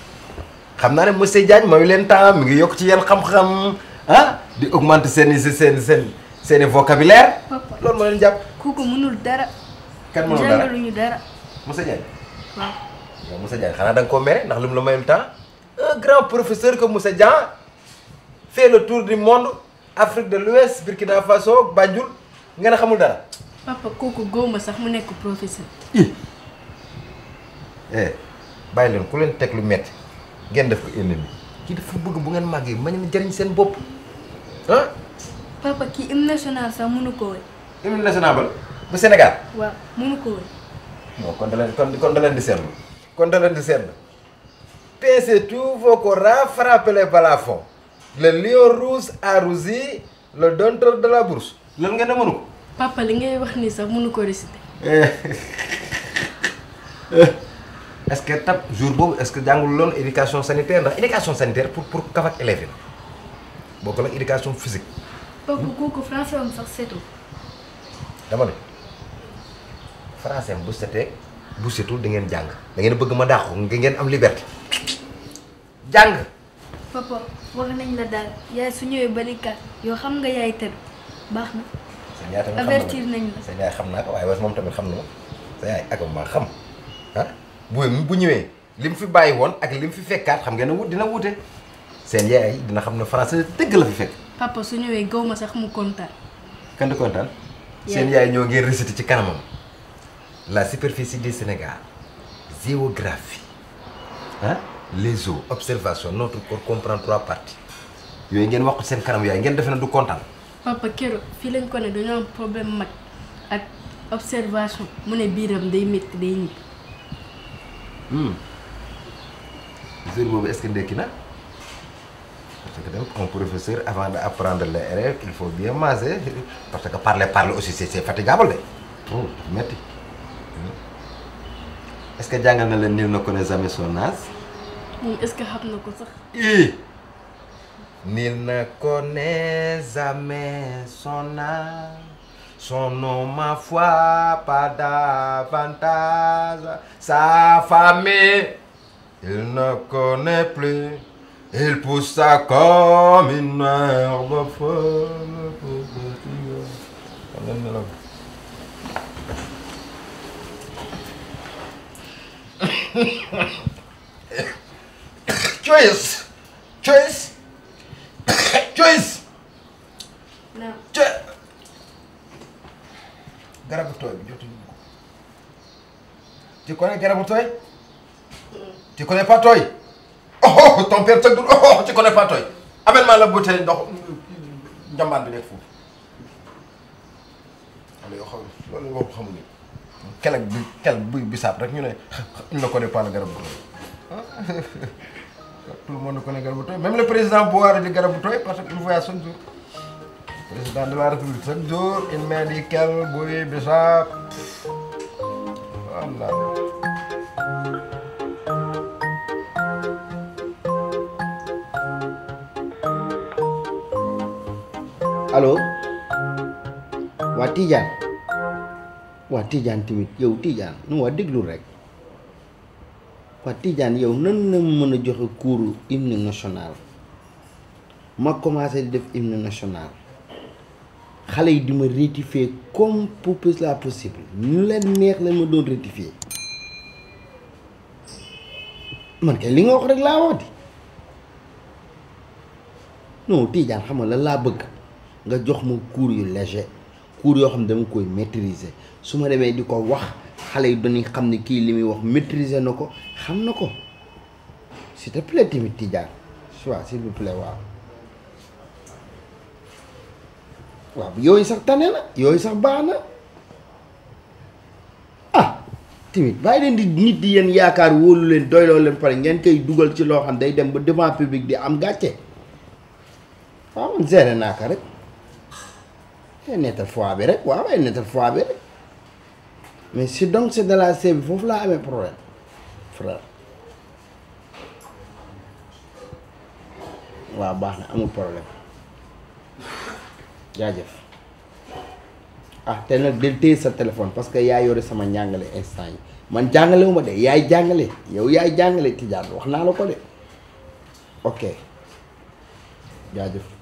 xam naa ne monsieur Diagne mooy leen temps mi ngi yokk ci yenn xam-xam ah di augmenter seen seeni seen seen seen i loolu moo leen jàpp. kooku mënul dara. kenn mënul dara jàngaluñu dara. Moussa xanaa da nga koo mere ndax lu mu la mayul temps eh, grand professeur comme Moussa Diagne fait le tour du monde Afrique de l'Ouest Burkina Faso Banjul nga ne xamul dara. papa kooku góoma sax mu nekk professeur. ih eh, bàyyi leen ku leen teg lu metti ngeen def ko ennemi kii dafa bëgg bu ngeen màggee ma ngeen jariñ seen bopp ah. papa kii national sax mënu ko woy. hymne national ba. bu Sénégal. waaw mënu ko kon da leen kon kon da leen di seetlu. kon da leen di seetlu. pincez tous vos koras, frappez les balafons. le lion rouge a rougi, le dompteur de la bourse. lan nga ne mënu ko. papa li ngay wax ni sax mënu ko réciter. Eh. Eh. est-ce que tab jour boobu est-ce que jàngul loon éducation sanitaire ndax éducation sanitaire pour pour kaf ak élèves yi la bokkul ak éducation physique. kooku kooku français am sax seetu. dama ne. français bu setee bu setul da ngeen jàng dangeen bëgg ma dàqu nga ngeen am liberté jàng. papa wax nañ la daal yaay su ñëwee balikat yoo xam nga yaay tëdd baax na. seen yaay xam naa ko waaye was moom tamit xam na ma seen yaay ak ma xam ah bu bu ñëwee li mu fi bàyyi woon ak li mu fi fekkaat xam ngeen ne wut dina wute seen yaay dina xam ne français dëgg la fi fekk. papa su ñëwee gaw ma sax mu kontaan. kan di kontaan. seen yaay ñoo ngeen récité ci kanamam. la superficie du Sénégal, géographie, hein? les eaux, observation, notre corps comprend trois parties. yooyu ngeen wax ko seen kanam yooyu ngeen defe na du kontaan. papa Kero fii lañ ko ne dañoo problème mag ak observation mu ne biiram day métti day ñib. jour hmm. boobu est-ce ndekki na parce que donc un professeur avant de apprendre les élèves il faut bien manger parce que parler parler aussi c'est fatigable de. oh metti est-ce que jàngal na leen ne connaît jamais son âge. est-ce que xam na ko sax. ne connaît jamais son âge. son nom ma foi pas davantage. sa famille. il ne connaît plus. il pousse comme une herbe folle. choice choice choice. naam co garabu tooy bi jotuñu ko. tu connais garabu tooy. tu connais pas tooy. oh ton père tëgg oh tu connais pas la bouteille ndox njambaan bi nekk foofu. wala yoo xam kelek bi kelek buy bisaab rek ñu ne il ne connaît pas le garabu tooy tout le monde connaît garabu tooy même le président Buhari di garabu tooy parce que il voyage chaque jour président de la république jour il met di kel buy bisaab voilà. allo waa Tijaan tamit yow Tijaan nu waa déglu rek waa Tijaan yow nan na mën a joxe kuuru hymne national ma commencé di def hymne national xale yi di ma rectifier comme pour plus la possible ñu leen neex lañ ma doon rectifier man kay li nga wax rek laa wax di non Tijaan xam nga lan laa bëgg nga jox ma cours yu léger cours yoo xam ne dama koy maîtriser su ma demee di ko wax xale yi dañuy xam ne kii li muy wax maîtriser na ko xam na ko s'il te plaît tamit Tidiane waaw s'il vous plaît yooyu sax tane na yooyu sax baax na ah tamit bàyyi leen di nit di yéen yaakaar wóolu leen doyloo leen pare ngeen koy dugal ci loo xam day dem ba devant public di am gàcce waaw man géré naa ko rek day fois bi rek waaw ay nettal fois bi rek mais si donc c'est de la C bi foofu laa amee problème frère waaw baax na amul problème jaajëf ah te nag del sa téléphone parce que yaa yore sama njàngale instant yi man jàngale wu ma de yaay jàngale yow yaay jàngale Tijaan wax naa la ko de ok jaajëf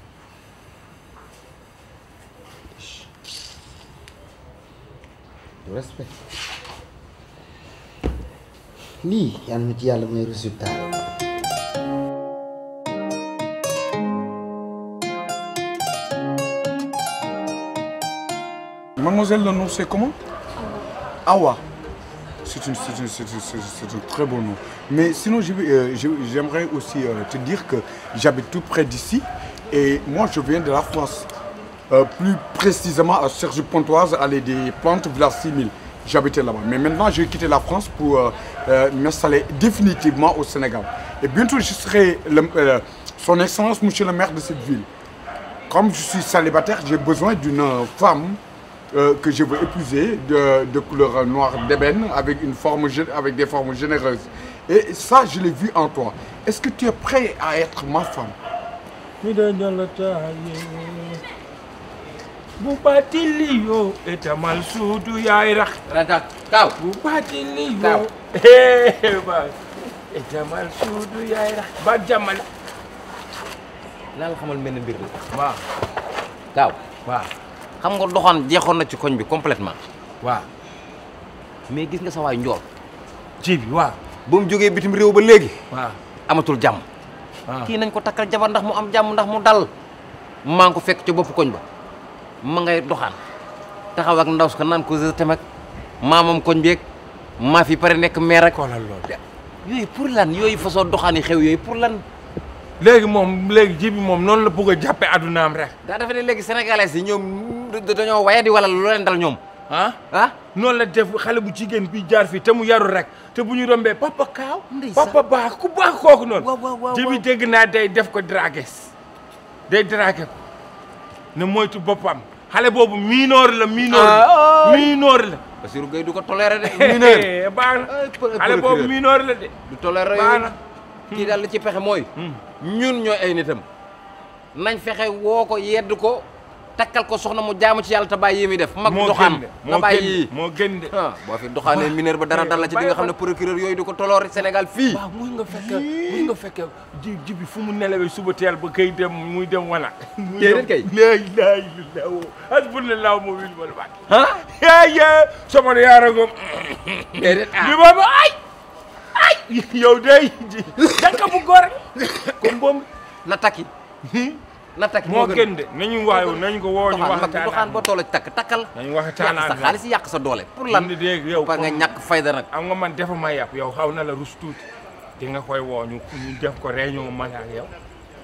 du respect lii yàlla na ci yàlla may résultat Mademoiselle, le nom c'est comment Awa. C'est une, c'est, une, c'est, une, c'est un très beau nom. Mais sinon, je, euh, je, j'aimerais aussi euh, te dire que j'habite tout près d'ici et moi je viens de la France. Euh, plus précisément à Cergy-Pontoise, allée des Plantes, village 6000. J'habitais là-bas. Mais maintenant, j'ai quitté la France pour euh, euh, m'installer définitivement au Sénégal. Et bientôt, je serai le, son excellence, monsieur le maire de cette ville. Comme je suis célibataire, j'ai besoin d'une femme euh, que je veux épouser de, de couleur noire d'ébène avec, une forme, avec des formes généreuses. Et ça, je l'ai vu en toi. Est-ce que tu es prêt à être ma femme Bubatili yo eta malsudu ya irak. Rantak, kau. Bubatili yo. Hei, bas. Eta malsudu ya irak. Bak naa la xamal mel ni mbir la. waaw. xam nga doxaan jeexoon na ci koñ bi complètement waaw. mais gis nga sa waay njool. ji bi ba mu jógee bitim réew ba léegi. waaw amatul jàmm. kii nañ ko takkal jabar ndax mu am jàmm ndax mu dal. maa ngi ko fekk ca boppu koñ ba. ma ngay doxaan taxaw ak ndaw su ko naan ko tam ak maamam koñ beeg maa fi pare nekk meer ak. xoolal loolu yooyu pour lan yooyu façon doxaan yi xew yooyu pour lan. léegi moom léegi ji bi moom noonu la bugg a jàppee addunaam rek. daa dafa ne léegi sénégalais yi ñoom dañoo waye di wala lu leen dal ñoom. Ah? ah noonu la def xale bu jigéen bi jaar fii te mu yaru rek te bu ñu rombee papa kaaw. papa baax ku baax kooku noonu. waaw dégg naa day def ko dragues. day dragué ko ne moytu boppam. xale boobu mineur la mineur ah, oh. mineur la. Bassirou Gueye du ko toléré de. mineur eh, eh, baax na xale boobu mineur la de. du toléré baax kii daal la ci pexe mooy. Hmm. ñun ñooy ay nitam. nañ fexe woo ko yedd ko. takkal ko soxna mu jaamu ci yàlla te bàyyi yi muy def mag doxaan nga bàyyi yi moo gën de ah, boo fi doxaanee mineur ba dara dal la ci di nga xam ne procureur yooyu di ko toloori Sénégal fii waaw muy nga fekke muy nga fekke ji ji bi fu mu nelawee suba teel ba kay dem muy dem wala déedéet kay laa ilaaha illallaah hasbunallaahu wa ni'mal wakiil ah yaya sama yaaragom déedéet li boobu ay ay yow day ji danga bu góor rek comme boobu na takki hmm? na takk moo gën de nañu waayu nañ ko woo ñu wax doxaan boo toolo ci takk takkal wax yàq sa xaalis yàq sa doole pour lan dégg yow parce nga ñàkk fayda nag am nga man defuma yàpp yow xaw na la rus tuuti di nga koy woo ñu ñu def ko réunion man ak yow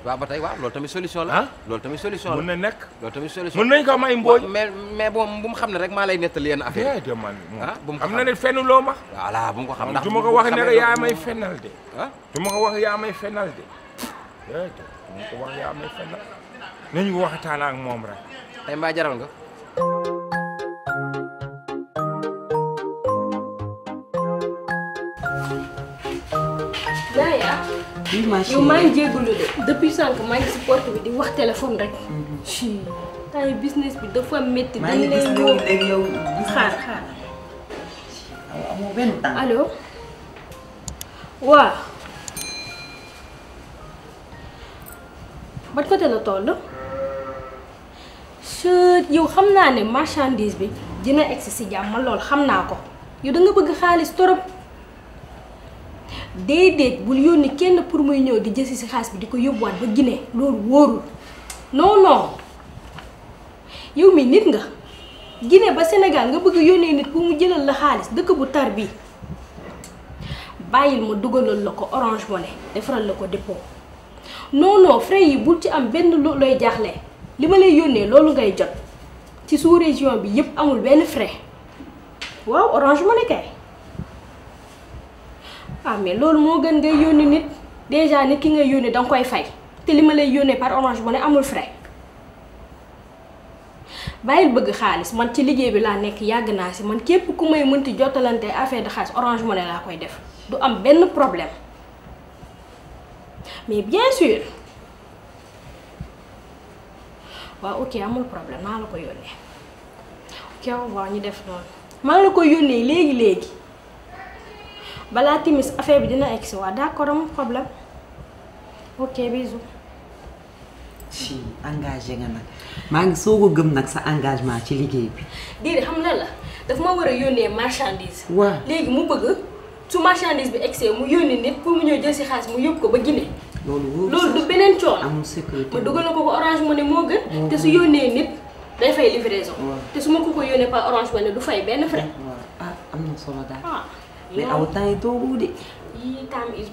waaw ba tey waaw loolu tamit solution la ah? loolu tamit solution la mun na nekk loolu tamit solution mun nañ ko may mbooñ mais mais boo bu mu xam ne rek maa lay nettali yenn affaire eh, de man ah, bu mu xam ne fenn loo ma voilà bu mu xam ah, ndax du ma ko wax ne yaa may eh, de du ma ko wax yaa may fennal de du ma ko wax yaa may nañu waxtaan ak moom rek. tey mbaa jaral nga. Gaaya. bii maa de depuis sànq maa ngi bi di wax téléphone rek. tay business bi dafa métti. dañ lay woo xaar xaar. amoo benn temps allo. waaw. ban toll. su yow xam naa ne marchandise bi dina egsi si jàmm man lool xam naa ko yow da nga bëgg xaalis torop déedéet bul yónni kenn pour muy ñëw di jësi si xaalis bi di ko yóbbuwaat ba Guinée loolu wóorul non yow mi nit nga Guinée ba Sénégal nga bëgg yónnee nit pour mu jëlal la xaalis dëkk bu tar bi bàyyil ma dugalal la ko Orange Money defaral la ko dépôt non non frais yi bul ci am benn loolu looy jaaxle. li ma lay yónnee loolu ngay jot ci sous région bi yëpp amul benn frais waaw orange mu ne kay ah, mais loolu moo gën ngay yónni nit déjà nit ki ngay yónni danga koy fay te li ma lay yónnee par orange mu ne amul frais bàyyil bëgg xaalis man ci liggéey bi laa nekk yàgg naa si man képp ku may ti jottalante affaire de xaalis orange mu ne laa koy def du am benn problème mais bien sûr. waaw ok amul problème naa la ko yónnee ok waaw ñu def noonu maa ko yónnee léegi léegi balaa timis affaire bi dina egg si waaw d'accord amul problème ok bisous. ci engagé nga nag maa ngi soo ko gëm nag sa engagement ci liggéey bi. déedéet xam na la daf ma war a yónnee marchandise. waaw léegi mu bëgg su marchandise bi egg see mu yónni nit pour mu ñëw jël si xaalis mu yóbbu ko ba Guinée. loolu du beneen coono. amul sécurité ma dugal ko ko orange money moo gën. te su yónnee nit day fay livraison. te su ma ko ko yónnee par orange money du fay benn frais. ah am na solo daal. ah mais aw temps yi toogu de. yii time is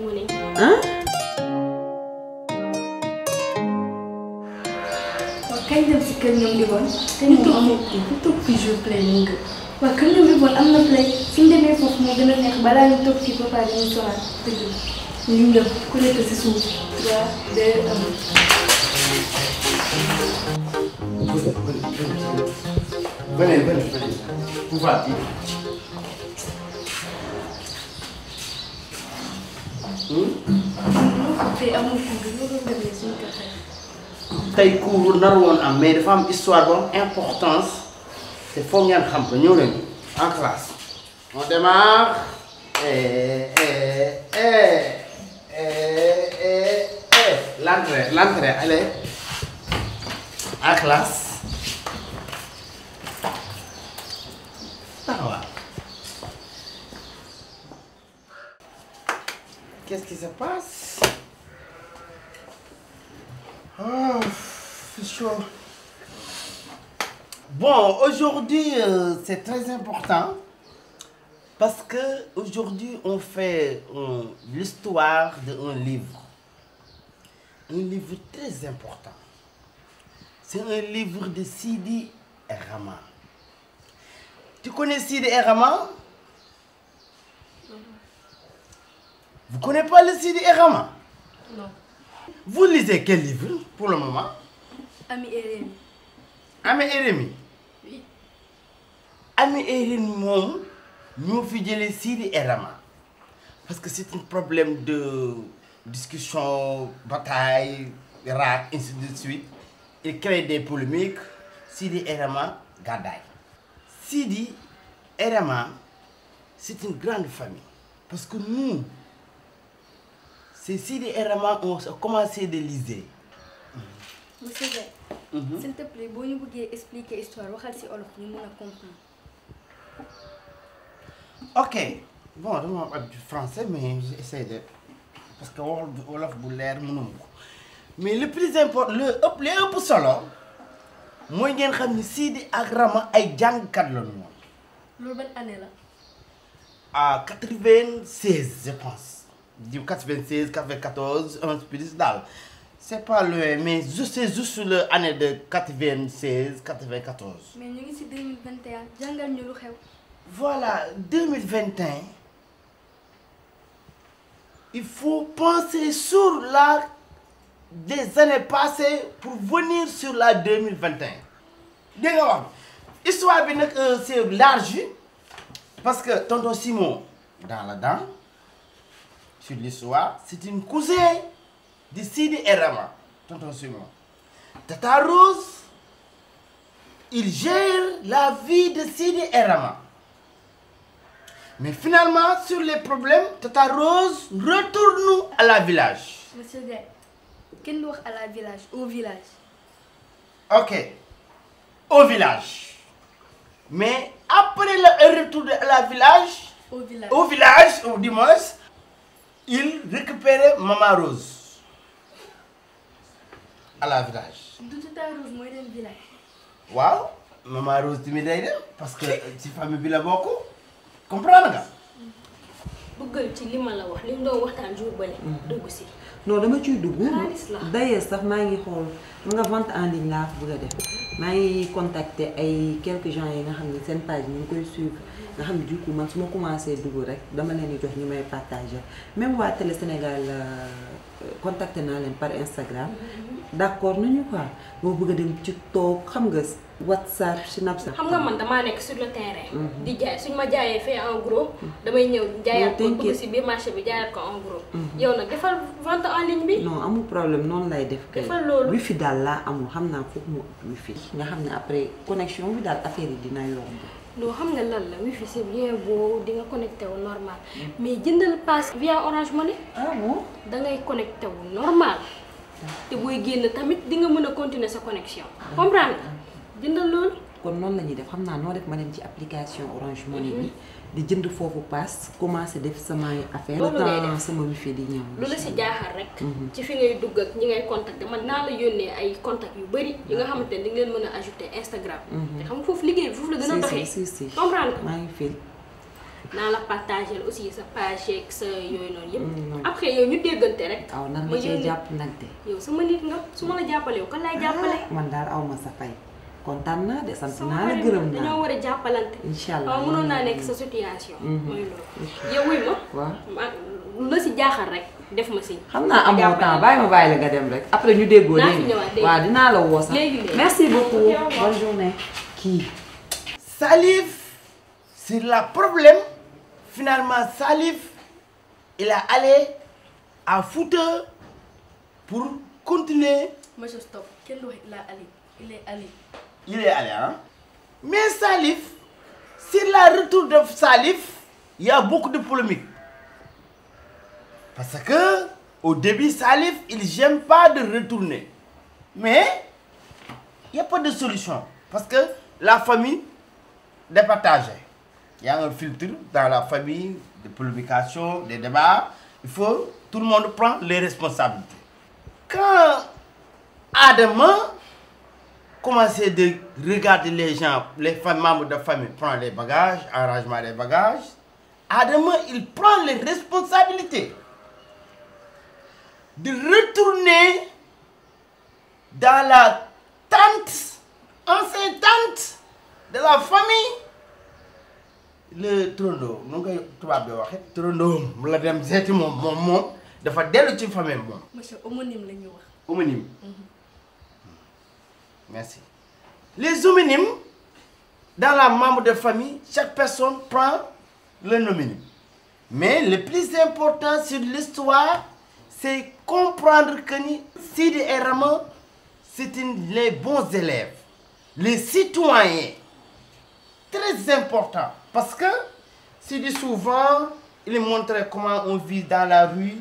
si kër ñoom di bon. kañ moom amul kii ku toog fii jour play mu ngi. waaw bon am na play suñ demee foofu moo gën a nekk balaa ñu toog fii ba pare ñu sonal dëgg ñu ngi dem ku nekk si suuf. waaw day am. venez venez venez vous va bien. tey amul kuur am mais dafa am histoire bu importance te foog ngeen xam ko ñëw leen en classe. on démarre. Eh, eh, eh. l'entrée, l'entrée, elle est à classe. Ah ouais. Qu'est-ce qui se passe Oh, c'est chaud. Bon, aujourd'hui, euh, c'est très important parce que aujourd'hui, on fait euh, l'histoire d'un livre. un livre très important c'est un livre de Sidi Rahman tu connais Sidi Rahman vous connaissez pas le Sidi Rahman vous lisez quel livre pour le moment Ami et Ami et Ami et Rémi moom ñoo fi jëlee Sidi Rahman parce que c'est un problème de discussion bataille raak ainsi de suite il crée des polémiques Sidi Herema gàddaay Sidi Herema c'est une grande famille parce que nous c'est Sidi Herema on a commencé de liser monsieur Guèye mhm. s'il te boo ñu bëggee expliquer histoire waxal ci olof ñu mën a comprendre ok bon français mais j'essaie de parce que wax wolof bu leer mënuma ko mais le plus important le ëpp li ëpp solo mooy ngeen xam ni Sidi ak Rama ay jàngkat la ñu woon. loolu ban année la. ah quatre-vingt-seize je pense di quatre-vingt-seize quatre-vingt-quatorze un plus daal c'est pas loin mais juste c'est juste le année de quatre-vingt-seize quatre-vingt-quatorze. mais ñu ngi ci deux mille vingt et un jàngal ñu lu xew. voilà deux mille vingt et il faut penser sur la des années passées pour venir sur la 2021 dégg nga wax histoire bi nag euh, c'est large parce que tonton Simon dans la dent sur l'histoire c'est une cousine de Sidi et tonton Simon Tata Rose il gère la vie de Sidi et Mais finalement, sur les problème Tata Rose retourne à la village. la village Au Ok. Au village. Mais après le retour la village, au village, au village, au dimanche, il récupérait Maman Rose à la village. D'où Tata Rose, moi, village. Waouh, Maman Rose, tu m'aides parce que tu famille la beaucoup. comprendre nga. duggal ci li ma la wax li mu doon waxtaan jour bële. dugg si. non dama ciy dugg. d'ailleurs sax maa ngi xool nga vente en ligne laa bëgg a def maa ngi contacter ay quelques gens yi nga xam ne seen page ñu ngi koy suivre. nga xam ne du coup man su ma commencé dugg rek dama leen di jox ñu may partagé même waa Télé Sénégal euh, contacté naa leen par Instagram mm-hmm. d' accord nañu quoi boo bëgg a dem ci xam nga WhatsApp Snapchat. xam nga man damaa nekk sur le terrain. Mm-hmm. di jaay suñ ma jaayee fee en gros. Mm-hmm. damay ñëw jaayaat ko si biir marché bi jaayaat ko en gros. yow nag defal vente en ligne bi. non amul problème noonu lay def. defal loolu fi daal laa amul xam naa foofu mu wifi nga xam ne après connexion bi daal affaire yi dina yomb. loo xam ne lan la fi c'est bien boo di nga connecté wu normal hmm. mais jëndal pass via Orange Money. ah dangay da ngay connecté wu normal. te booy génn tamit di nga mën a continuer sa connexion. Ah. comprendre nga jëndal loolu. kon noonu la ñuy def xam naa noo def ma dem ci application Orange Money bi. Mm-hmm. di jënd foofu paas commencé def samay affaire loolu ngay def sama wifi di ñëw lu la si jaaxal rek mhm. ci fi ngay dugg ak ñi ngay contacté man naa la yónnee ay contact yu bëri yi nga xamante ne di nga leen mën a ajouté Instagram mhm. te xam foofu liggéey bi foofu la gën a doxee si si comprendre nga maa ngi fil naa la partagé aussi sa page sa yooyu loolu yëpp mm, après yow ñu déggante rek aw nar ma cee jàpp nag de yow sama nit nga su ma la jàppale yow kan laay ah, jàppale man daal aw ma sa fay kontaan naa de sant naa la gërëm naa dañoo war a incha allah waaw naa nekk sa situation. mooy yow wuy ma. waaw la si jaaxal rek def ma si. xam naa amoo temps bàyyi ma bàyyi la nga dem rek. après ñu déggoo léegi waaw dinaa la woo sax merci beaucoup bonne journée. kii. Salif sur la problème finalement Salif il a Fouta pour continuer. monsieur Stop kenn du il est allé hein mais Salif sur la retour de Salif y a beaucoup de polémique parce que au début Salif il n'aime pas de retourner mais il y a pas de solution parce que la famille départagée il y a un filtre dans la famille de polémication des débats il faut tout le monde prend les responsabilités quand Adama commencer de regarder les gens, les membres de famille prennent les bagages, arrangement des bagages. Adama, il prend les responsabilités de retourner dans la tente, ancienne tente de la famille. le turandoo nu ngay tubaab bi waxee. mu la dem seeti moom moom moom dafa dellu ci famille moom. monsieur homonyme la ñuy Merci. Les homonymes, dans la membre de famille, chaque personne prend le homonyme. Mais le plus important sur l'histoire, c'est comprendre que ni Sidi et Raman, c'est les bons élèves, les citoyens. Très important, parce que Sidi souvent, il montrait comment on vit dans la rue,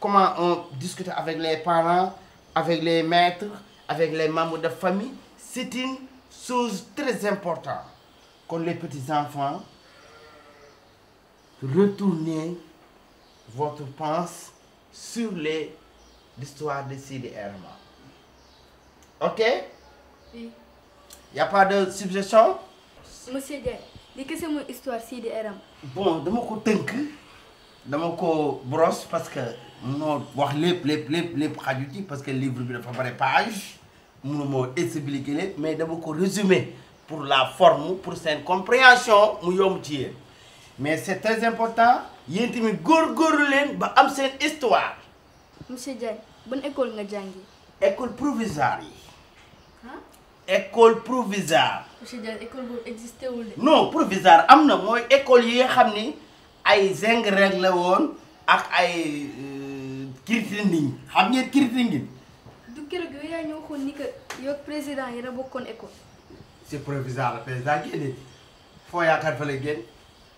comment on discute avec les parents, avec les maîtres, avec les membres de famille c'est une chose très importante kon les petits enfants retournez votre pensée sur les l'histoire de Sidi Herma ok. oui. y a pas de suggestion. monsieur Diagne li kese mooy histoire Sidi Herma. bon dama ko tënk dama ko brosse parce que munoo wax lépp lépp lépp lépp xaju ci parce que livre bi dafa bare page. mënu moo expliquer leen mais dama ko résumer pour la forme pour seen compréhension mu yomb ci mais c' est très important yéen tamit góorgóorlu leen ba am seen histoire. monsieur Diagne ban école nga jàngi. école provisoire yi. école provisoire. monsieur école boobu wul de. non provisoire am na mooy école yi nga xam ni ay zinc rek la woon ak ay euh, kirtinding xam ngeen kirtinding. keroog yooyu yaa ñu waxoon ni que yow président yi la bokkoon école. c'est provisoire la président foo yaakaar fa lay génn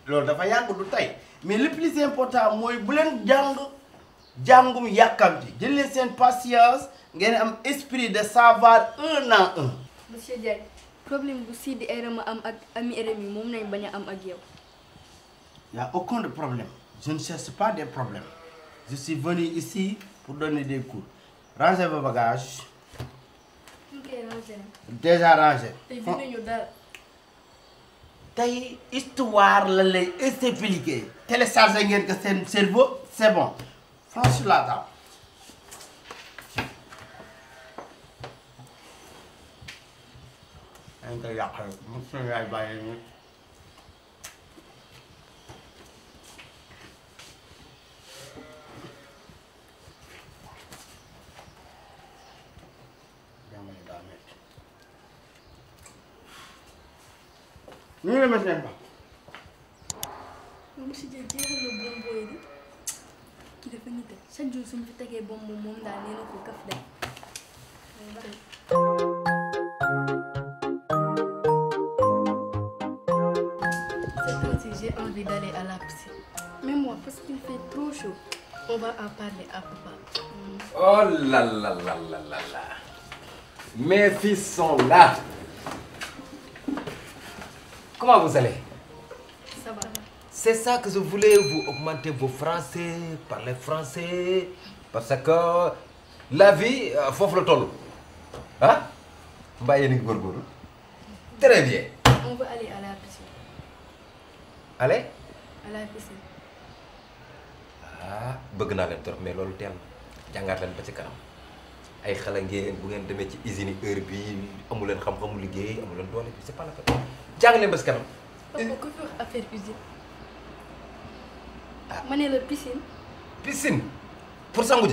loolu dafa yàgg du tey mais le plus important mooy bu leen jàng jàngum yàkkamti jël leen seen patience ngeen am esprit de savoir un à un. monsieur Diagne problème bu Sidi Aïrama am ak ami RM yi moom nañ bañ am ak yow. y a de problème je ne cherche pas des problèmes je suis venu ici pour donner des cours. ranger ba bagage. déjà ranger. tey histoire la lay expliquer. téléchargé ngeen ko seen cerveau c'est bon. France sur la table. dañ koy yàqal mosu ñu yaay bàyyi ñu ngi lay mos nekk ba. moom monsieur Dieng jeexal na bonbon yi de kii dafa chaque jour suñu fi tegee bonbon moom daal nee na ko kaf moi, parce qu'il trop chaud, on va en parler à papa. Oh là là là là là là. Comment vous allez? Ça va. C'est ça que je voulais, vous augmenter vos français, parler français, parce que la vie euh, foofu la toll ah mbaa yéen a ngi góorgóorlu très bien. on veut aller à la piscine. aller. à la piscine. ah bëgg naa leen trop mais loolu teel na jàngaat leen ba ci kanam ay xale ngeen bu ngeen demee ci usine heure bi amu leen xam-xamu liggéey amu leen doole bi c'est pas la peine. jàng leen bés kanam. papa eh. ku fi wax affaire usine. ah ma ne la pour sangu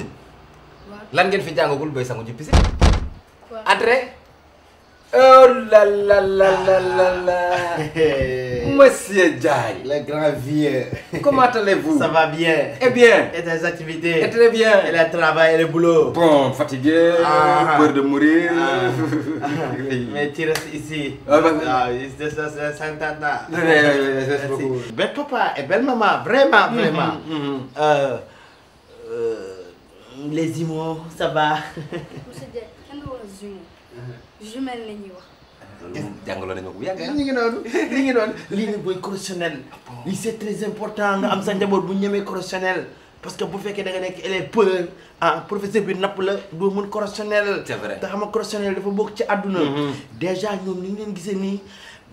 lan ngeen fi jàngagul bay sangu ji piscine. waaw entrée. oh la la la la la. Monsieur Diagne. Le grand vieux. Comment allez-vous Ça va bien. Eh bien. Et tes activités e très bien. Et le travail le boulot Bon, fatigué, ah. ah. de mourir. Ah. ah. Mais tu restes ici. Belle papa et belle maman, vraiment, mm-hmm, vraiment. Mm -hmm. euh, euh va gis jàngaloo nañ ma bu yàgg ñu ah. ngi noonu li ngi noonu lii nag booy correctionnel lii c'est très important nga am sa njaboot bu ñemee correctionnel parce que bu fekkee da nga nekk élève peur ah professeur bi napp la doo mën correctionnel c'est vrai te xam nga correctionnel dafa bokk ci àdduna mm-hmm. déjà ñoom ni ñu leen gisee nii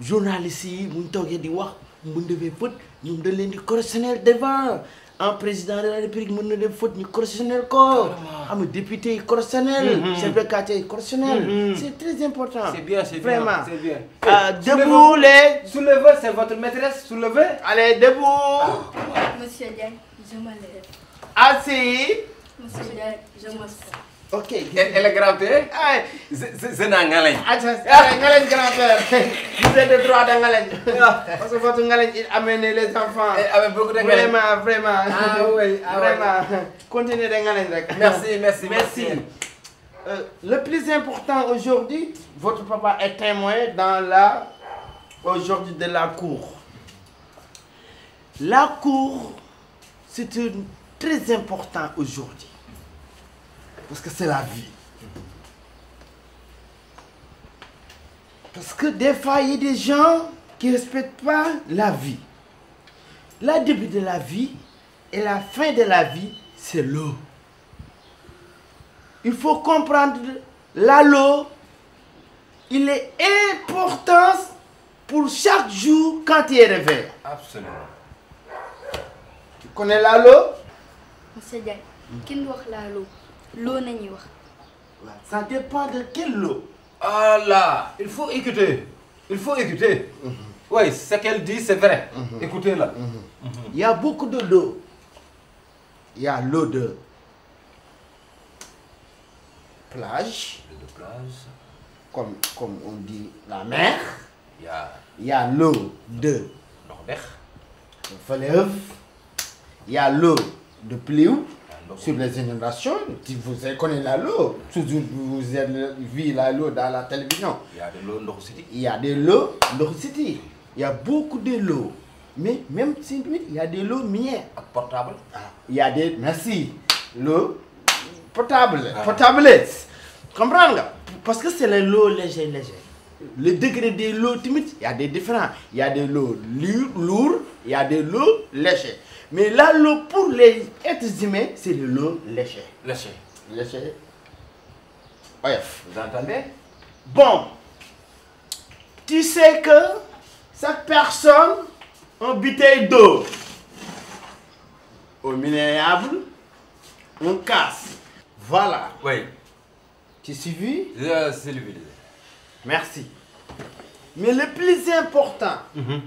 journaliste yi muñ toogee di wax mu ndefee fët ñoom dañ leen di correctionnel devant un président de la république mën na dem faute ñu correctionnel ko xam nga député yi correctionnel mm-hmm. chef de quartier yi correctionnel mm-hmm. c'est très important c'est bien c'est bien vraiment c'est bien euh, debout les soulevez c'est votre maîtresse soulevez allez debout monsieur Diagne je me lève asseyez monsieur Diagne je m'assois ok elle e est grand père ay zena ngaleñ ah, ngaleñ grand père musée de droit de ngaleñ ah. parce que foofu ngaleñ il amène les enfants eh, vraiment vraiment ah oui ah, vraiment continuer de ngaleñ rek merci merci euh, le plus important aujourd'hui votre papa est témoin dans la aujourd'hui de la cour la cour c'est une très important aujourd'hui parce que c'est la vie parce que des fois il y des gens qui respectent pas la vie la début de la vie et la fin de la vie c'est l'eau il faut comprendre la l'eau il est important pour chaque jour quand tu es réveillé. absolument. la l'eau. loo nañuy wax. waaw ça dépend de quel lot. ah là il faut écouter il faut écouter. Mm-hmm. oui qu'elle dit c'est vrai. Mm-hmm. écoutez mm-hmm. là. y a de lots. y a de plage. comme on dit la mer. y a de. ndox bex. fleuve. de pluie. sur les génération Tu vous connaissez la low. Toujours vous avez vu la low dans la télévision. Il y a de l'eau Nord City. Il y a de beaucoup de l'eau. Mais même si il y a de l'eau minière. Portable. Ah, il y a des. Merci. L'eau potable. Ah. Potable. Comprends Parce que c'est l'eau légère, légère. Le degré de l'eau timide, il y a des différents. Il y a de l'eau lourde, il de l'eau légère. Mais la lo pour les êtres humains, c'est de l'eau léchée. Léchée. Léchée. Bref. Oh, Vous entendez Bon. ti sais que chaque personne a une bouteille d'eau. Au minérable, on casse. Voilà. Oui. Tu suivis Je suis Merci. Mais le plus important, mm-hmm.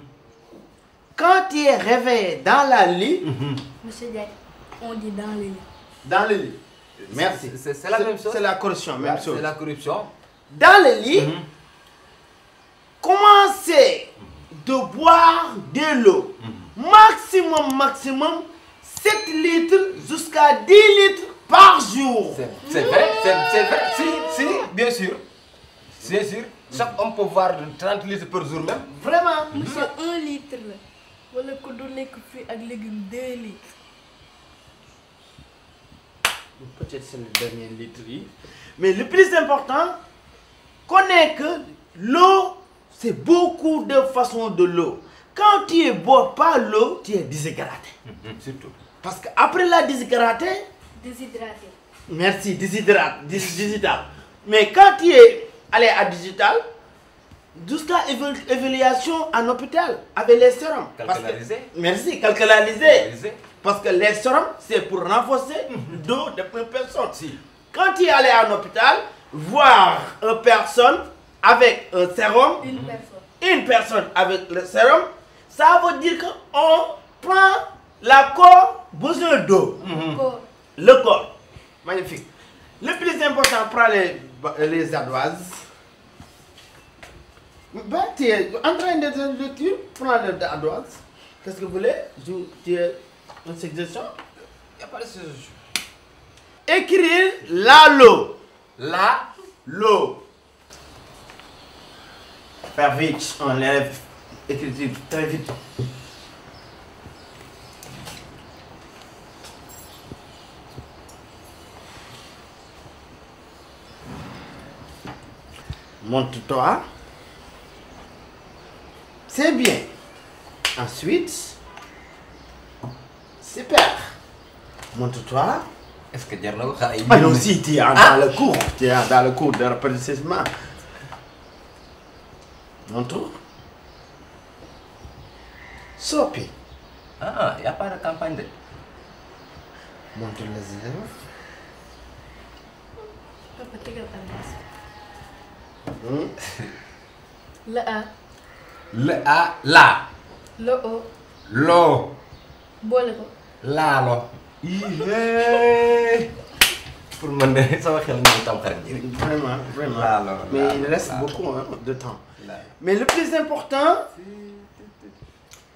quand tu es réveillé dans la lit. Mhm. on dit dans le lit. merci c'est la corruption même la lit. Mhm. commencez de boire de l'eau mhm. maximum maximum sept litres jusqu'à dix litres par jour. c'est vrai chaque homme peut boire litres par jour même. vraiment. un litre wala ku du lekk fruits ak légumes deux litres. peut le dernier litre yi mais le plus important connais que l'eau c'est beaucoup de façons de l'eau quand tu ne bois pas l'eau tu es déshydraté. Mhm, surtout parce que après la déshydraté. déshydraté. merci déshydraté déshydraté mais quand tu es digital. jusqu'à évaluation en hôpital avec les sérums. Calcularisé. Merci, calcularisé. Parce que les sérums, c'est pour renforcer le mhm. dos personne. Si. Quand il est allé en hôpital, voir une personne avec un sérum, une personne, une personne avec le sérum, ça veut dire qu'on prend la mhm. corps Magnifique. Le plus important, prend les, les Ben, tu es en train de le tuer, prends le de à droite. Qu'est-ce que vous voulez Joue, tu es une suggestion Il n'y a pas de suggestion. Écrire la lo. La lo. Faire C'est bien. Ensuite, super. Montre-toi. Est-ce que dire Mais aussi, tu es ah. dans le cours. Tu es dans le cours de rapetissement. Montre. Sopi. Ah, il de campagne La le a laa. lo o. loo. boole ko. laalo. yii pour man de sama xel ñu tam xarit ji rek. vraiment vraiment laalo mais il reste beaucoup de temps. mais le plus important.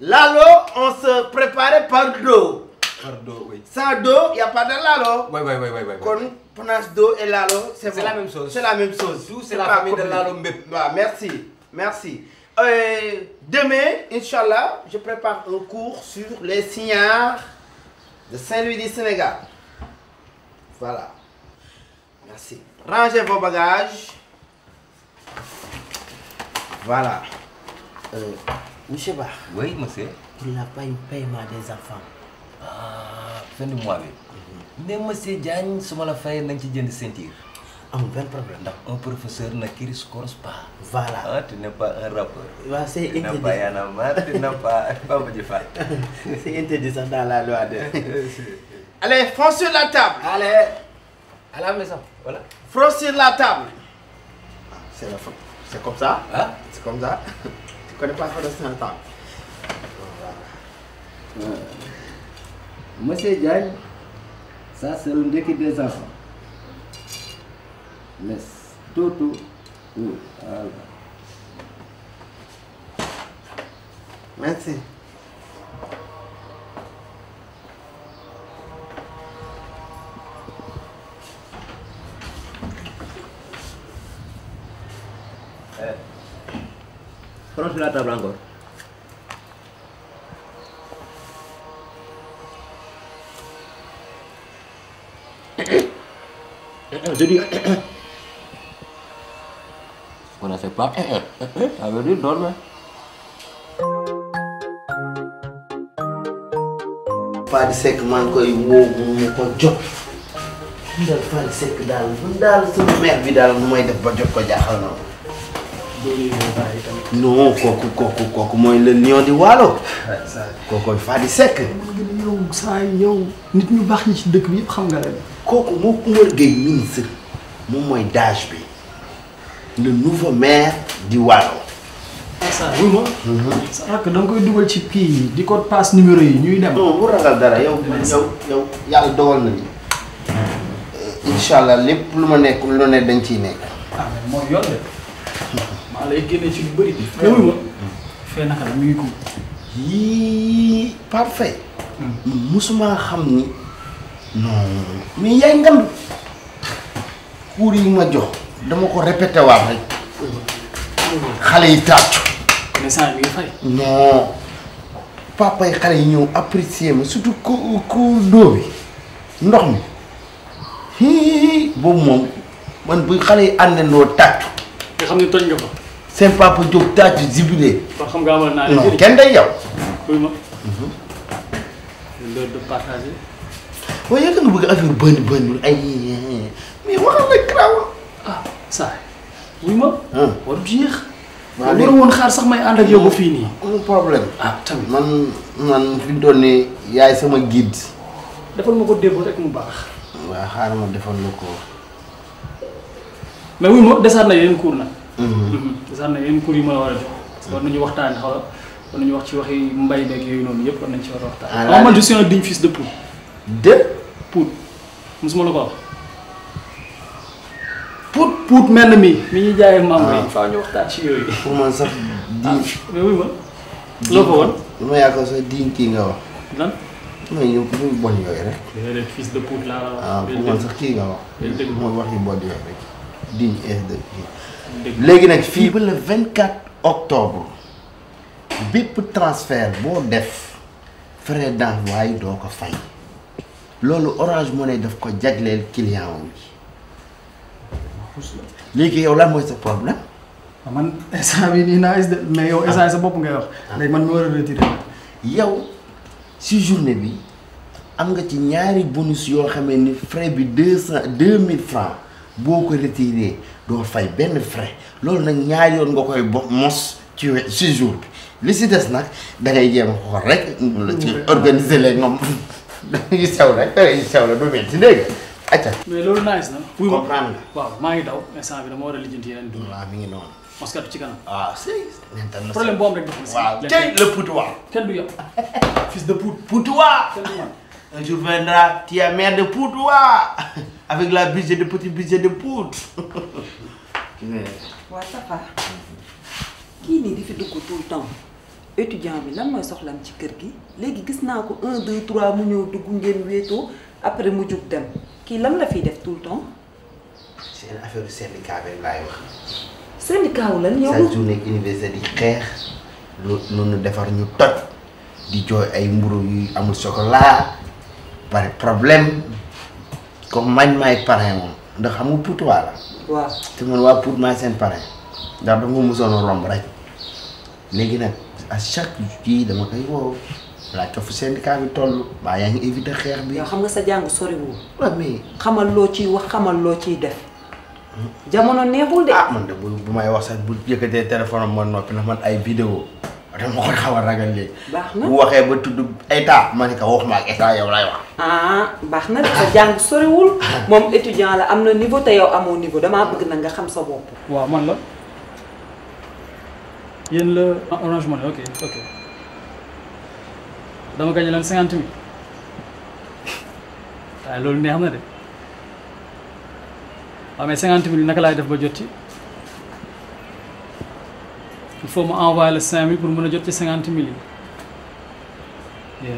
Lalo, on se préparait par dos. Par dos, oui. Sans dos, il n'y a pas de Lalo. Oui, oui, oui. oui, oui. Quand on prononce dos et Lalo, c'est bon. la même chose. C'est la même chose. Tout, c'est la famille de Lalo Mbep. Bah, merci, merci. Et euh, demain, Inch'Allah, je prépare un cours sur les signares de Saint-Louis du Sénégal. Voilà. Merci. Rangez vos bagages. Voilà. Euh, monsieur Bach. Oui, monsieur. Pour la paye paiement des enfants. Ah, fin du mois bi. ne mhm. monsieur Diagne su ma la fayee na nga ci jënd ceinture. amul benn problème ndax un professeur ne crispose pas. voilà ah tu n'es pas un rappeur. waaw c'est interdit tu n'es pas Y'en a marre la loi de. allez sur la table. allez à la maison sur la table. ah c'est la faute c'est comme ça. ah c'est comme sur la table. voilà. Euh, monsieur Diagne ça c'est le ndekki des enfants. less two to two all right let's see Prends sur la table encore. Je dis Con hace pa. A ver, duerme. Fadi Seck maa ngi koy woo mu ko jot. daal Fadi Seck daal man daal sama mère bi daal nu may def ba jot ko jaaxal na ma. kooku kooku mooy le lion di waalo. kookooy Fadi Seck. yow saa yow nit ñu baax ñi ci dëkk bi yëpp xam nga leen. kooku moom mooy daaj bi. le nouveau maire di Waalo. ça oui ma. ça va que da nga koy dugal ci kii di ko passe numéro yi ñuy dem. non bu ragal dara yow. yow yow yàlla dogal na ni. Euh, incha allah lépp lu ma nekk lu ne dañ ciy nekk. ah mais mooy yoon de maa lay génne ci lu bëri. loolu ma fee naka la mi ngi ko. yii parfait. Hmm. musuma xam ni. non mais yaay ngam. kuur yi ma jox. dama ko répété waat rek xale yi tàccu. mais papa yi xale yi ñëw apprécier ma surtout ku ku dóo bi ndox mi hi boobu moom man bu xale yi àndandoo tàccu. nga xam ne toj nga fa. seen papa jóg tàccu jubilé. kon naa non kenn day yow. kuy ma. Mhm. waaye yëg nga bëgg affaire bënd bënd ay mais waxal na ah saa yi ma. Ah. warut yéex. maa ngi waroon xaar sax may ànd ak yow ba fii nii. amul problème ah tamit man man fi mu yaay sama guide. defal ma ko déggoo rek mu baax. waa xaar ma defal la ko. mais wuy ma desaat na yeneen cours nag. Mhm. Mhm. desaat na yeneen cours yi may war a jox parce mhm. que war nañu waxtaan xaw war nañu wax ci waxi mbay beeg yooyu noonu yëpp war nañ ci war a waxtaan. ah man je suis un digne fils de Pout. de Pout mosuma la ko wax. puut mel mi mi ñuy jaayee mango yi ah. yooyu. pour man sax ah, di. loo ko woon. lu ma yaakaar sax diin kii nga wax. mooy ñu bon yooyu rek. de waaw ah, pour man sax kii nga wax. mooy wax yu bon yooyu rek diin est de kii. léegi nag fii ba le vingt quatre octobre bépp transfert boo def frais d'envoi doo ko fay loolu Orange Money daf ko jagleel client wu léegi yow lan mooy sa problème. Ah, man instant bi nii naa mais yow instant ah. sa bopp ngay wax. Ah. léegi man mi war a retiré yow si journée bi am nga ci ñaari bonus yoo xamee ni frais bi deux cent deux mille francs boo ko retiré doo fay benn frais loolu nag ñaari yoon nga koy bo mos ci si jour bi. li si des nag da ngay jéem a xool rek. ci organiser leen moom da ngay sew rek da ngay sew la du metti dégg acca mais loolu nice na. comprendre nga waaw maa ngi daw instant bi dama war a lijjanti yeneen dund. waaw mi ngi noonu. on se ci kanam. waaw ah, si. problème boo am rek dafa waaw tey le poutoir. kenn du yow. fils de pout poutoir. un jour viendra tu es maire de poutoir avec la budget de petit budget de pout. waa Safa kii nii di fi dugg tout le temps étudiant bi lan mooy soxlam ci kër gi léegi gis naa ko un deux trois mu ñëw dugg ngeen wéetoo. après mu jug dem kii lan la fiy def tout temps. seen affaire syndicat bi laay wax. syndicat wu lan yow. sa journée université di xeex lu nu defar ñu toj di jooy ay mburu yu amul chocolat par problème comme man maay parrain moom ndax xam nga Pout waa la. waaw te man waa Pout maay seen parrain ndax dama mosoon a romb rek léegi nag à chaque kii dama koy woo. laaj ko fu syndicat bi toll baa yaa ngi éviter xeex bi. yow xam nga sa jàng soriwul. waaw loo ciy wax xamal loo ciy def. jamono neexul de. Ah, bu bu may wax sax bu yëkkatee téléphone am man noppi na man ay vidéo dama xaw a ragal léegi. baax na bu ma ko waxuma yow lay wax. ah na sa jàng soriwul. moom étudiant la am na niveau te yow amoo niveau damaa bëgg na nga xam sa bopp. waaw man la yéen la ah Orange Money dama gagné leen cinquante mille waaye loolu neex na de waaw mais cinquante mille naka laay def ba jot ci il faut mu envoyer le cinq mille pour mën a jot ci cinquante mille yi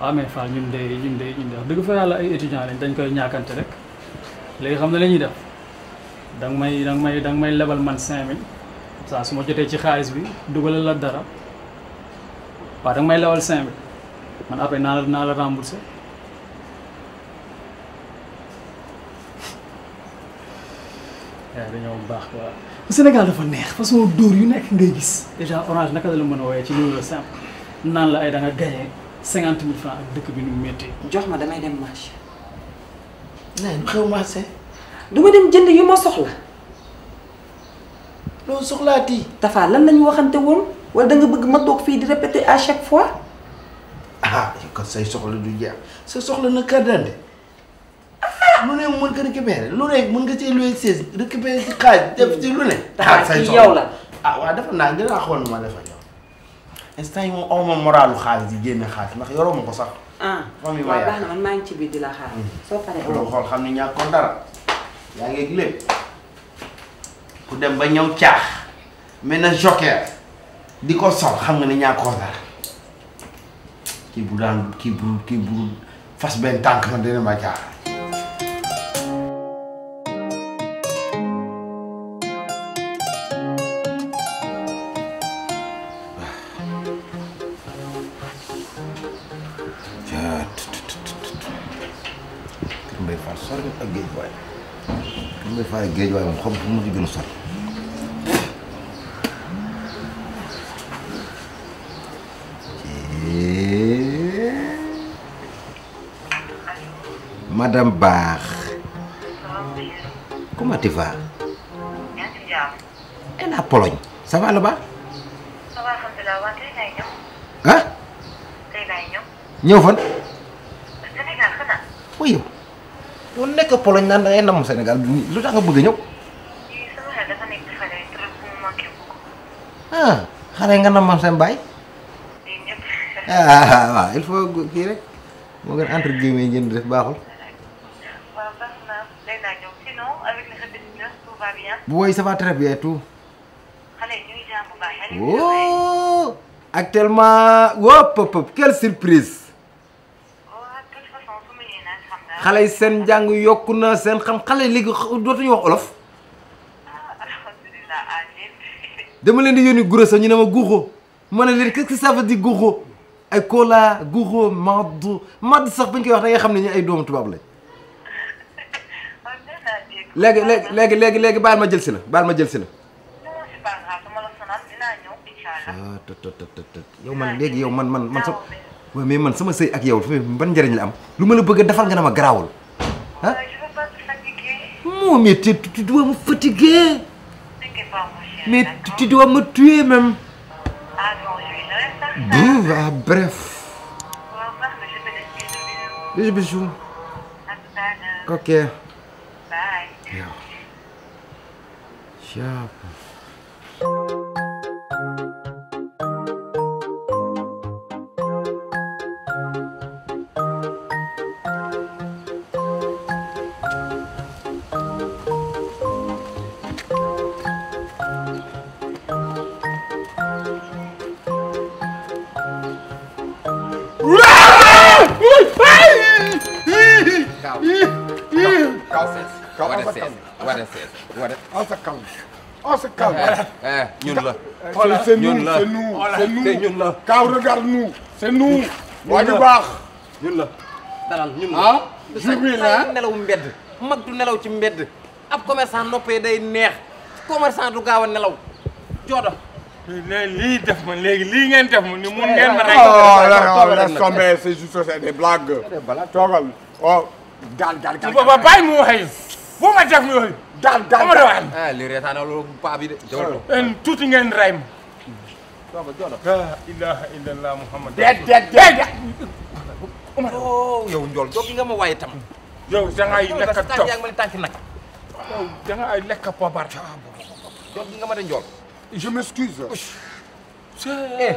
waaw mais Fall ñun de ñun de ñun de wax dëgg fa yàlla ay étudiants lañ dañ koy ñàkkante rek léegi xam na la ñuy def danga may danga may danga may lebal man cinq mille saa su ma jotee ci xaalis bi dugalal la dara waaw ah. danga may lewal cinq bi man après naa la naa la dañoo baax waaw Sénégal dafa neex façon dóor yu nekk ngay gis déjà orange naka la la mën a wooyee ci numéro simple naan la ay da nga cinquante mille francs ak dëkk bi nu mu méttee. jox ma damay dem marché. nay lu xew marché. Eh. du dem jënd yu ma soxla. loolu soxlaati. Tafa lan lañu waxante woon. wala da bëgg ma toog fii di répéter à chaque fois. ah kon say soxla du jeex sa soxla na kër dande ah! lu ne mën nga récupérer lu ne mën nga cee loué seize récupérer ci xaaj def ci lu ne. ah, ah say soxla ah waaw dafa naa gën a xool ma dafa yow instant yi moom aw ma xaalis di génne xaalis ndax yoroo ma ko sax. ah waaw baax na man maa ngi ci biir di la xaar. Mm. soo paree loo xool xam ne ñàkkoon dara yaa ngi lépp ku dem ba ñëw caax mel na joker. di ko sol xam nga ne ñaa ko dara kii bu daan kii bu kii bu fas benn tànk ma jaar. Kër Mbaye Fall xam fu mu ci gën a madame Baax comment tu vas. yaa ngi ci jàmm. la Pologne ça va fan. Sénégal yow doo nekk Pologne naan da ngay namm lu tax nga bëgg a ñëw. sama xel dafa nekk ci ah, nga namm seen baay. Ah, il faut kii rek moo gën entre guillemets ngeen def baaxul. Oui, ça va très bien tout. Oh, actuellement, wop, wop, wop, quelle surprise. Oh, xale yi seen njàng yokku na seen xam xale léegi dootuñu wax olof. Ah, dama leen di yónni guro sax ñu ne ma guuxoo ma ne leen qu'est-ce que ça veut dire guuxoo ay Kola guuxoo Madou Madou sax bu ñu koy wax da ngay xam ne ay doomu tubaab lañ. léegi léegi léegi léegi baal ma jël si la baal ma jël si la. ah tot man léegi yow man man man sa waaw mais man sama sëy ak yow fi ban njëriñ la am lu ma la bëgg a defal nga ne ma garaawul ah. non mais tu tu dois me fatiguer. mais tu dois me tuer même. Bouh, ah, bref. Bisous, Ok. diabo. Calça. Calça. kaw war a sees war a sees war a. on se calme on se calme. ñun la. xoolal c'est nous c'est nous c'est nous c'est ñun la. Kaaw regarde nous c'est nous. waa ju baax ñun la. dalal ñun la ah. jubilaay nelaw mbedd. mag du nelaw ci mbedd. ab commerçant noppee day neex. commerçant du gaaw a nelaw. jooda. lii def ma léegi lii ngeen def ma ni mun eh, ngeen ma. rek laisse eh, tomber c'est juste des blagues. toogal oh. gaal gaal gaal bàyyi mu waxee. bu ma def yooyu. daal daal daal ah li reetaan na loolu paa bi de. tuuti ngeen rey ma. joono joono. la ilaha illallah muhammad. déet déet déet. Umar oh yow Ndiol doo gi nga ma waaye tam. yow da ngay lekk a toog yow da ngay lekk a poobar. Ah, doo gi nga ma de Ndiol. je m'excuse. Eh,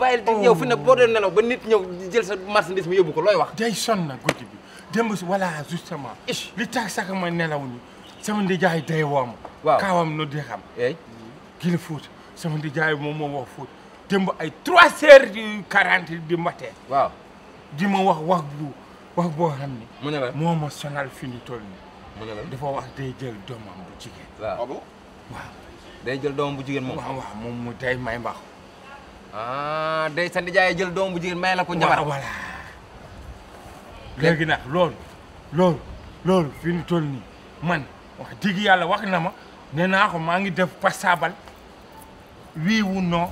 bàyyil di ñëw fi ne boo doon nelaw ba nit ñëw jël sa marchandise mi yóbbu ko looy wax. day sonn na guddi bi. démb si voilà justement. li tax ma nelaw ni sama ndijaay day woom. waaw kaawam nu di xam. gil Fouta sama ndijaay moom moo wax Fouta démb ay trois heures du quarante du matin. di ma wax wax bu wax boo xam ni. mu ne la ma sonal fi ñu toll nii. mu wax day jël doomam bu jigéen. waaw ah moom. mu day may mbax. ah day sa ndijaay jël doomam bu jigéen may la ko. njabar léegi nag loolu loolu loolu fi ñu toll nii man wax dëgg yàlla wax na ma nee naa ko maa ngi def passabal wii wu non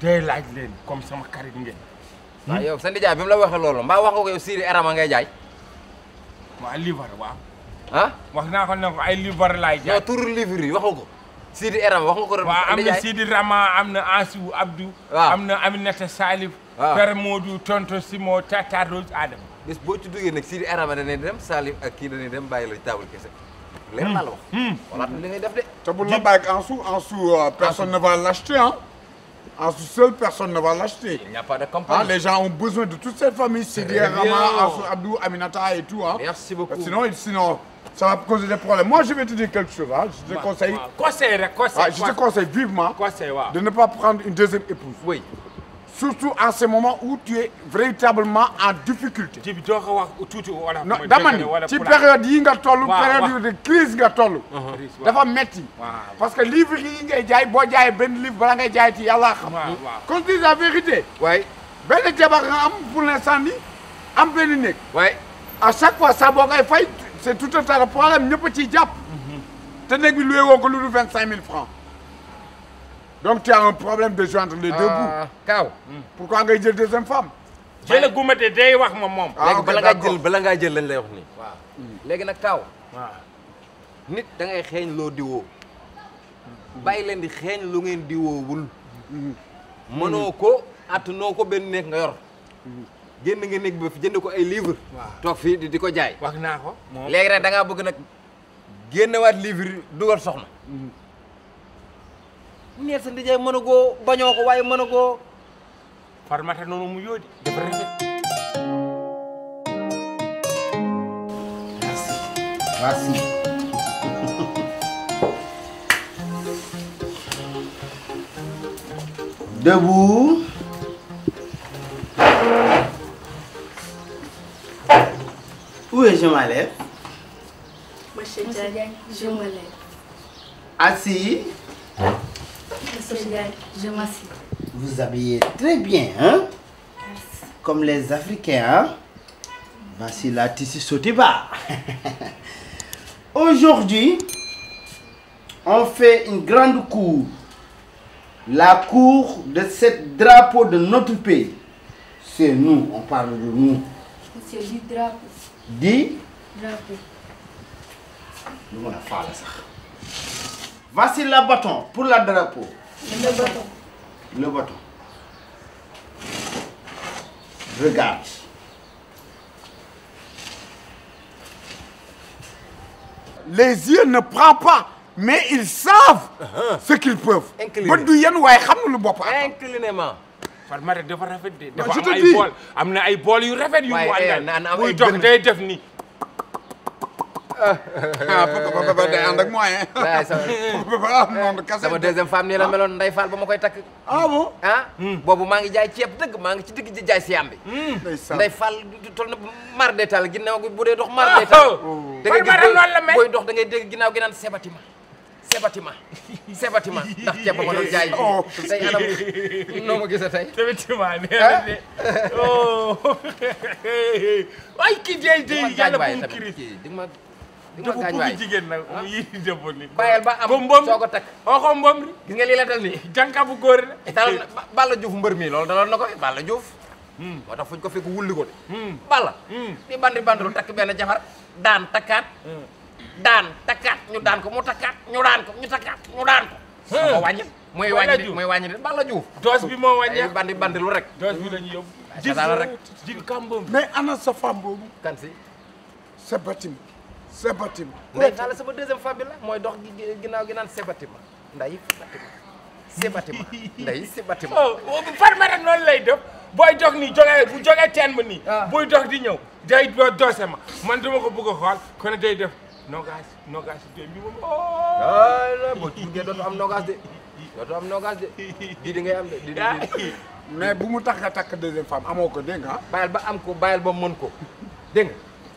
day laaj leen comme sama xarit ngeen. Hmm? waaw yow sa nijaay bi mu la waxee loolu mbaa wax nga ko yow Siri Arama ngay jaay. waaw livre waaw. ah wax naa ko ne ko ay livre laay jaay. non turu livre yi waxu ko. Sidi Erama wax nga ko doon. waaw am na Sidi Rama am na Ansiou Abdou. waaw am na Aminata Salif. waaw Père Modou Tonto Simo Tata Rose Adama. bés boo ci duggee nag Sidi Arama dañuy dem Salif la table kese. leer la hmm. Hmm. li de. te bu la bàyyi en en sous euh, personne ne va l'acheter ah. en sous seul personne ne va l'acheter. a pas de compagnie. ah les gens ont besoin de toute cette famille. Sidi Arama Assou Abdou Aminata et tout sinon sinon. ça va causer des problèmes moi je vais te dire quelque chose ah. je conseil vivement. de ne pas prendre une deuxième épouse. surtout en ce moment où tu es véritablement en difficulté. ji bi doo ko wax tuuti wala. non dama ni ci période yi nga toll. période de crise nga toll. Uh-huh. dafa metti parce que livre yi ngay jaay boo jaayee benn livre bala ngay jaay ci yàlla xam. waaw qu'on dise la vérité. waay benn jabar nga am pour l'instant nii am benn néeg. waay à chaque fois sax boo koy fay c'est tout un tas de problème ñëpp a ciy jàpp. Mm-hmm. te néeg bi loué woo ko lu dul vingt cinq mille francs. donc tu as problème de joindre les deux ah, bouts. Kaaw. pourquoi ngay jël deuxième femme. jële gumate day wax ma moom. Ah, léegi bala ngaa jël bala ngaa jël lañ lay wax nii. waaw nag Kaaw. nit dangay xeeñ loo diwoo. bàyyi leen di xeeñ lu ngeen diwoowul. mënoo ko attanoo ko benn néeg nga yor. génn nga néeg ba fi jënd ko ay livre toog fii di ko jaay. wax naa ko. léegi nag da bëgg nag génnewaat livre dugal soxna. neel sa ndijaay mën a goo bañoo ko waaye mën a goo farmata noonu mu yóodi dafa rafet merci merci je m'assieds. Vous habillez très bien, hein? Comme les Africains, hein? Voici la tissu Sotiba. Aujourd'hui, on fait une grande cour. La cour de cette drapeau de notre pays. C'est nous, on parle de nous. Monsieur, du la bâton pour la drapeau. Le bateau. Le bateau. Regarde. Les yeux ne prennent pas, mais ils savent uh-huh. ce qu'ils peuvent. Incliné. bët du yéen waaye xam na lu bopp. inclinément. Fatma dafa rafet de. dafa am ay bool am na ay bool yu rafet yu mu eh, àndal. muy dox day def nii. ah papa papa day ànd ak moyen. waaye sama sama deuxième femme nii la meloon Ndeye ba ma koy takk. ah bon ah. Hmm. boobu maa ngi jaay ceeb dëgg maa ngi ci digg jaay si yàmbi. Hmm. Ndeye Fall toll na mar detal ginnaaw gi bu dee dox mar detal. Ah, oh. da ngay gis booy dox da ngay dégg ginnaaw gi naan sebatima. sebatima sebatima ndax ceeb ba ma doon jaay. Oh. tey anam noo ma gisa tey. effectivement nee na ah? de oh. ay kii day day yàlla bu mu dafa bëgg jigéen nag yi debo ni bàyyil ba am bombom soo ko takk oxo mbom ri gis nga lii la dal bu góor la daloon na mbër mi loolu daloon na ko Balla Diouf hmm. moo tax fu ñu ko wul wulli ko de hmm. Balla di hmm. bandi bandilu takk a jabar daan takkaat daan takkaat ñu daan ko mu takaat ñu daan ko ñu takkaat ñu daan ko soo ko wàññi mooy wàññi mooy wàññi de Balla Diouf doos bi moo wàññi bandi bandilu rek doos bi lañu yóbbu jil rek jil kàmboom mais ana sa femme boobu kan si sa batim Sébatima. mais naa la sama deuxième femme bi la mooy dox ginnaaw gi naan Sébatima nday Sébatima Sébatima nday Sébatima. oh, oh farma rek noonu lay def booy dox ma nii. Ah. buy di ñëw ma man dama def nogaas nogaas bi mi am nogaas de dootu ngay di di mais bu mu tax nga takk deuxième femme amoo ko dégg ba am ko bàyyil ba mën ko dégg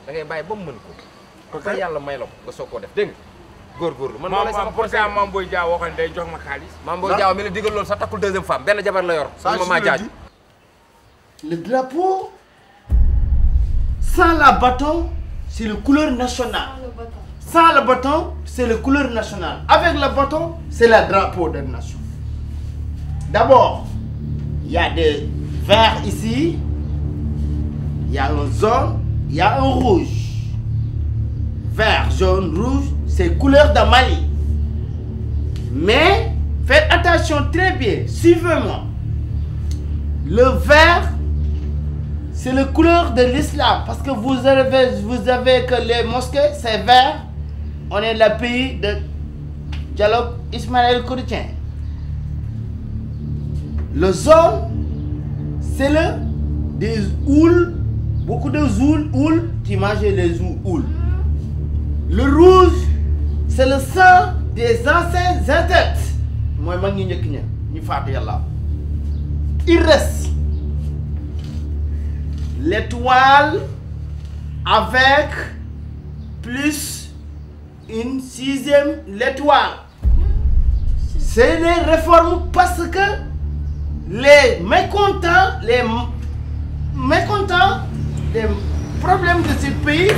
nga bay ba mu mën ko. ba yàlla may la nga soog koo def dégg nga góorgóorlu man loolu sama conseil pourtant Mame Boye Diao jox ma xaalis Mame Boye Diao mi la digal loolu sa takkul deuxième femme benn jabar la yor ma maa jaaj le drapeau sans la bâton c'est le couleur nationale sans le bâton c'est le couleur nationale avec le bâton c'est le drapeau de nation d'abord il y a des verts a un jaune il un rouge vert, jaune, rouge, c'est couleur de Mali. Mais faites attention très bien, suivez-moi. Le vert, c'est la couleur de l'islam. Parce que vous avez, vous avez que les mosquées, c'est vert. On est le pays de dialogue Ismaël chrétien. Le jaune, c'est le des houles, beaucoup de houles, houles, qui mangent les houles. le rouge c'est le sang des anciens intêtes mooy mag ñu njëkk ña ñu faatu yàlla il reste l'étoile avec plus une sixième l'étoile c'est les réformes parce que les mécontents les mécontents des problème de ce pays,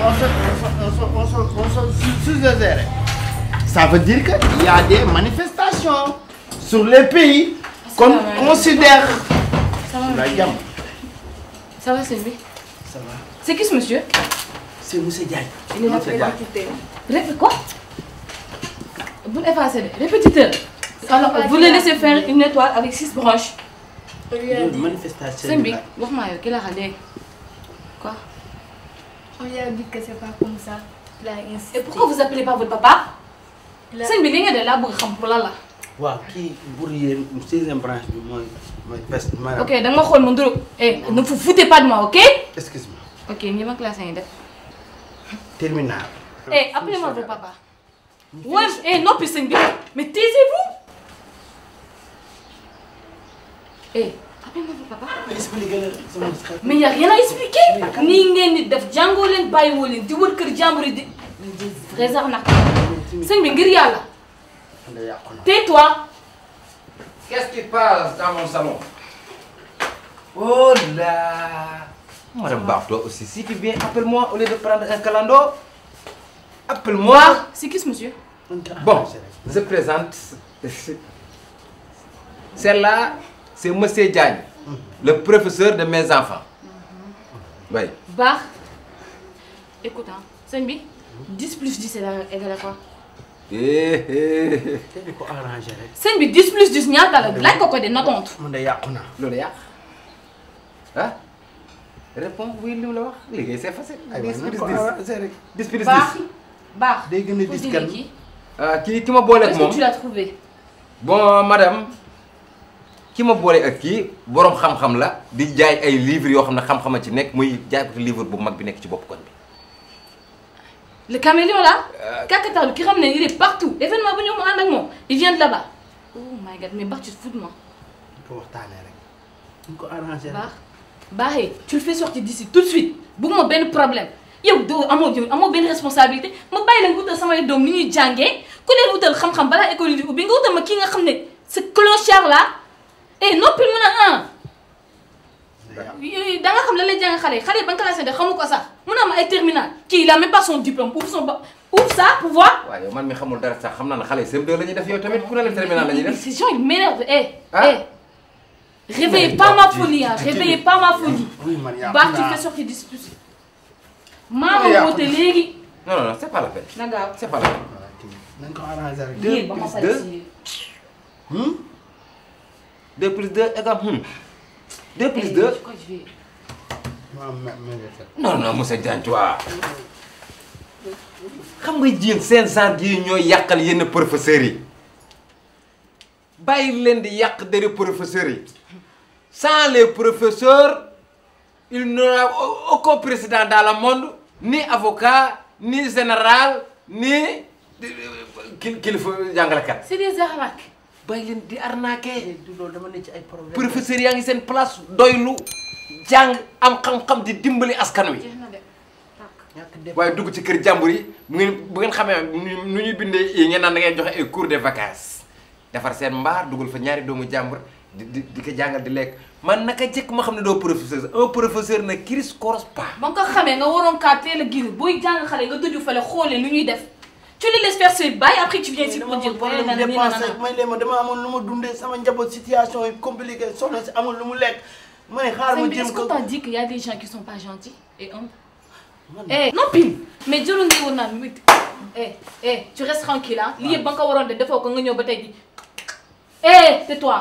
on se, se, se, se sous-gère. Ça veut dire qu'il y a des manifestations sur les pays qu'on considère. Ça va, la gamme. Ça va, c'est lui Ça va. C'est qui ce monsieur C'est Moussé Diagne. Il est notre répétiteur. Quoi Vous l'effacez, répétiteur. Alors, vous le laissez faire une étoile avec six branches. Une manifestation. C'est lui. Wax ma yow ki la xale. On lui a dit que c'est pas comme vous appelez pas votre papa sëñ bi li nga de laa bëgg xam pour la. waaw kii pour yéen sixième branche bi mooy mooy pes maanaam. ok da nga ma xool ma nduró. eh ne vous foutez pas de moi ok. excuse-moi. ok ñi ma classe ngi def. terminal. eh appelez eh, vous mais yaa yéen a expliqué nii ngeen di def jàngoo leen bàyyiwoo leen di wër kër jàmbur di di vrai arnaque sëñ bi ngir yàlla. tais-toi. qu'est-ce qui passe dans mon salon. oh là. madame Ba toi aussi si tu viens appelle-moi au lieu de prendre un calando. appelle-moi. c'est qui ce monsieur. bon je présente. celle-là. c'est monsieur Diagne mm-hmm. le professeur de mes enfants way mm-hmm. baax écoute ah bi 10 mm-hmm. plus 10 égale eh, eh, eh. rek. sëñ bi 10 plus 10 ñaata la laaj yàq ah. réponse buy la ko arrangé rek plus 10 baax baax. day gën a gis kan ah, bon madame. ki ma boolee ak kii borom xam-xam la di jaay ay livres yoo xam ne xam-xama ci nekk muy jaay ko ci bu mag bi nekk ci bopp koñ bi. le caméléon là Kakatalu euh, ki xam ne il est partout événement bu ñëw mu ànd ak moom il vient de là-bas oh ci foot ma. ñu ko waxtaanee rek ñu ko arrangé rek. baax baaxee tu le benn doo amoo jëm amoo benn responsabilité ma bàyyi la nga wutal samay doom ni ñuy jàngee ku leen wutal xam-xam balaa école yi di ubbi nga wutal ma kii nga xam ne ce clochard la eh noppil mën a ah. da nga xam lan lay jàng xale yi xale yi ban classe de xamu ko sax mun a am ay terminal kii il a même pas son diplôme ouf son ba man mi xamul dara sax xam naa ne xale yi cm la ñuy def yow tamit ku ne leen terminal la ñuy def. ces gens ils m'énervent eh. Ah. eh réveillez pas ma folie ah réveillez pas ma folie. baax ci fee soxla di si. maa ma woote léegi. non non non c'est pas la peine. na nga c'est pas la peine. Ah, ko arrangé 2 plus 2 égale hum 2 plus 2. non non monsieur Diagne waaw. xam nga jéen seen genre yi ñooy yàqal yenn professeurs yi bàyyi leen di yàq deri professeurs yi sans les professeurs il n'y aura aucun président dans le monde ni avocat ni général ni euh, kilifa jàngalekat. c'est bàyyi leen di arnaqué. du loolu dama ne ci ay problème professeur yaa ngi seen place doylu jàng am xam-xam di dimbali askan wi. waaye dugg ci kër jàmbur yi mu bu ngeen xamee nu ñuy bindee yi ngeen naan da ngeen joxe ay cours de vacances defar seen mbaar dugal fa ñaari doomu jàmbur di di di ko jàngal di lekk man naka jëkk ma xam ne doo professeur un professeur ne crise correspond. ba nga ko xamee nga waroon kaa teel a booy jàng xale nga tëju fële xoolee lu ñuy def. tu les laisses faire ses bails après tu viens ici pour dire problème mu dépensé may leen ma dama amoon lu ma dundee sama njaboot situation yi compliquée soxna si amul lu mu lekk ma ne xaaral ma jéem ko. est-ce qu'on dit qu'il y a des gens qui sont pas gentils et humbles. eh non pile mais jëloon nga woon naan wit eh eh tu restes tranquille ah. lii yëpp ba nga ko waroon de defoo ko nga ñëw ba tey jii eh tais-toi.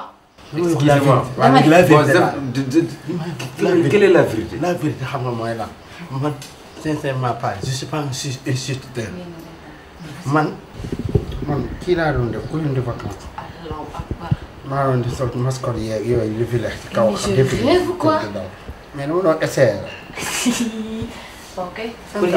excusez-moi la vérité la quelle est la vérité. la vérité xam nga mooy lan man sincèrement pas je suis pas un instituteur. man man kii laa doon def ku leen di vacance. allahu akbar. maa doon di sol fi lex ci kaw xam depuis mais dama doon essayé la. ok. kon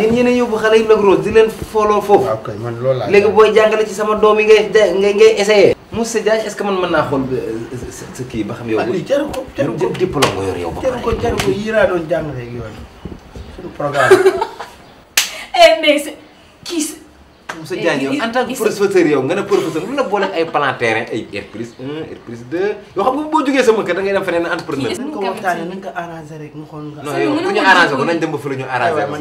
di leen fooloo foofu. Ah, ok man loolu laa léegi booy jàngale ci sama doom yi ngay ngay ngay essayé. Moussa Diagne est-ce que man naa xool euh, sa kii ba xam yow. Aliou ah, jaru ko jaru ko diplôme nga yor yii laa doon jàngale ak yooyu Moussa Diagne yow en tant que eh, professeur yow nga ne professeur lu nga boo jógee sama dem feneen entrepreneur. nu ñu arrangé ko nañ dem ba fële ñu arrangé ko.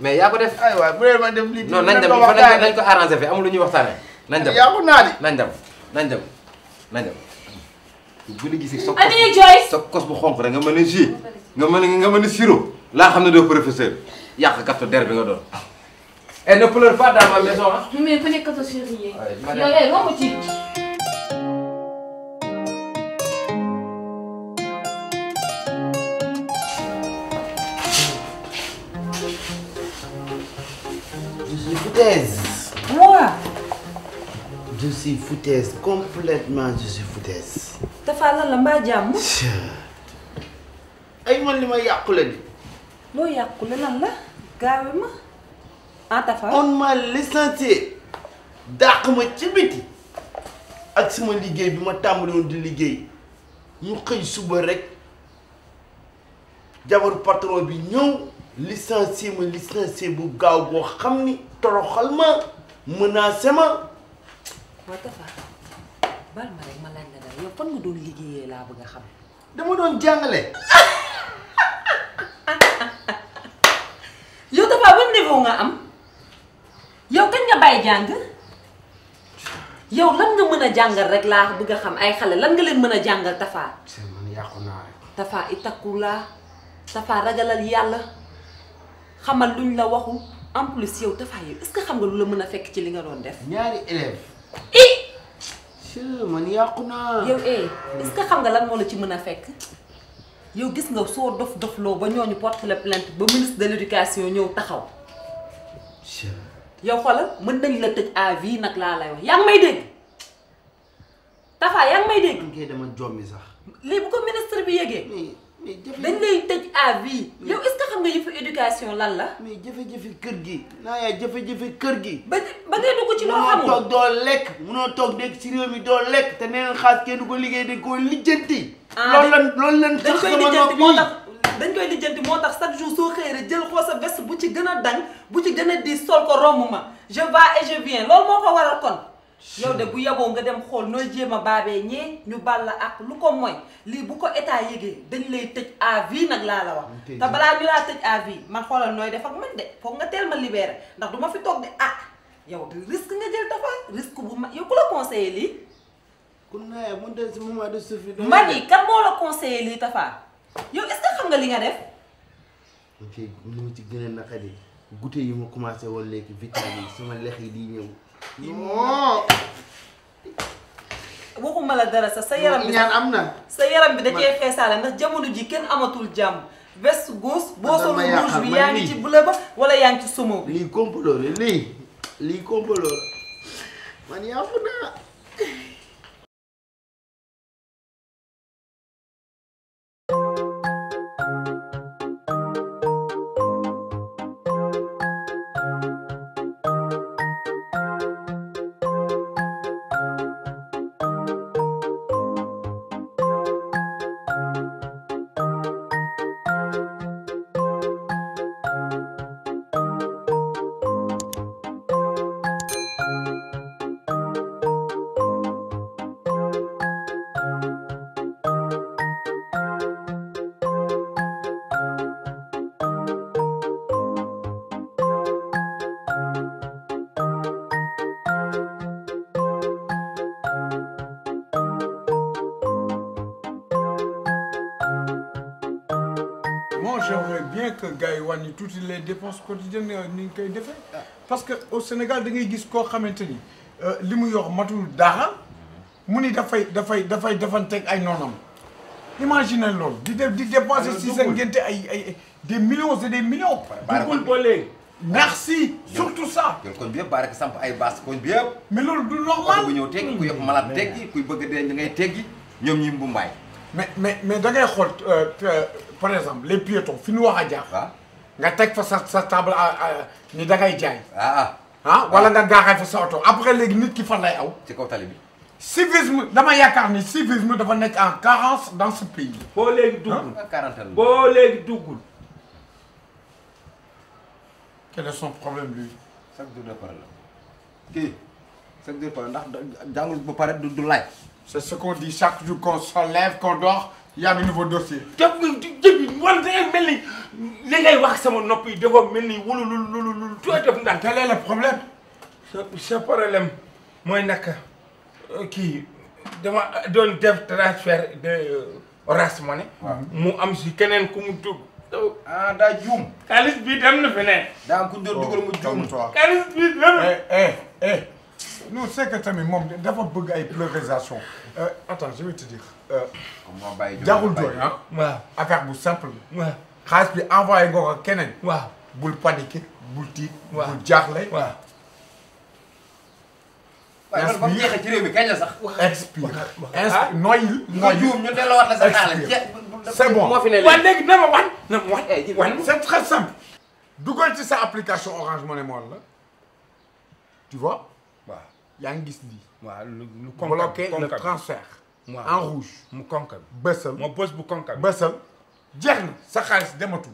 mais yaa ko def. aywa bu dee ma def lii non nañ dem fa nañ ko arrangé fi amul lu ñuy waxtaanee. nañ dem yaa a jouer nga mën nga mën a laa xam ne doo professeur yàq kattu der bi nga doon Elle ne pleure pas dans ma maison. Hein? Mais venez quand tu riez. Allez, non, petit. Je suis foutaise. Moi Je suis foutaise, complètement je suis foutaise. dafa lan la mbaa jàmm. ay man li ma yàqule di. loo yàqule lan la gaawe ma. ah Tafa on m'a licencié dàq ma ci biti ak sama liggéey bi ma tàmbali di liggéey ñu xëy suba rek jabaru patron bi ñëw licencié ma licencié bu gaaw boo xam ni toroxal ma menacé ma. waaw Tafa bal ma rek ma laaj la yow fan nga doon liggéeyee laa bëgg a xam. dama doon jàngale. yow Tafa ban niveau nga am. yow kañ nga bàyyi jàng yow lan nga mën a jàngal rek laa bëgg a xam ay xale lan nga leen mën a jàngal Tafa. man yàqu naa rek. Tafa itakula Tafa ragalal yàlla xamal luñ la waxu en yow Tafa yow est-ce que xam nga lu la mën a fekk ci li nga doon def. ñaari élève i sëñ man yàqu naa. yow eh est-ce xam nga lan moo la ci mën a fekk. yow gis nga soo dof dofloo ba ñooñu porte la plainte ba ministre de ñëw taxaw. yow xoolal mën nañ la tëj à vie nag laa lay wax yaa may dégg Tafa yaa may dégg. ngay dama jommi sax. lii bu ko ministre bi yëgee. mais dañ lay tëj à vie. yow est-ce que xam nga yëfu éducation lan la. mais jafe-jafe kër gi. naa jafe-jafe kër gi. ba ba ngay dugg ci loo xamul munoo toog doo lekk. munoo toog nekk ci réew mi doo lekk. te nee na xaas kenn ko liggéey dañ koo lijjanti. ah loolu lan loolu lan. dañ koy lijjanti moo dañ koy lijjanti moo tax chaque jour soo xëy jël xool sa veste bu ci gën a dañ bu ci gën a diis sol ko romb ma je vais et je loolu moo ko waral kon. yow de bu yeboo nga dem xool nooy jéem a baabee ñee ñu bal la ak lu ko mooy lii bu ko état yëgee dañ lay tëj à vie nag laa la wax. te balaa ñu laa tëj à vie man xoolal nooy def ak man de foog nga teel ma libeere ndax du ma fi toog de ah yow de risque nga jël dafa risque bu ma yow ku la conseillé lii. ku ne de si moment de souffrir. man yi kan moo la conseillé lii Tafa. yow est-ce xam nga li nga def. ok nu mu ci gën a naqari goutte yi ma commencé woon léegi vitamine sama lex yi di ñëw. non. la dara sax sa yaram bi ñaan am na. sa yaram bi da cee xeesaale jamono ji kenn amatul jàmm. veste gauche boo solu rouge bi yaa ngi ci bleu ba wala yaa ngi ci sumo bi. lii complot lii lii complot man yàqu naa. moi j'aimerais bien que gars yi tuuti les dépenses quotidiennes euh, ni ñu koy defee ah. parce que au Sénégal da ngay gis koo xamante ni euh, li mu yor matul dara mhm. mu ni dafay dafay dafay defanteeg ay noonam imaginez lool di def di dépenser ah, si sa ngénte ay ay des millions et des millions dugul ba léegi merci surtout ça. yow kon bi yëpp baaree ko samp ay baas koñ bi yëpp. mais loolu du normal bu ñëw teggi ku yëpp malade hmm. teggi kuy bëgg dee ngay teggi ñoom ñi mbumbaay. mais mais mais da xool. Euh, par exemple les piétons fi ñu wax a jaax ah. nga teg fa sa sa table ni dangay jaay ah, ah. ah wala nga gaaxaay fa sa oto après léegi nit ki fan lay aw ci kaw tali bi civisme dama yaakaar ni civisme dafa nekk en carence dans ce pays boo léegi duggul boo léegi duggul quel est son problème lui chaque jour de problème kii chaque jour de problème ndax jàngul ba pare du laaj c'est ce qu'on dit chaque jour qu'on se lève qu'on y a de nouveaux dossiers. képp jëbi wala dangay mel ni li ngay wax sama nopp yi dafa mel ni wulu lu lu lu tuuti def ndànk. quel est le problème. sa problème mooy naka euh, kii dama doon def transfert de euh, Orange Money. mu am si keneen ku mu dugg. ah daa juum. xaalis bi dem na fi daa ku doon dugal mu juum. xaalis bi dem na. Eh, eh, eh. non c' est que tamit moom dafa bëgg ay pleurisation. Euh, attends je vais te dire. moo bàyyi euh, jaaxul jooy bu simple. waaw xaalis bi envoyé nga ko keneen. waaw bul paniquer bul tiit. waaw bul jaaxle. waaw. inspire la sax. expire inspire ah. noyyi. noyyi ñu delloowaat la sa xaalis. c' est bon moo fi ne léegi eh, très simple. dugal ci sa application Orange Money mool la tu yaa ngi gis lii. waaw lu lu concave bloqué en rouge. mu moo bës bu concave bësal. jeex na sa xaalis dematul.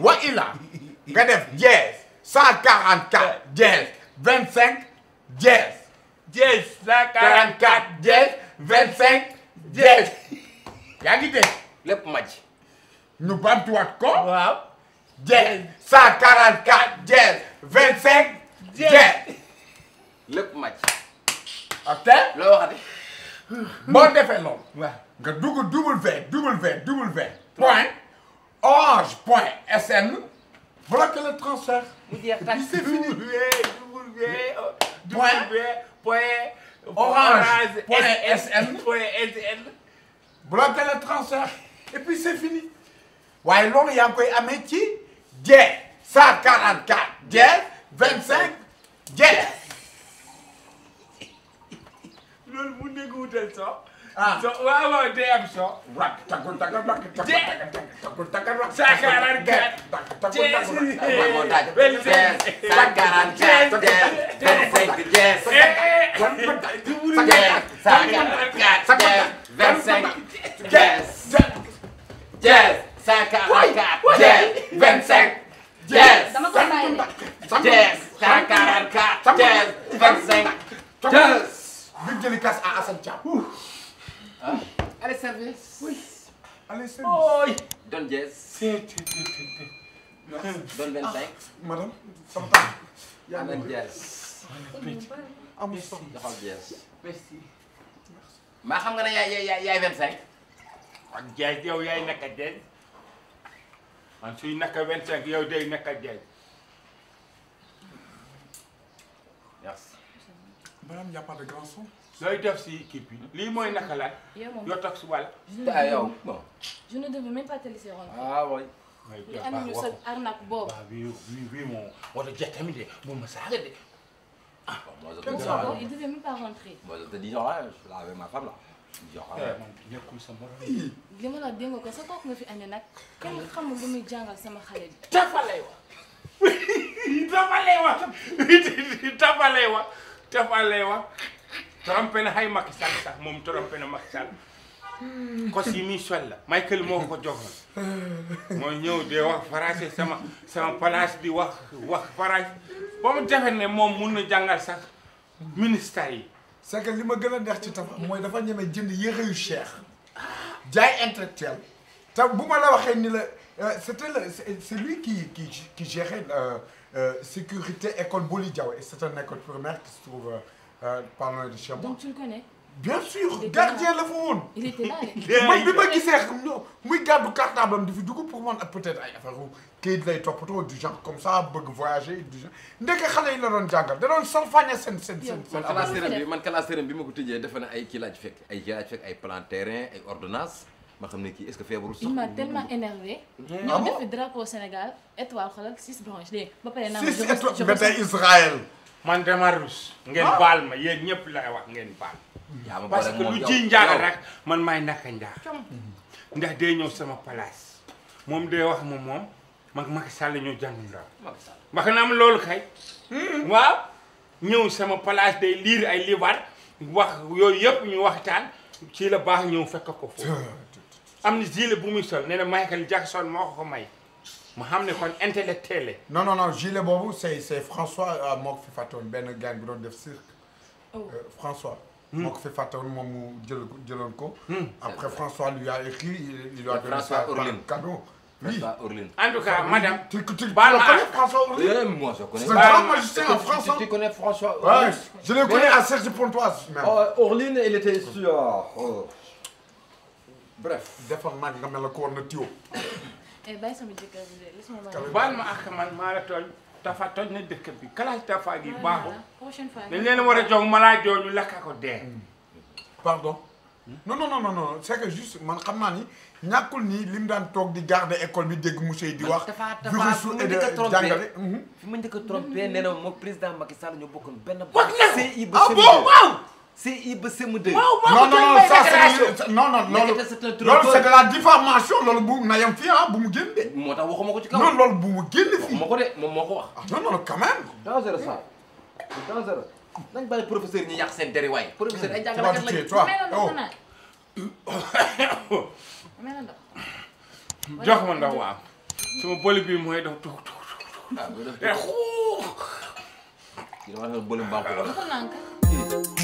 wa ila nga def cent quarante quatre jeex. vingt cinq jeex. jeex cent quarante quatre jeex. vingt cinq jeex. yaa ngi dégg. lépp maj ñu bamtuwaat ko. waaw jeex. cent quarante quatre jeex. vingt cinq jeex. lépp màcc. ok ah, loo waxati. boo defee loolu. waaw nga dugg www point orange point sn. bloquer le transfert. point orange point sn bloquer le transfert et puis c'est fini. waaye loolu yaa ngi koy amee ci. Dieng 144 Dieng 25 Dieng. loolu mu nekk wutal so. ah so waaw waaw day am so. rak takku takku rak takku takku takku rak. saakaaraan gàtt. takku takku takku rak. waaw moo daaj. benn seen saakaaraan gàtt. benn seen jees. saakaaraan gàtt. benn seen jees. jees. saakaaraan gàtt. jees. benn seen jees. saakaaraan gàtt. jees. vingt-cinq jees. nga jëli kaas à Assane Thiam. ah allez service. oui allez service. ooy Don Diez. Don 25. Ah, madame sama taal. yaa ngi Diez. amul soxla joxal Diez. merci. Ah, maa xam nga ne yaay yaay yaay 25. kon Diez yow yaay naka Diez. man suy naka 25 yow day naka Diez. merci. maanaam y' a pas de grand son. looy def si kii bi lii mooy naka laaj. yow toog si wàll. ah yow bon. je ne devais même pas te laisser rentrer. ah oui. li am nañu sa arnaque boobu. waaw bii bii bii moom wala jàkkami de moom ma saaga de. ah bon moi je. waaw il devait même pas rentrer. moi je te dis non ah je suis là avec ma femme là. Eh, nekkul sa morom. li ma la dégg nga ko sa kooku nga fi andi nag kenn xamul lu muy jàngal sama xale bi. dafa lay wax. dafa lay wax. dafa lay wax. Tefal lay wax trompé na hay Macky Sall sax moom trompé na Macky Sall kos yi muy sol la Michael moo ko joxoon mooy ñëw de wax français sama sama place di wax wax français ba mu ne moom mun na jàngal sax ministère yi c'est li ma gën a neex ci tam mooy dafa ñeme jënd yéexe yu cheikh jaay intellectuel te bu ma la waxee ni la euh, c'était le c'est lui qui qui qui gérait euh, Euh, sécurité école Boli Diawé c'est une école primaire qui se trouve euh, euh, pas loin de chez moi. donc tu le connais. bien sûr gardien la fa woon. il était là man bi ma gisee muy gàddu cartable am di fi dugg pour man peut-être ay affaire kayit lay toppatoo du genre comme ça bëgg voyager du genre ndeke xale yi la doon jàngal da doon salfaañe seen seen seen. man classe bi man classe bi ma ko tijjee defe na ay kii laaj fekk ay kii laaj fekk ay plan terrain ay ordonnance ma xam ne kii est-ce que feebaru sax. il m'a tellement énervé. Ah ñoo def ba pare naa ma jox man dama ngeen ah. baal ma yéen ñëpp lay wax ngeen baal. yaa ma parce que lu ci njaaga rek man maay naka njaag. ndax day ñëw sama palaas moom day wax ma moom mag Macky Sall ñoo jàng ndaw. wax naa ma loolu kay. Hmm. waaw ñëw sama place day liir ay liibar wax yooyu yëpp ñu waxtaan ci la baax ñëw fekk ko am na gilet bu muy sol nee na Michael Jackson moo may mu xam ne kon intellectuel non non non gilet boobu c'est François euh, moo ko fi fàttewoon def cirque oh. euh, François hmm. moo ko fi fàttewoon hmm. après François lui a écrit lui a donné ça par cadeau oui madame. tu tu François Hollande. c'est un grand magicien en France. tu connais François Hollande. je le pontoise même. Hollande oh, il était sur. Oh. bref defal nag nga mel ne ko war na tiyo. Eh, bàyyi sama jëkkër bi de sama maa baal ma ak man la tooñ tafa tooñ na dëkk war a jox malaa jooju lakka ko dee. Hmm. ni ñàkkul nii daan toog di garde école bi dégg monsieur di wax. dafa dafa fu a hmm. a trompé nee na moom président Macky Sall CI ba CM2. waaw non non ça non non loolu loolu c'est de la diffamation loolu bu na yem fii ah bu mu génn de. moo tax waxuma ko ci kaw. non loolu bu mu génn fii. waxuma ko de moom moo ko wax. ah non non quand même. dangereux ça dangereux. nañ bàyyi professeur yi ñu yàq seen deriwaay. professeur ay jàngalekat lañu. toi oh. jox ma ndax waaw. sama boli bi mooy daw toog toog toog. ah loolu la ko def. Eh,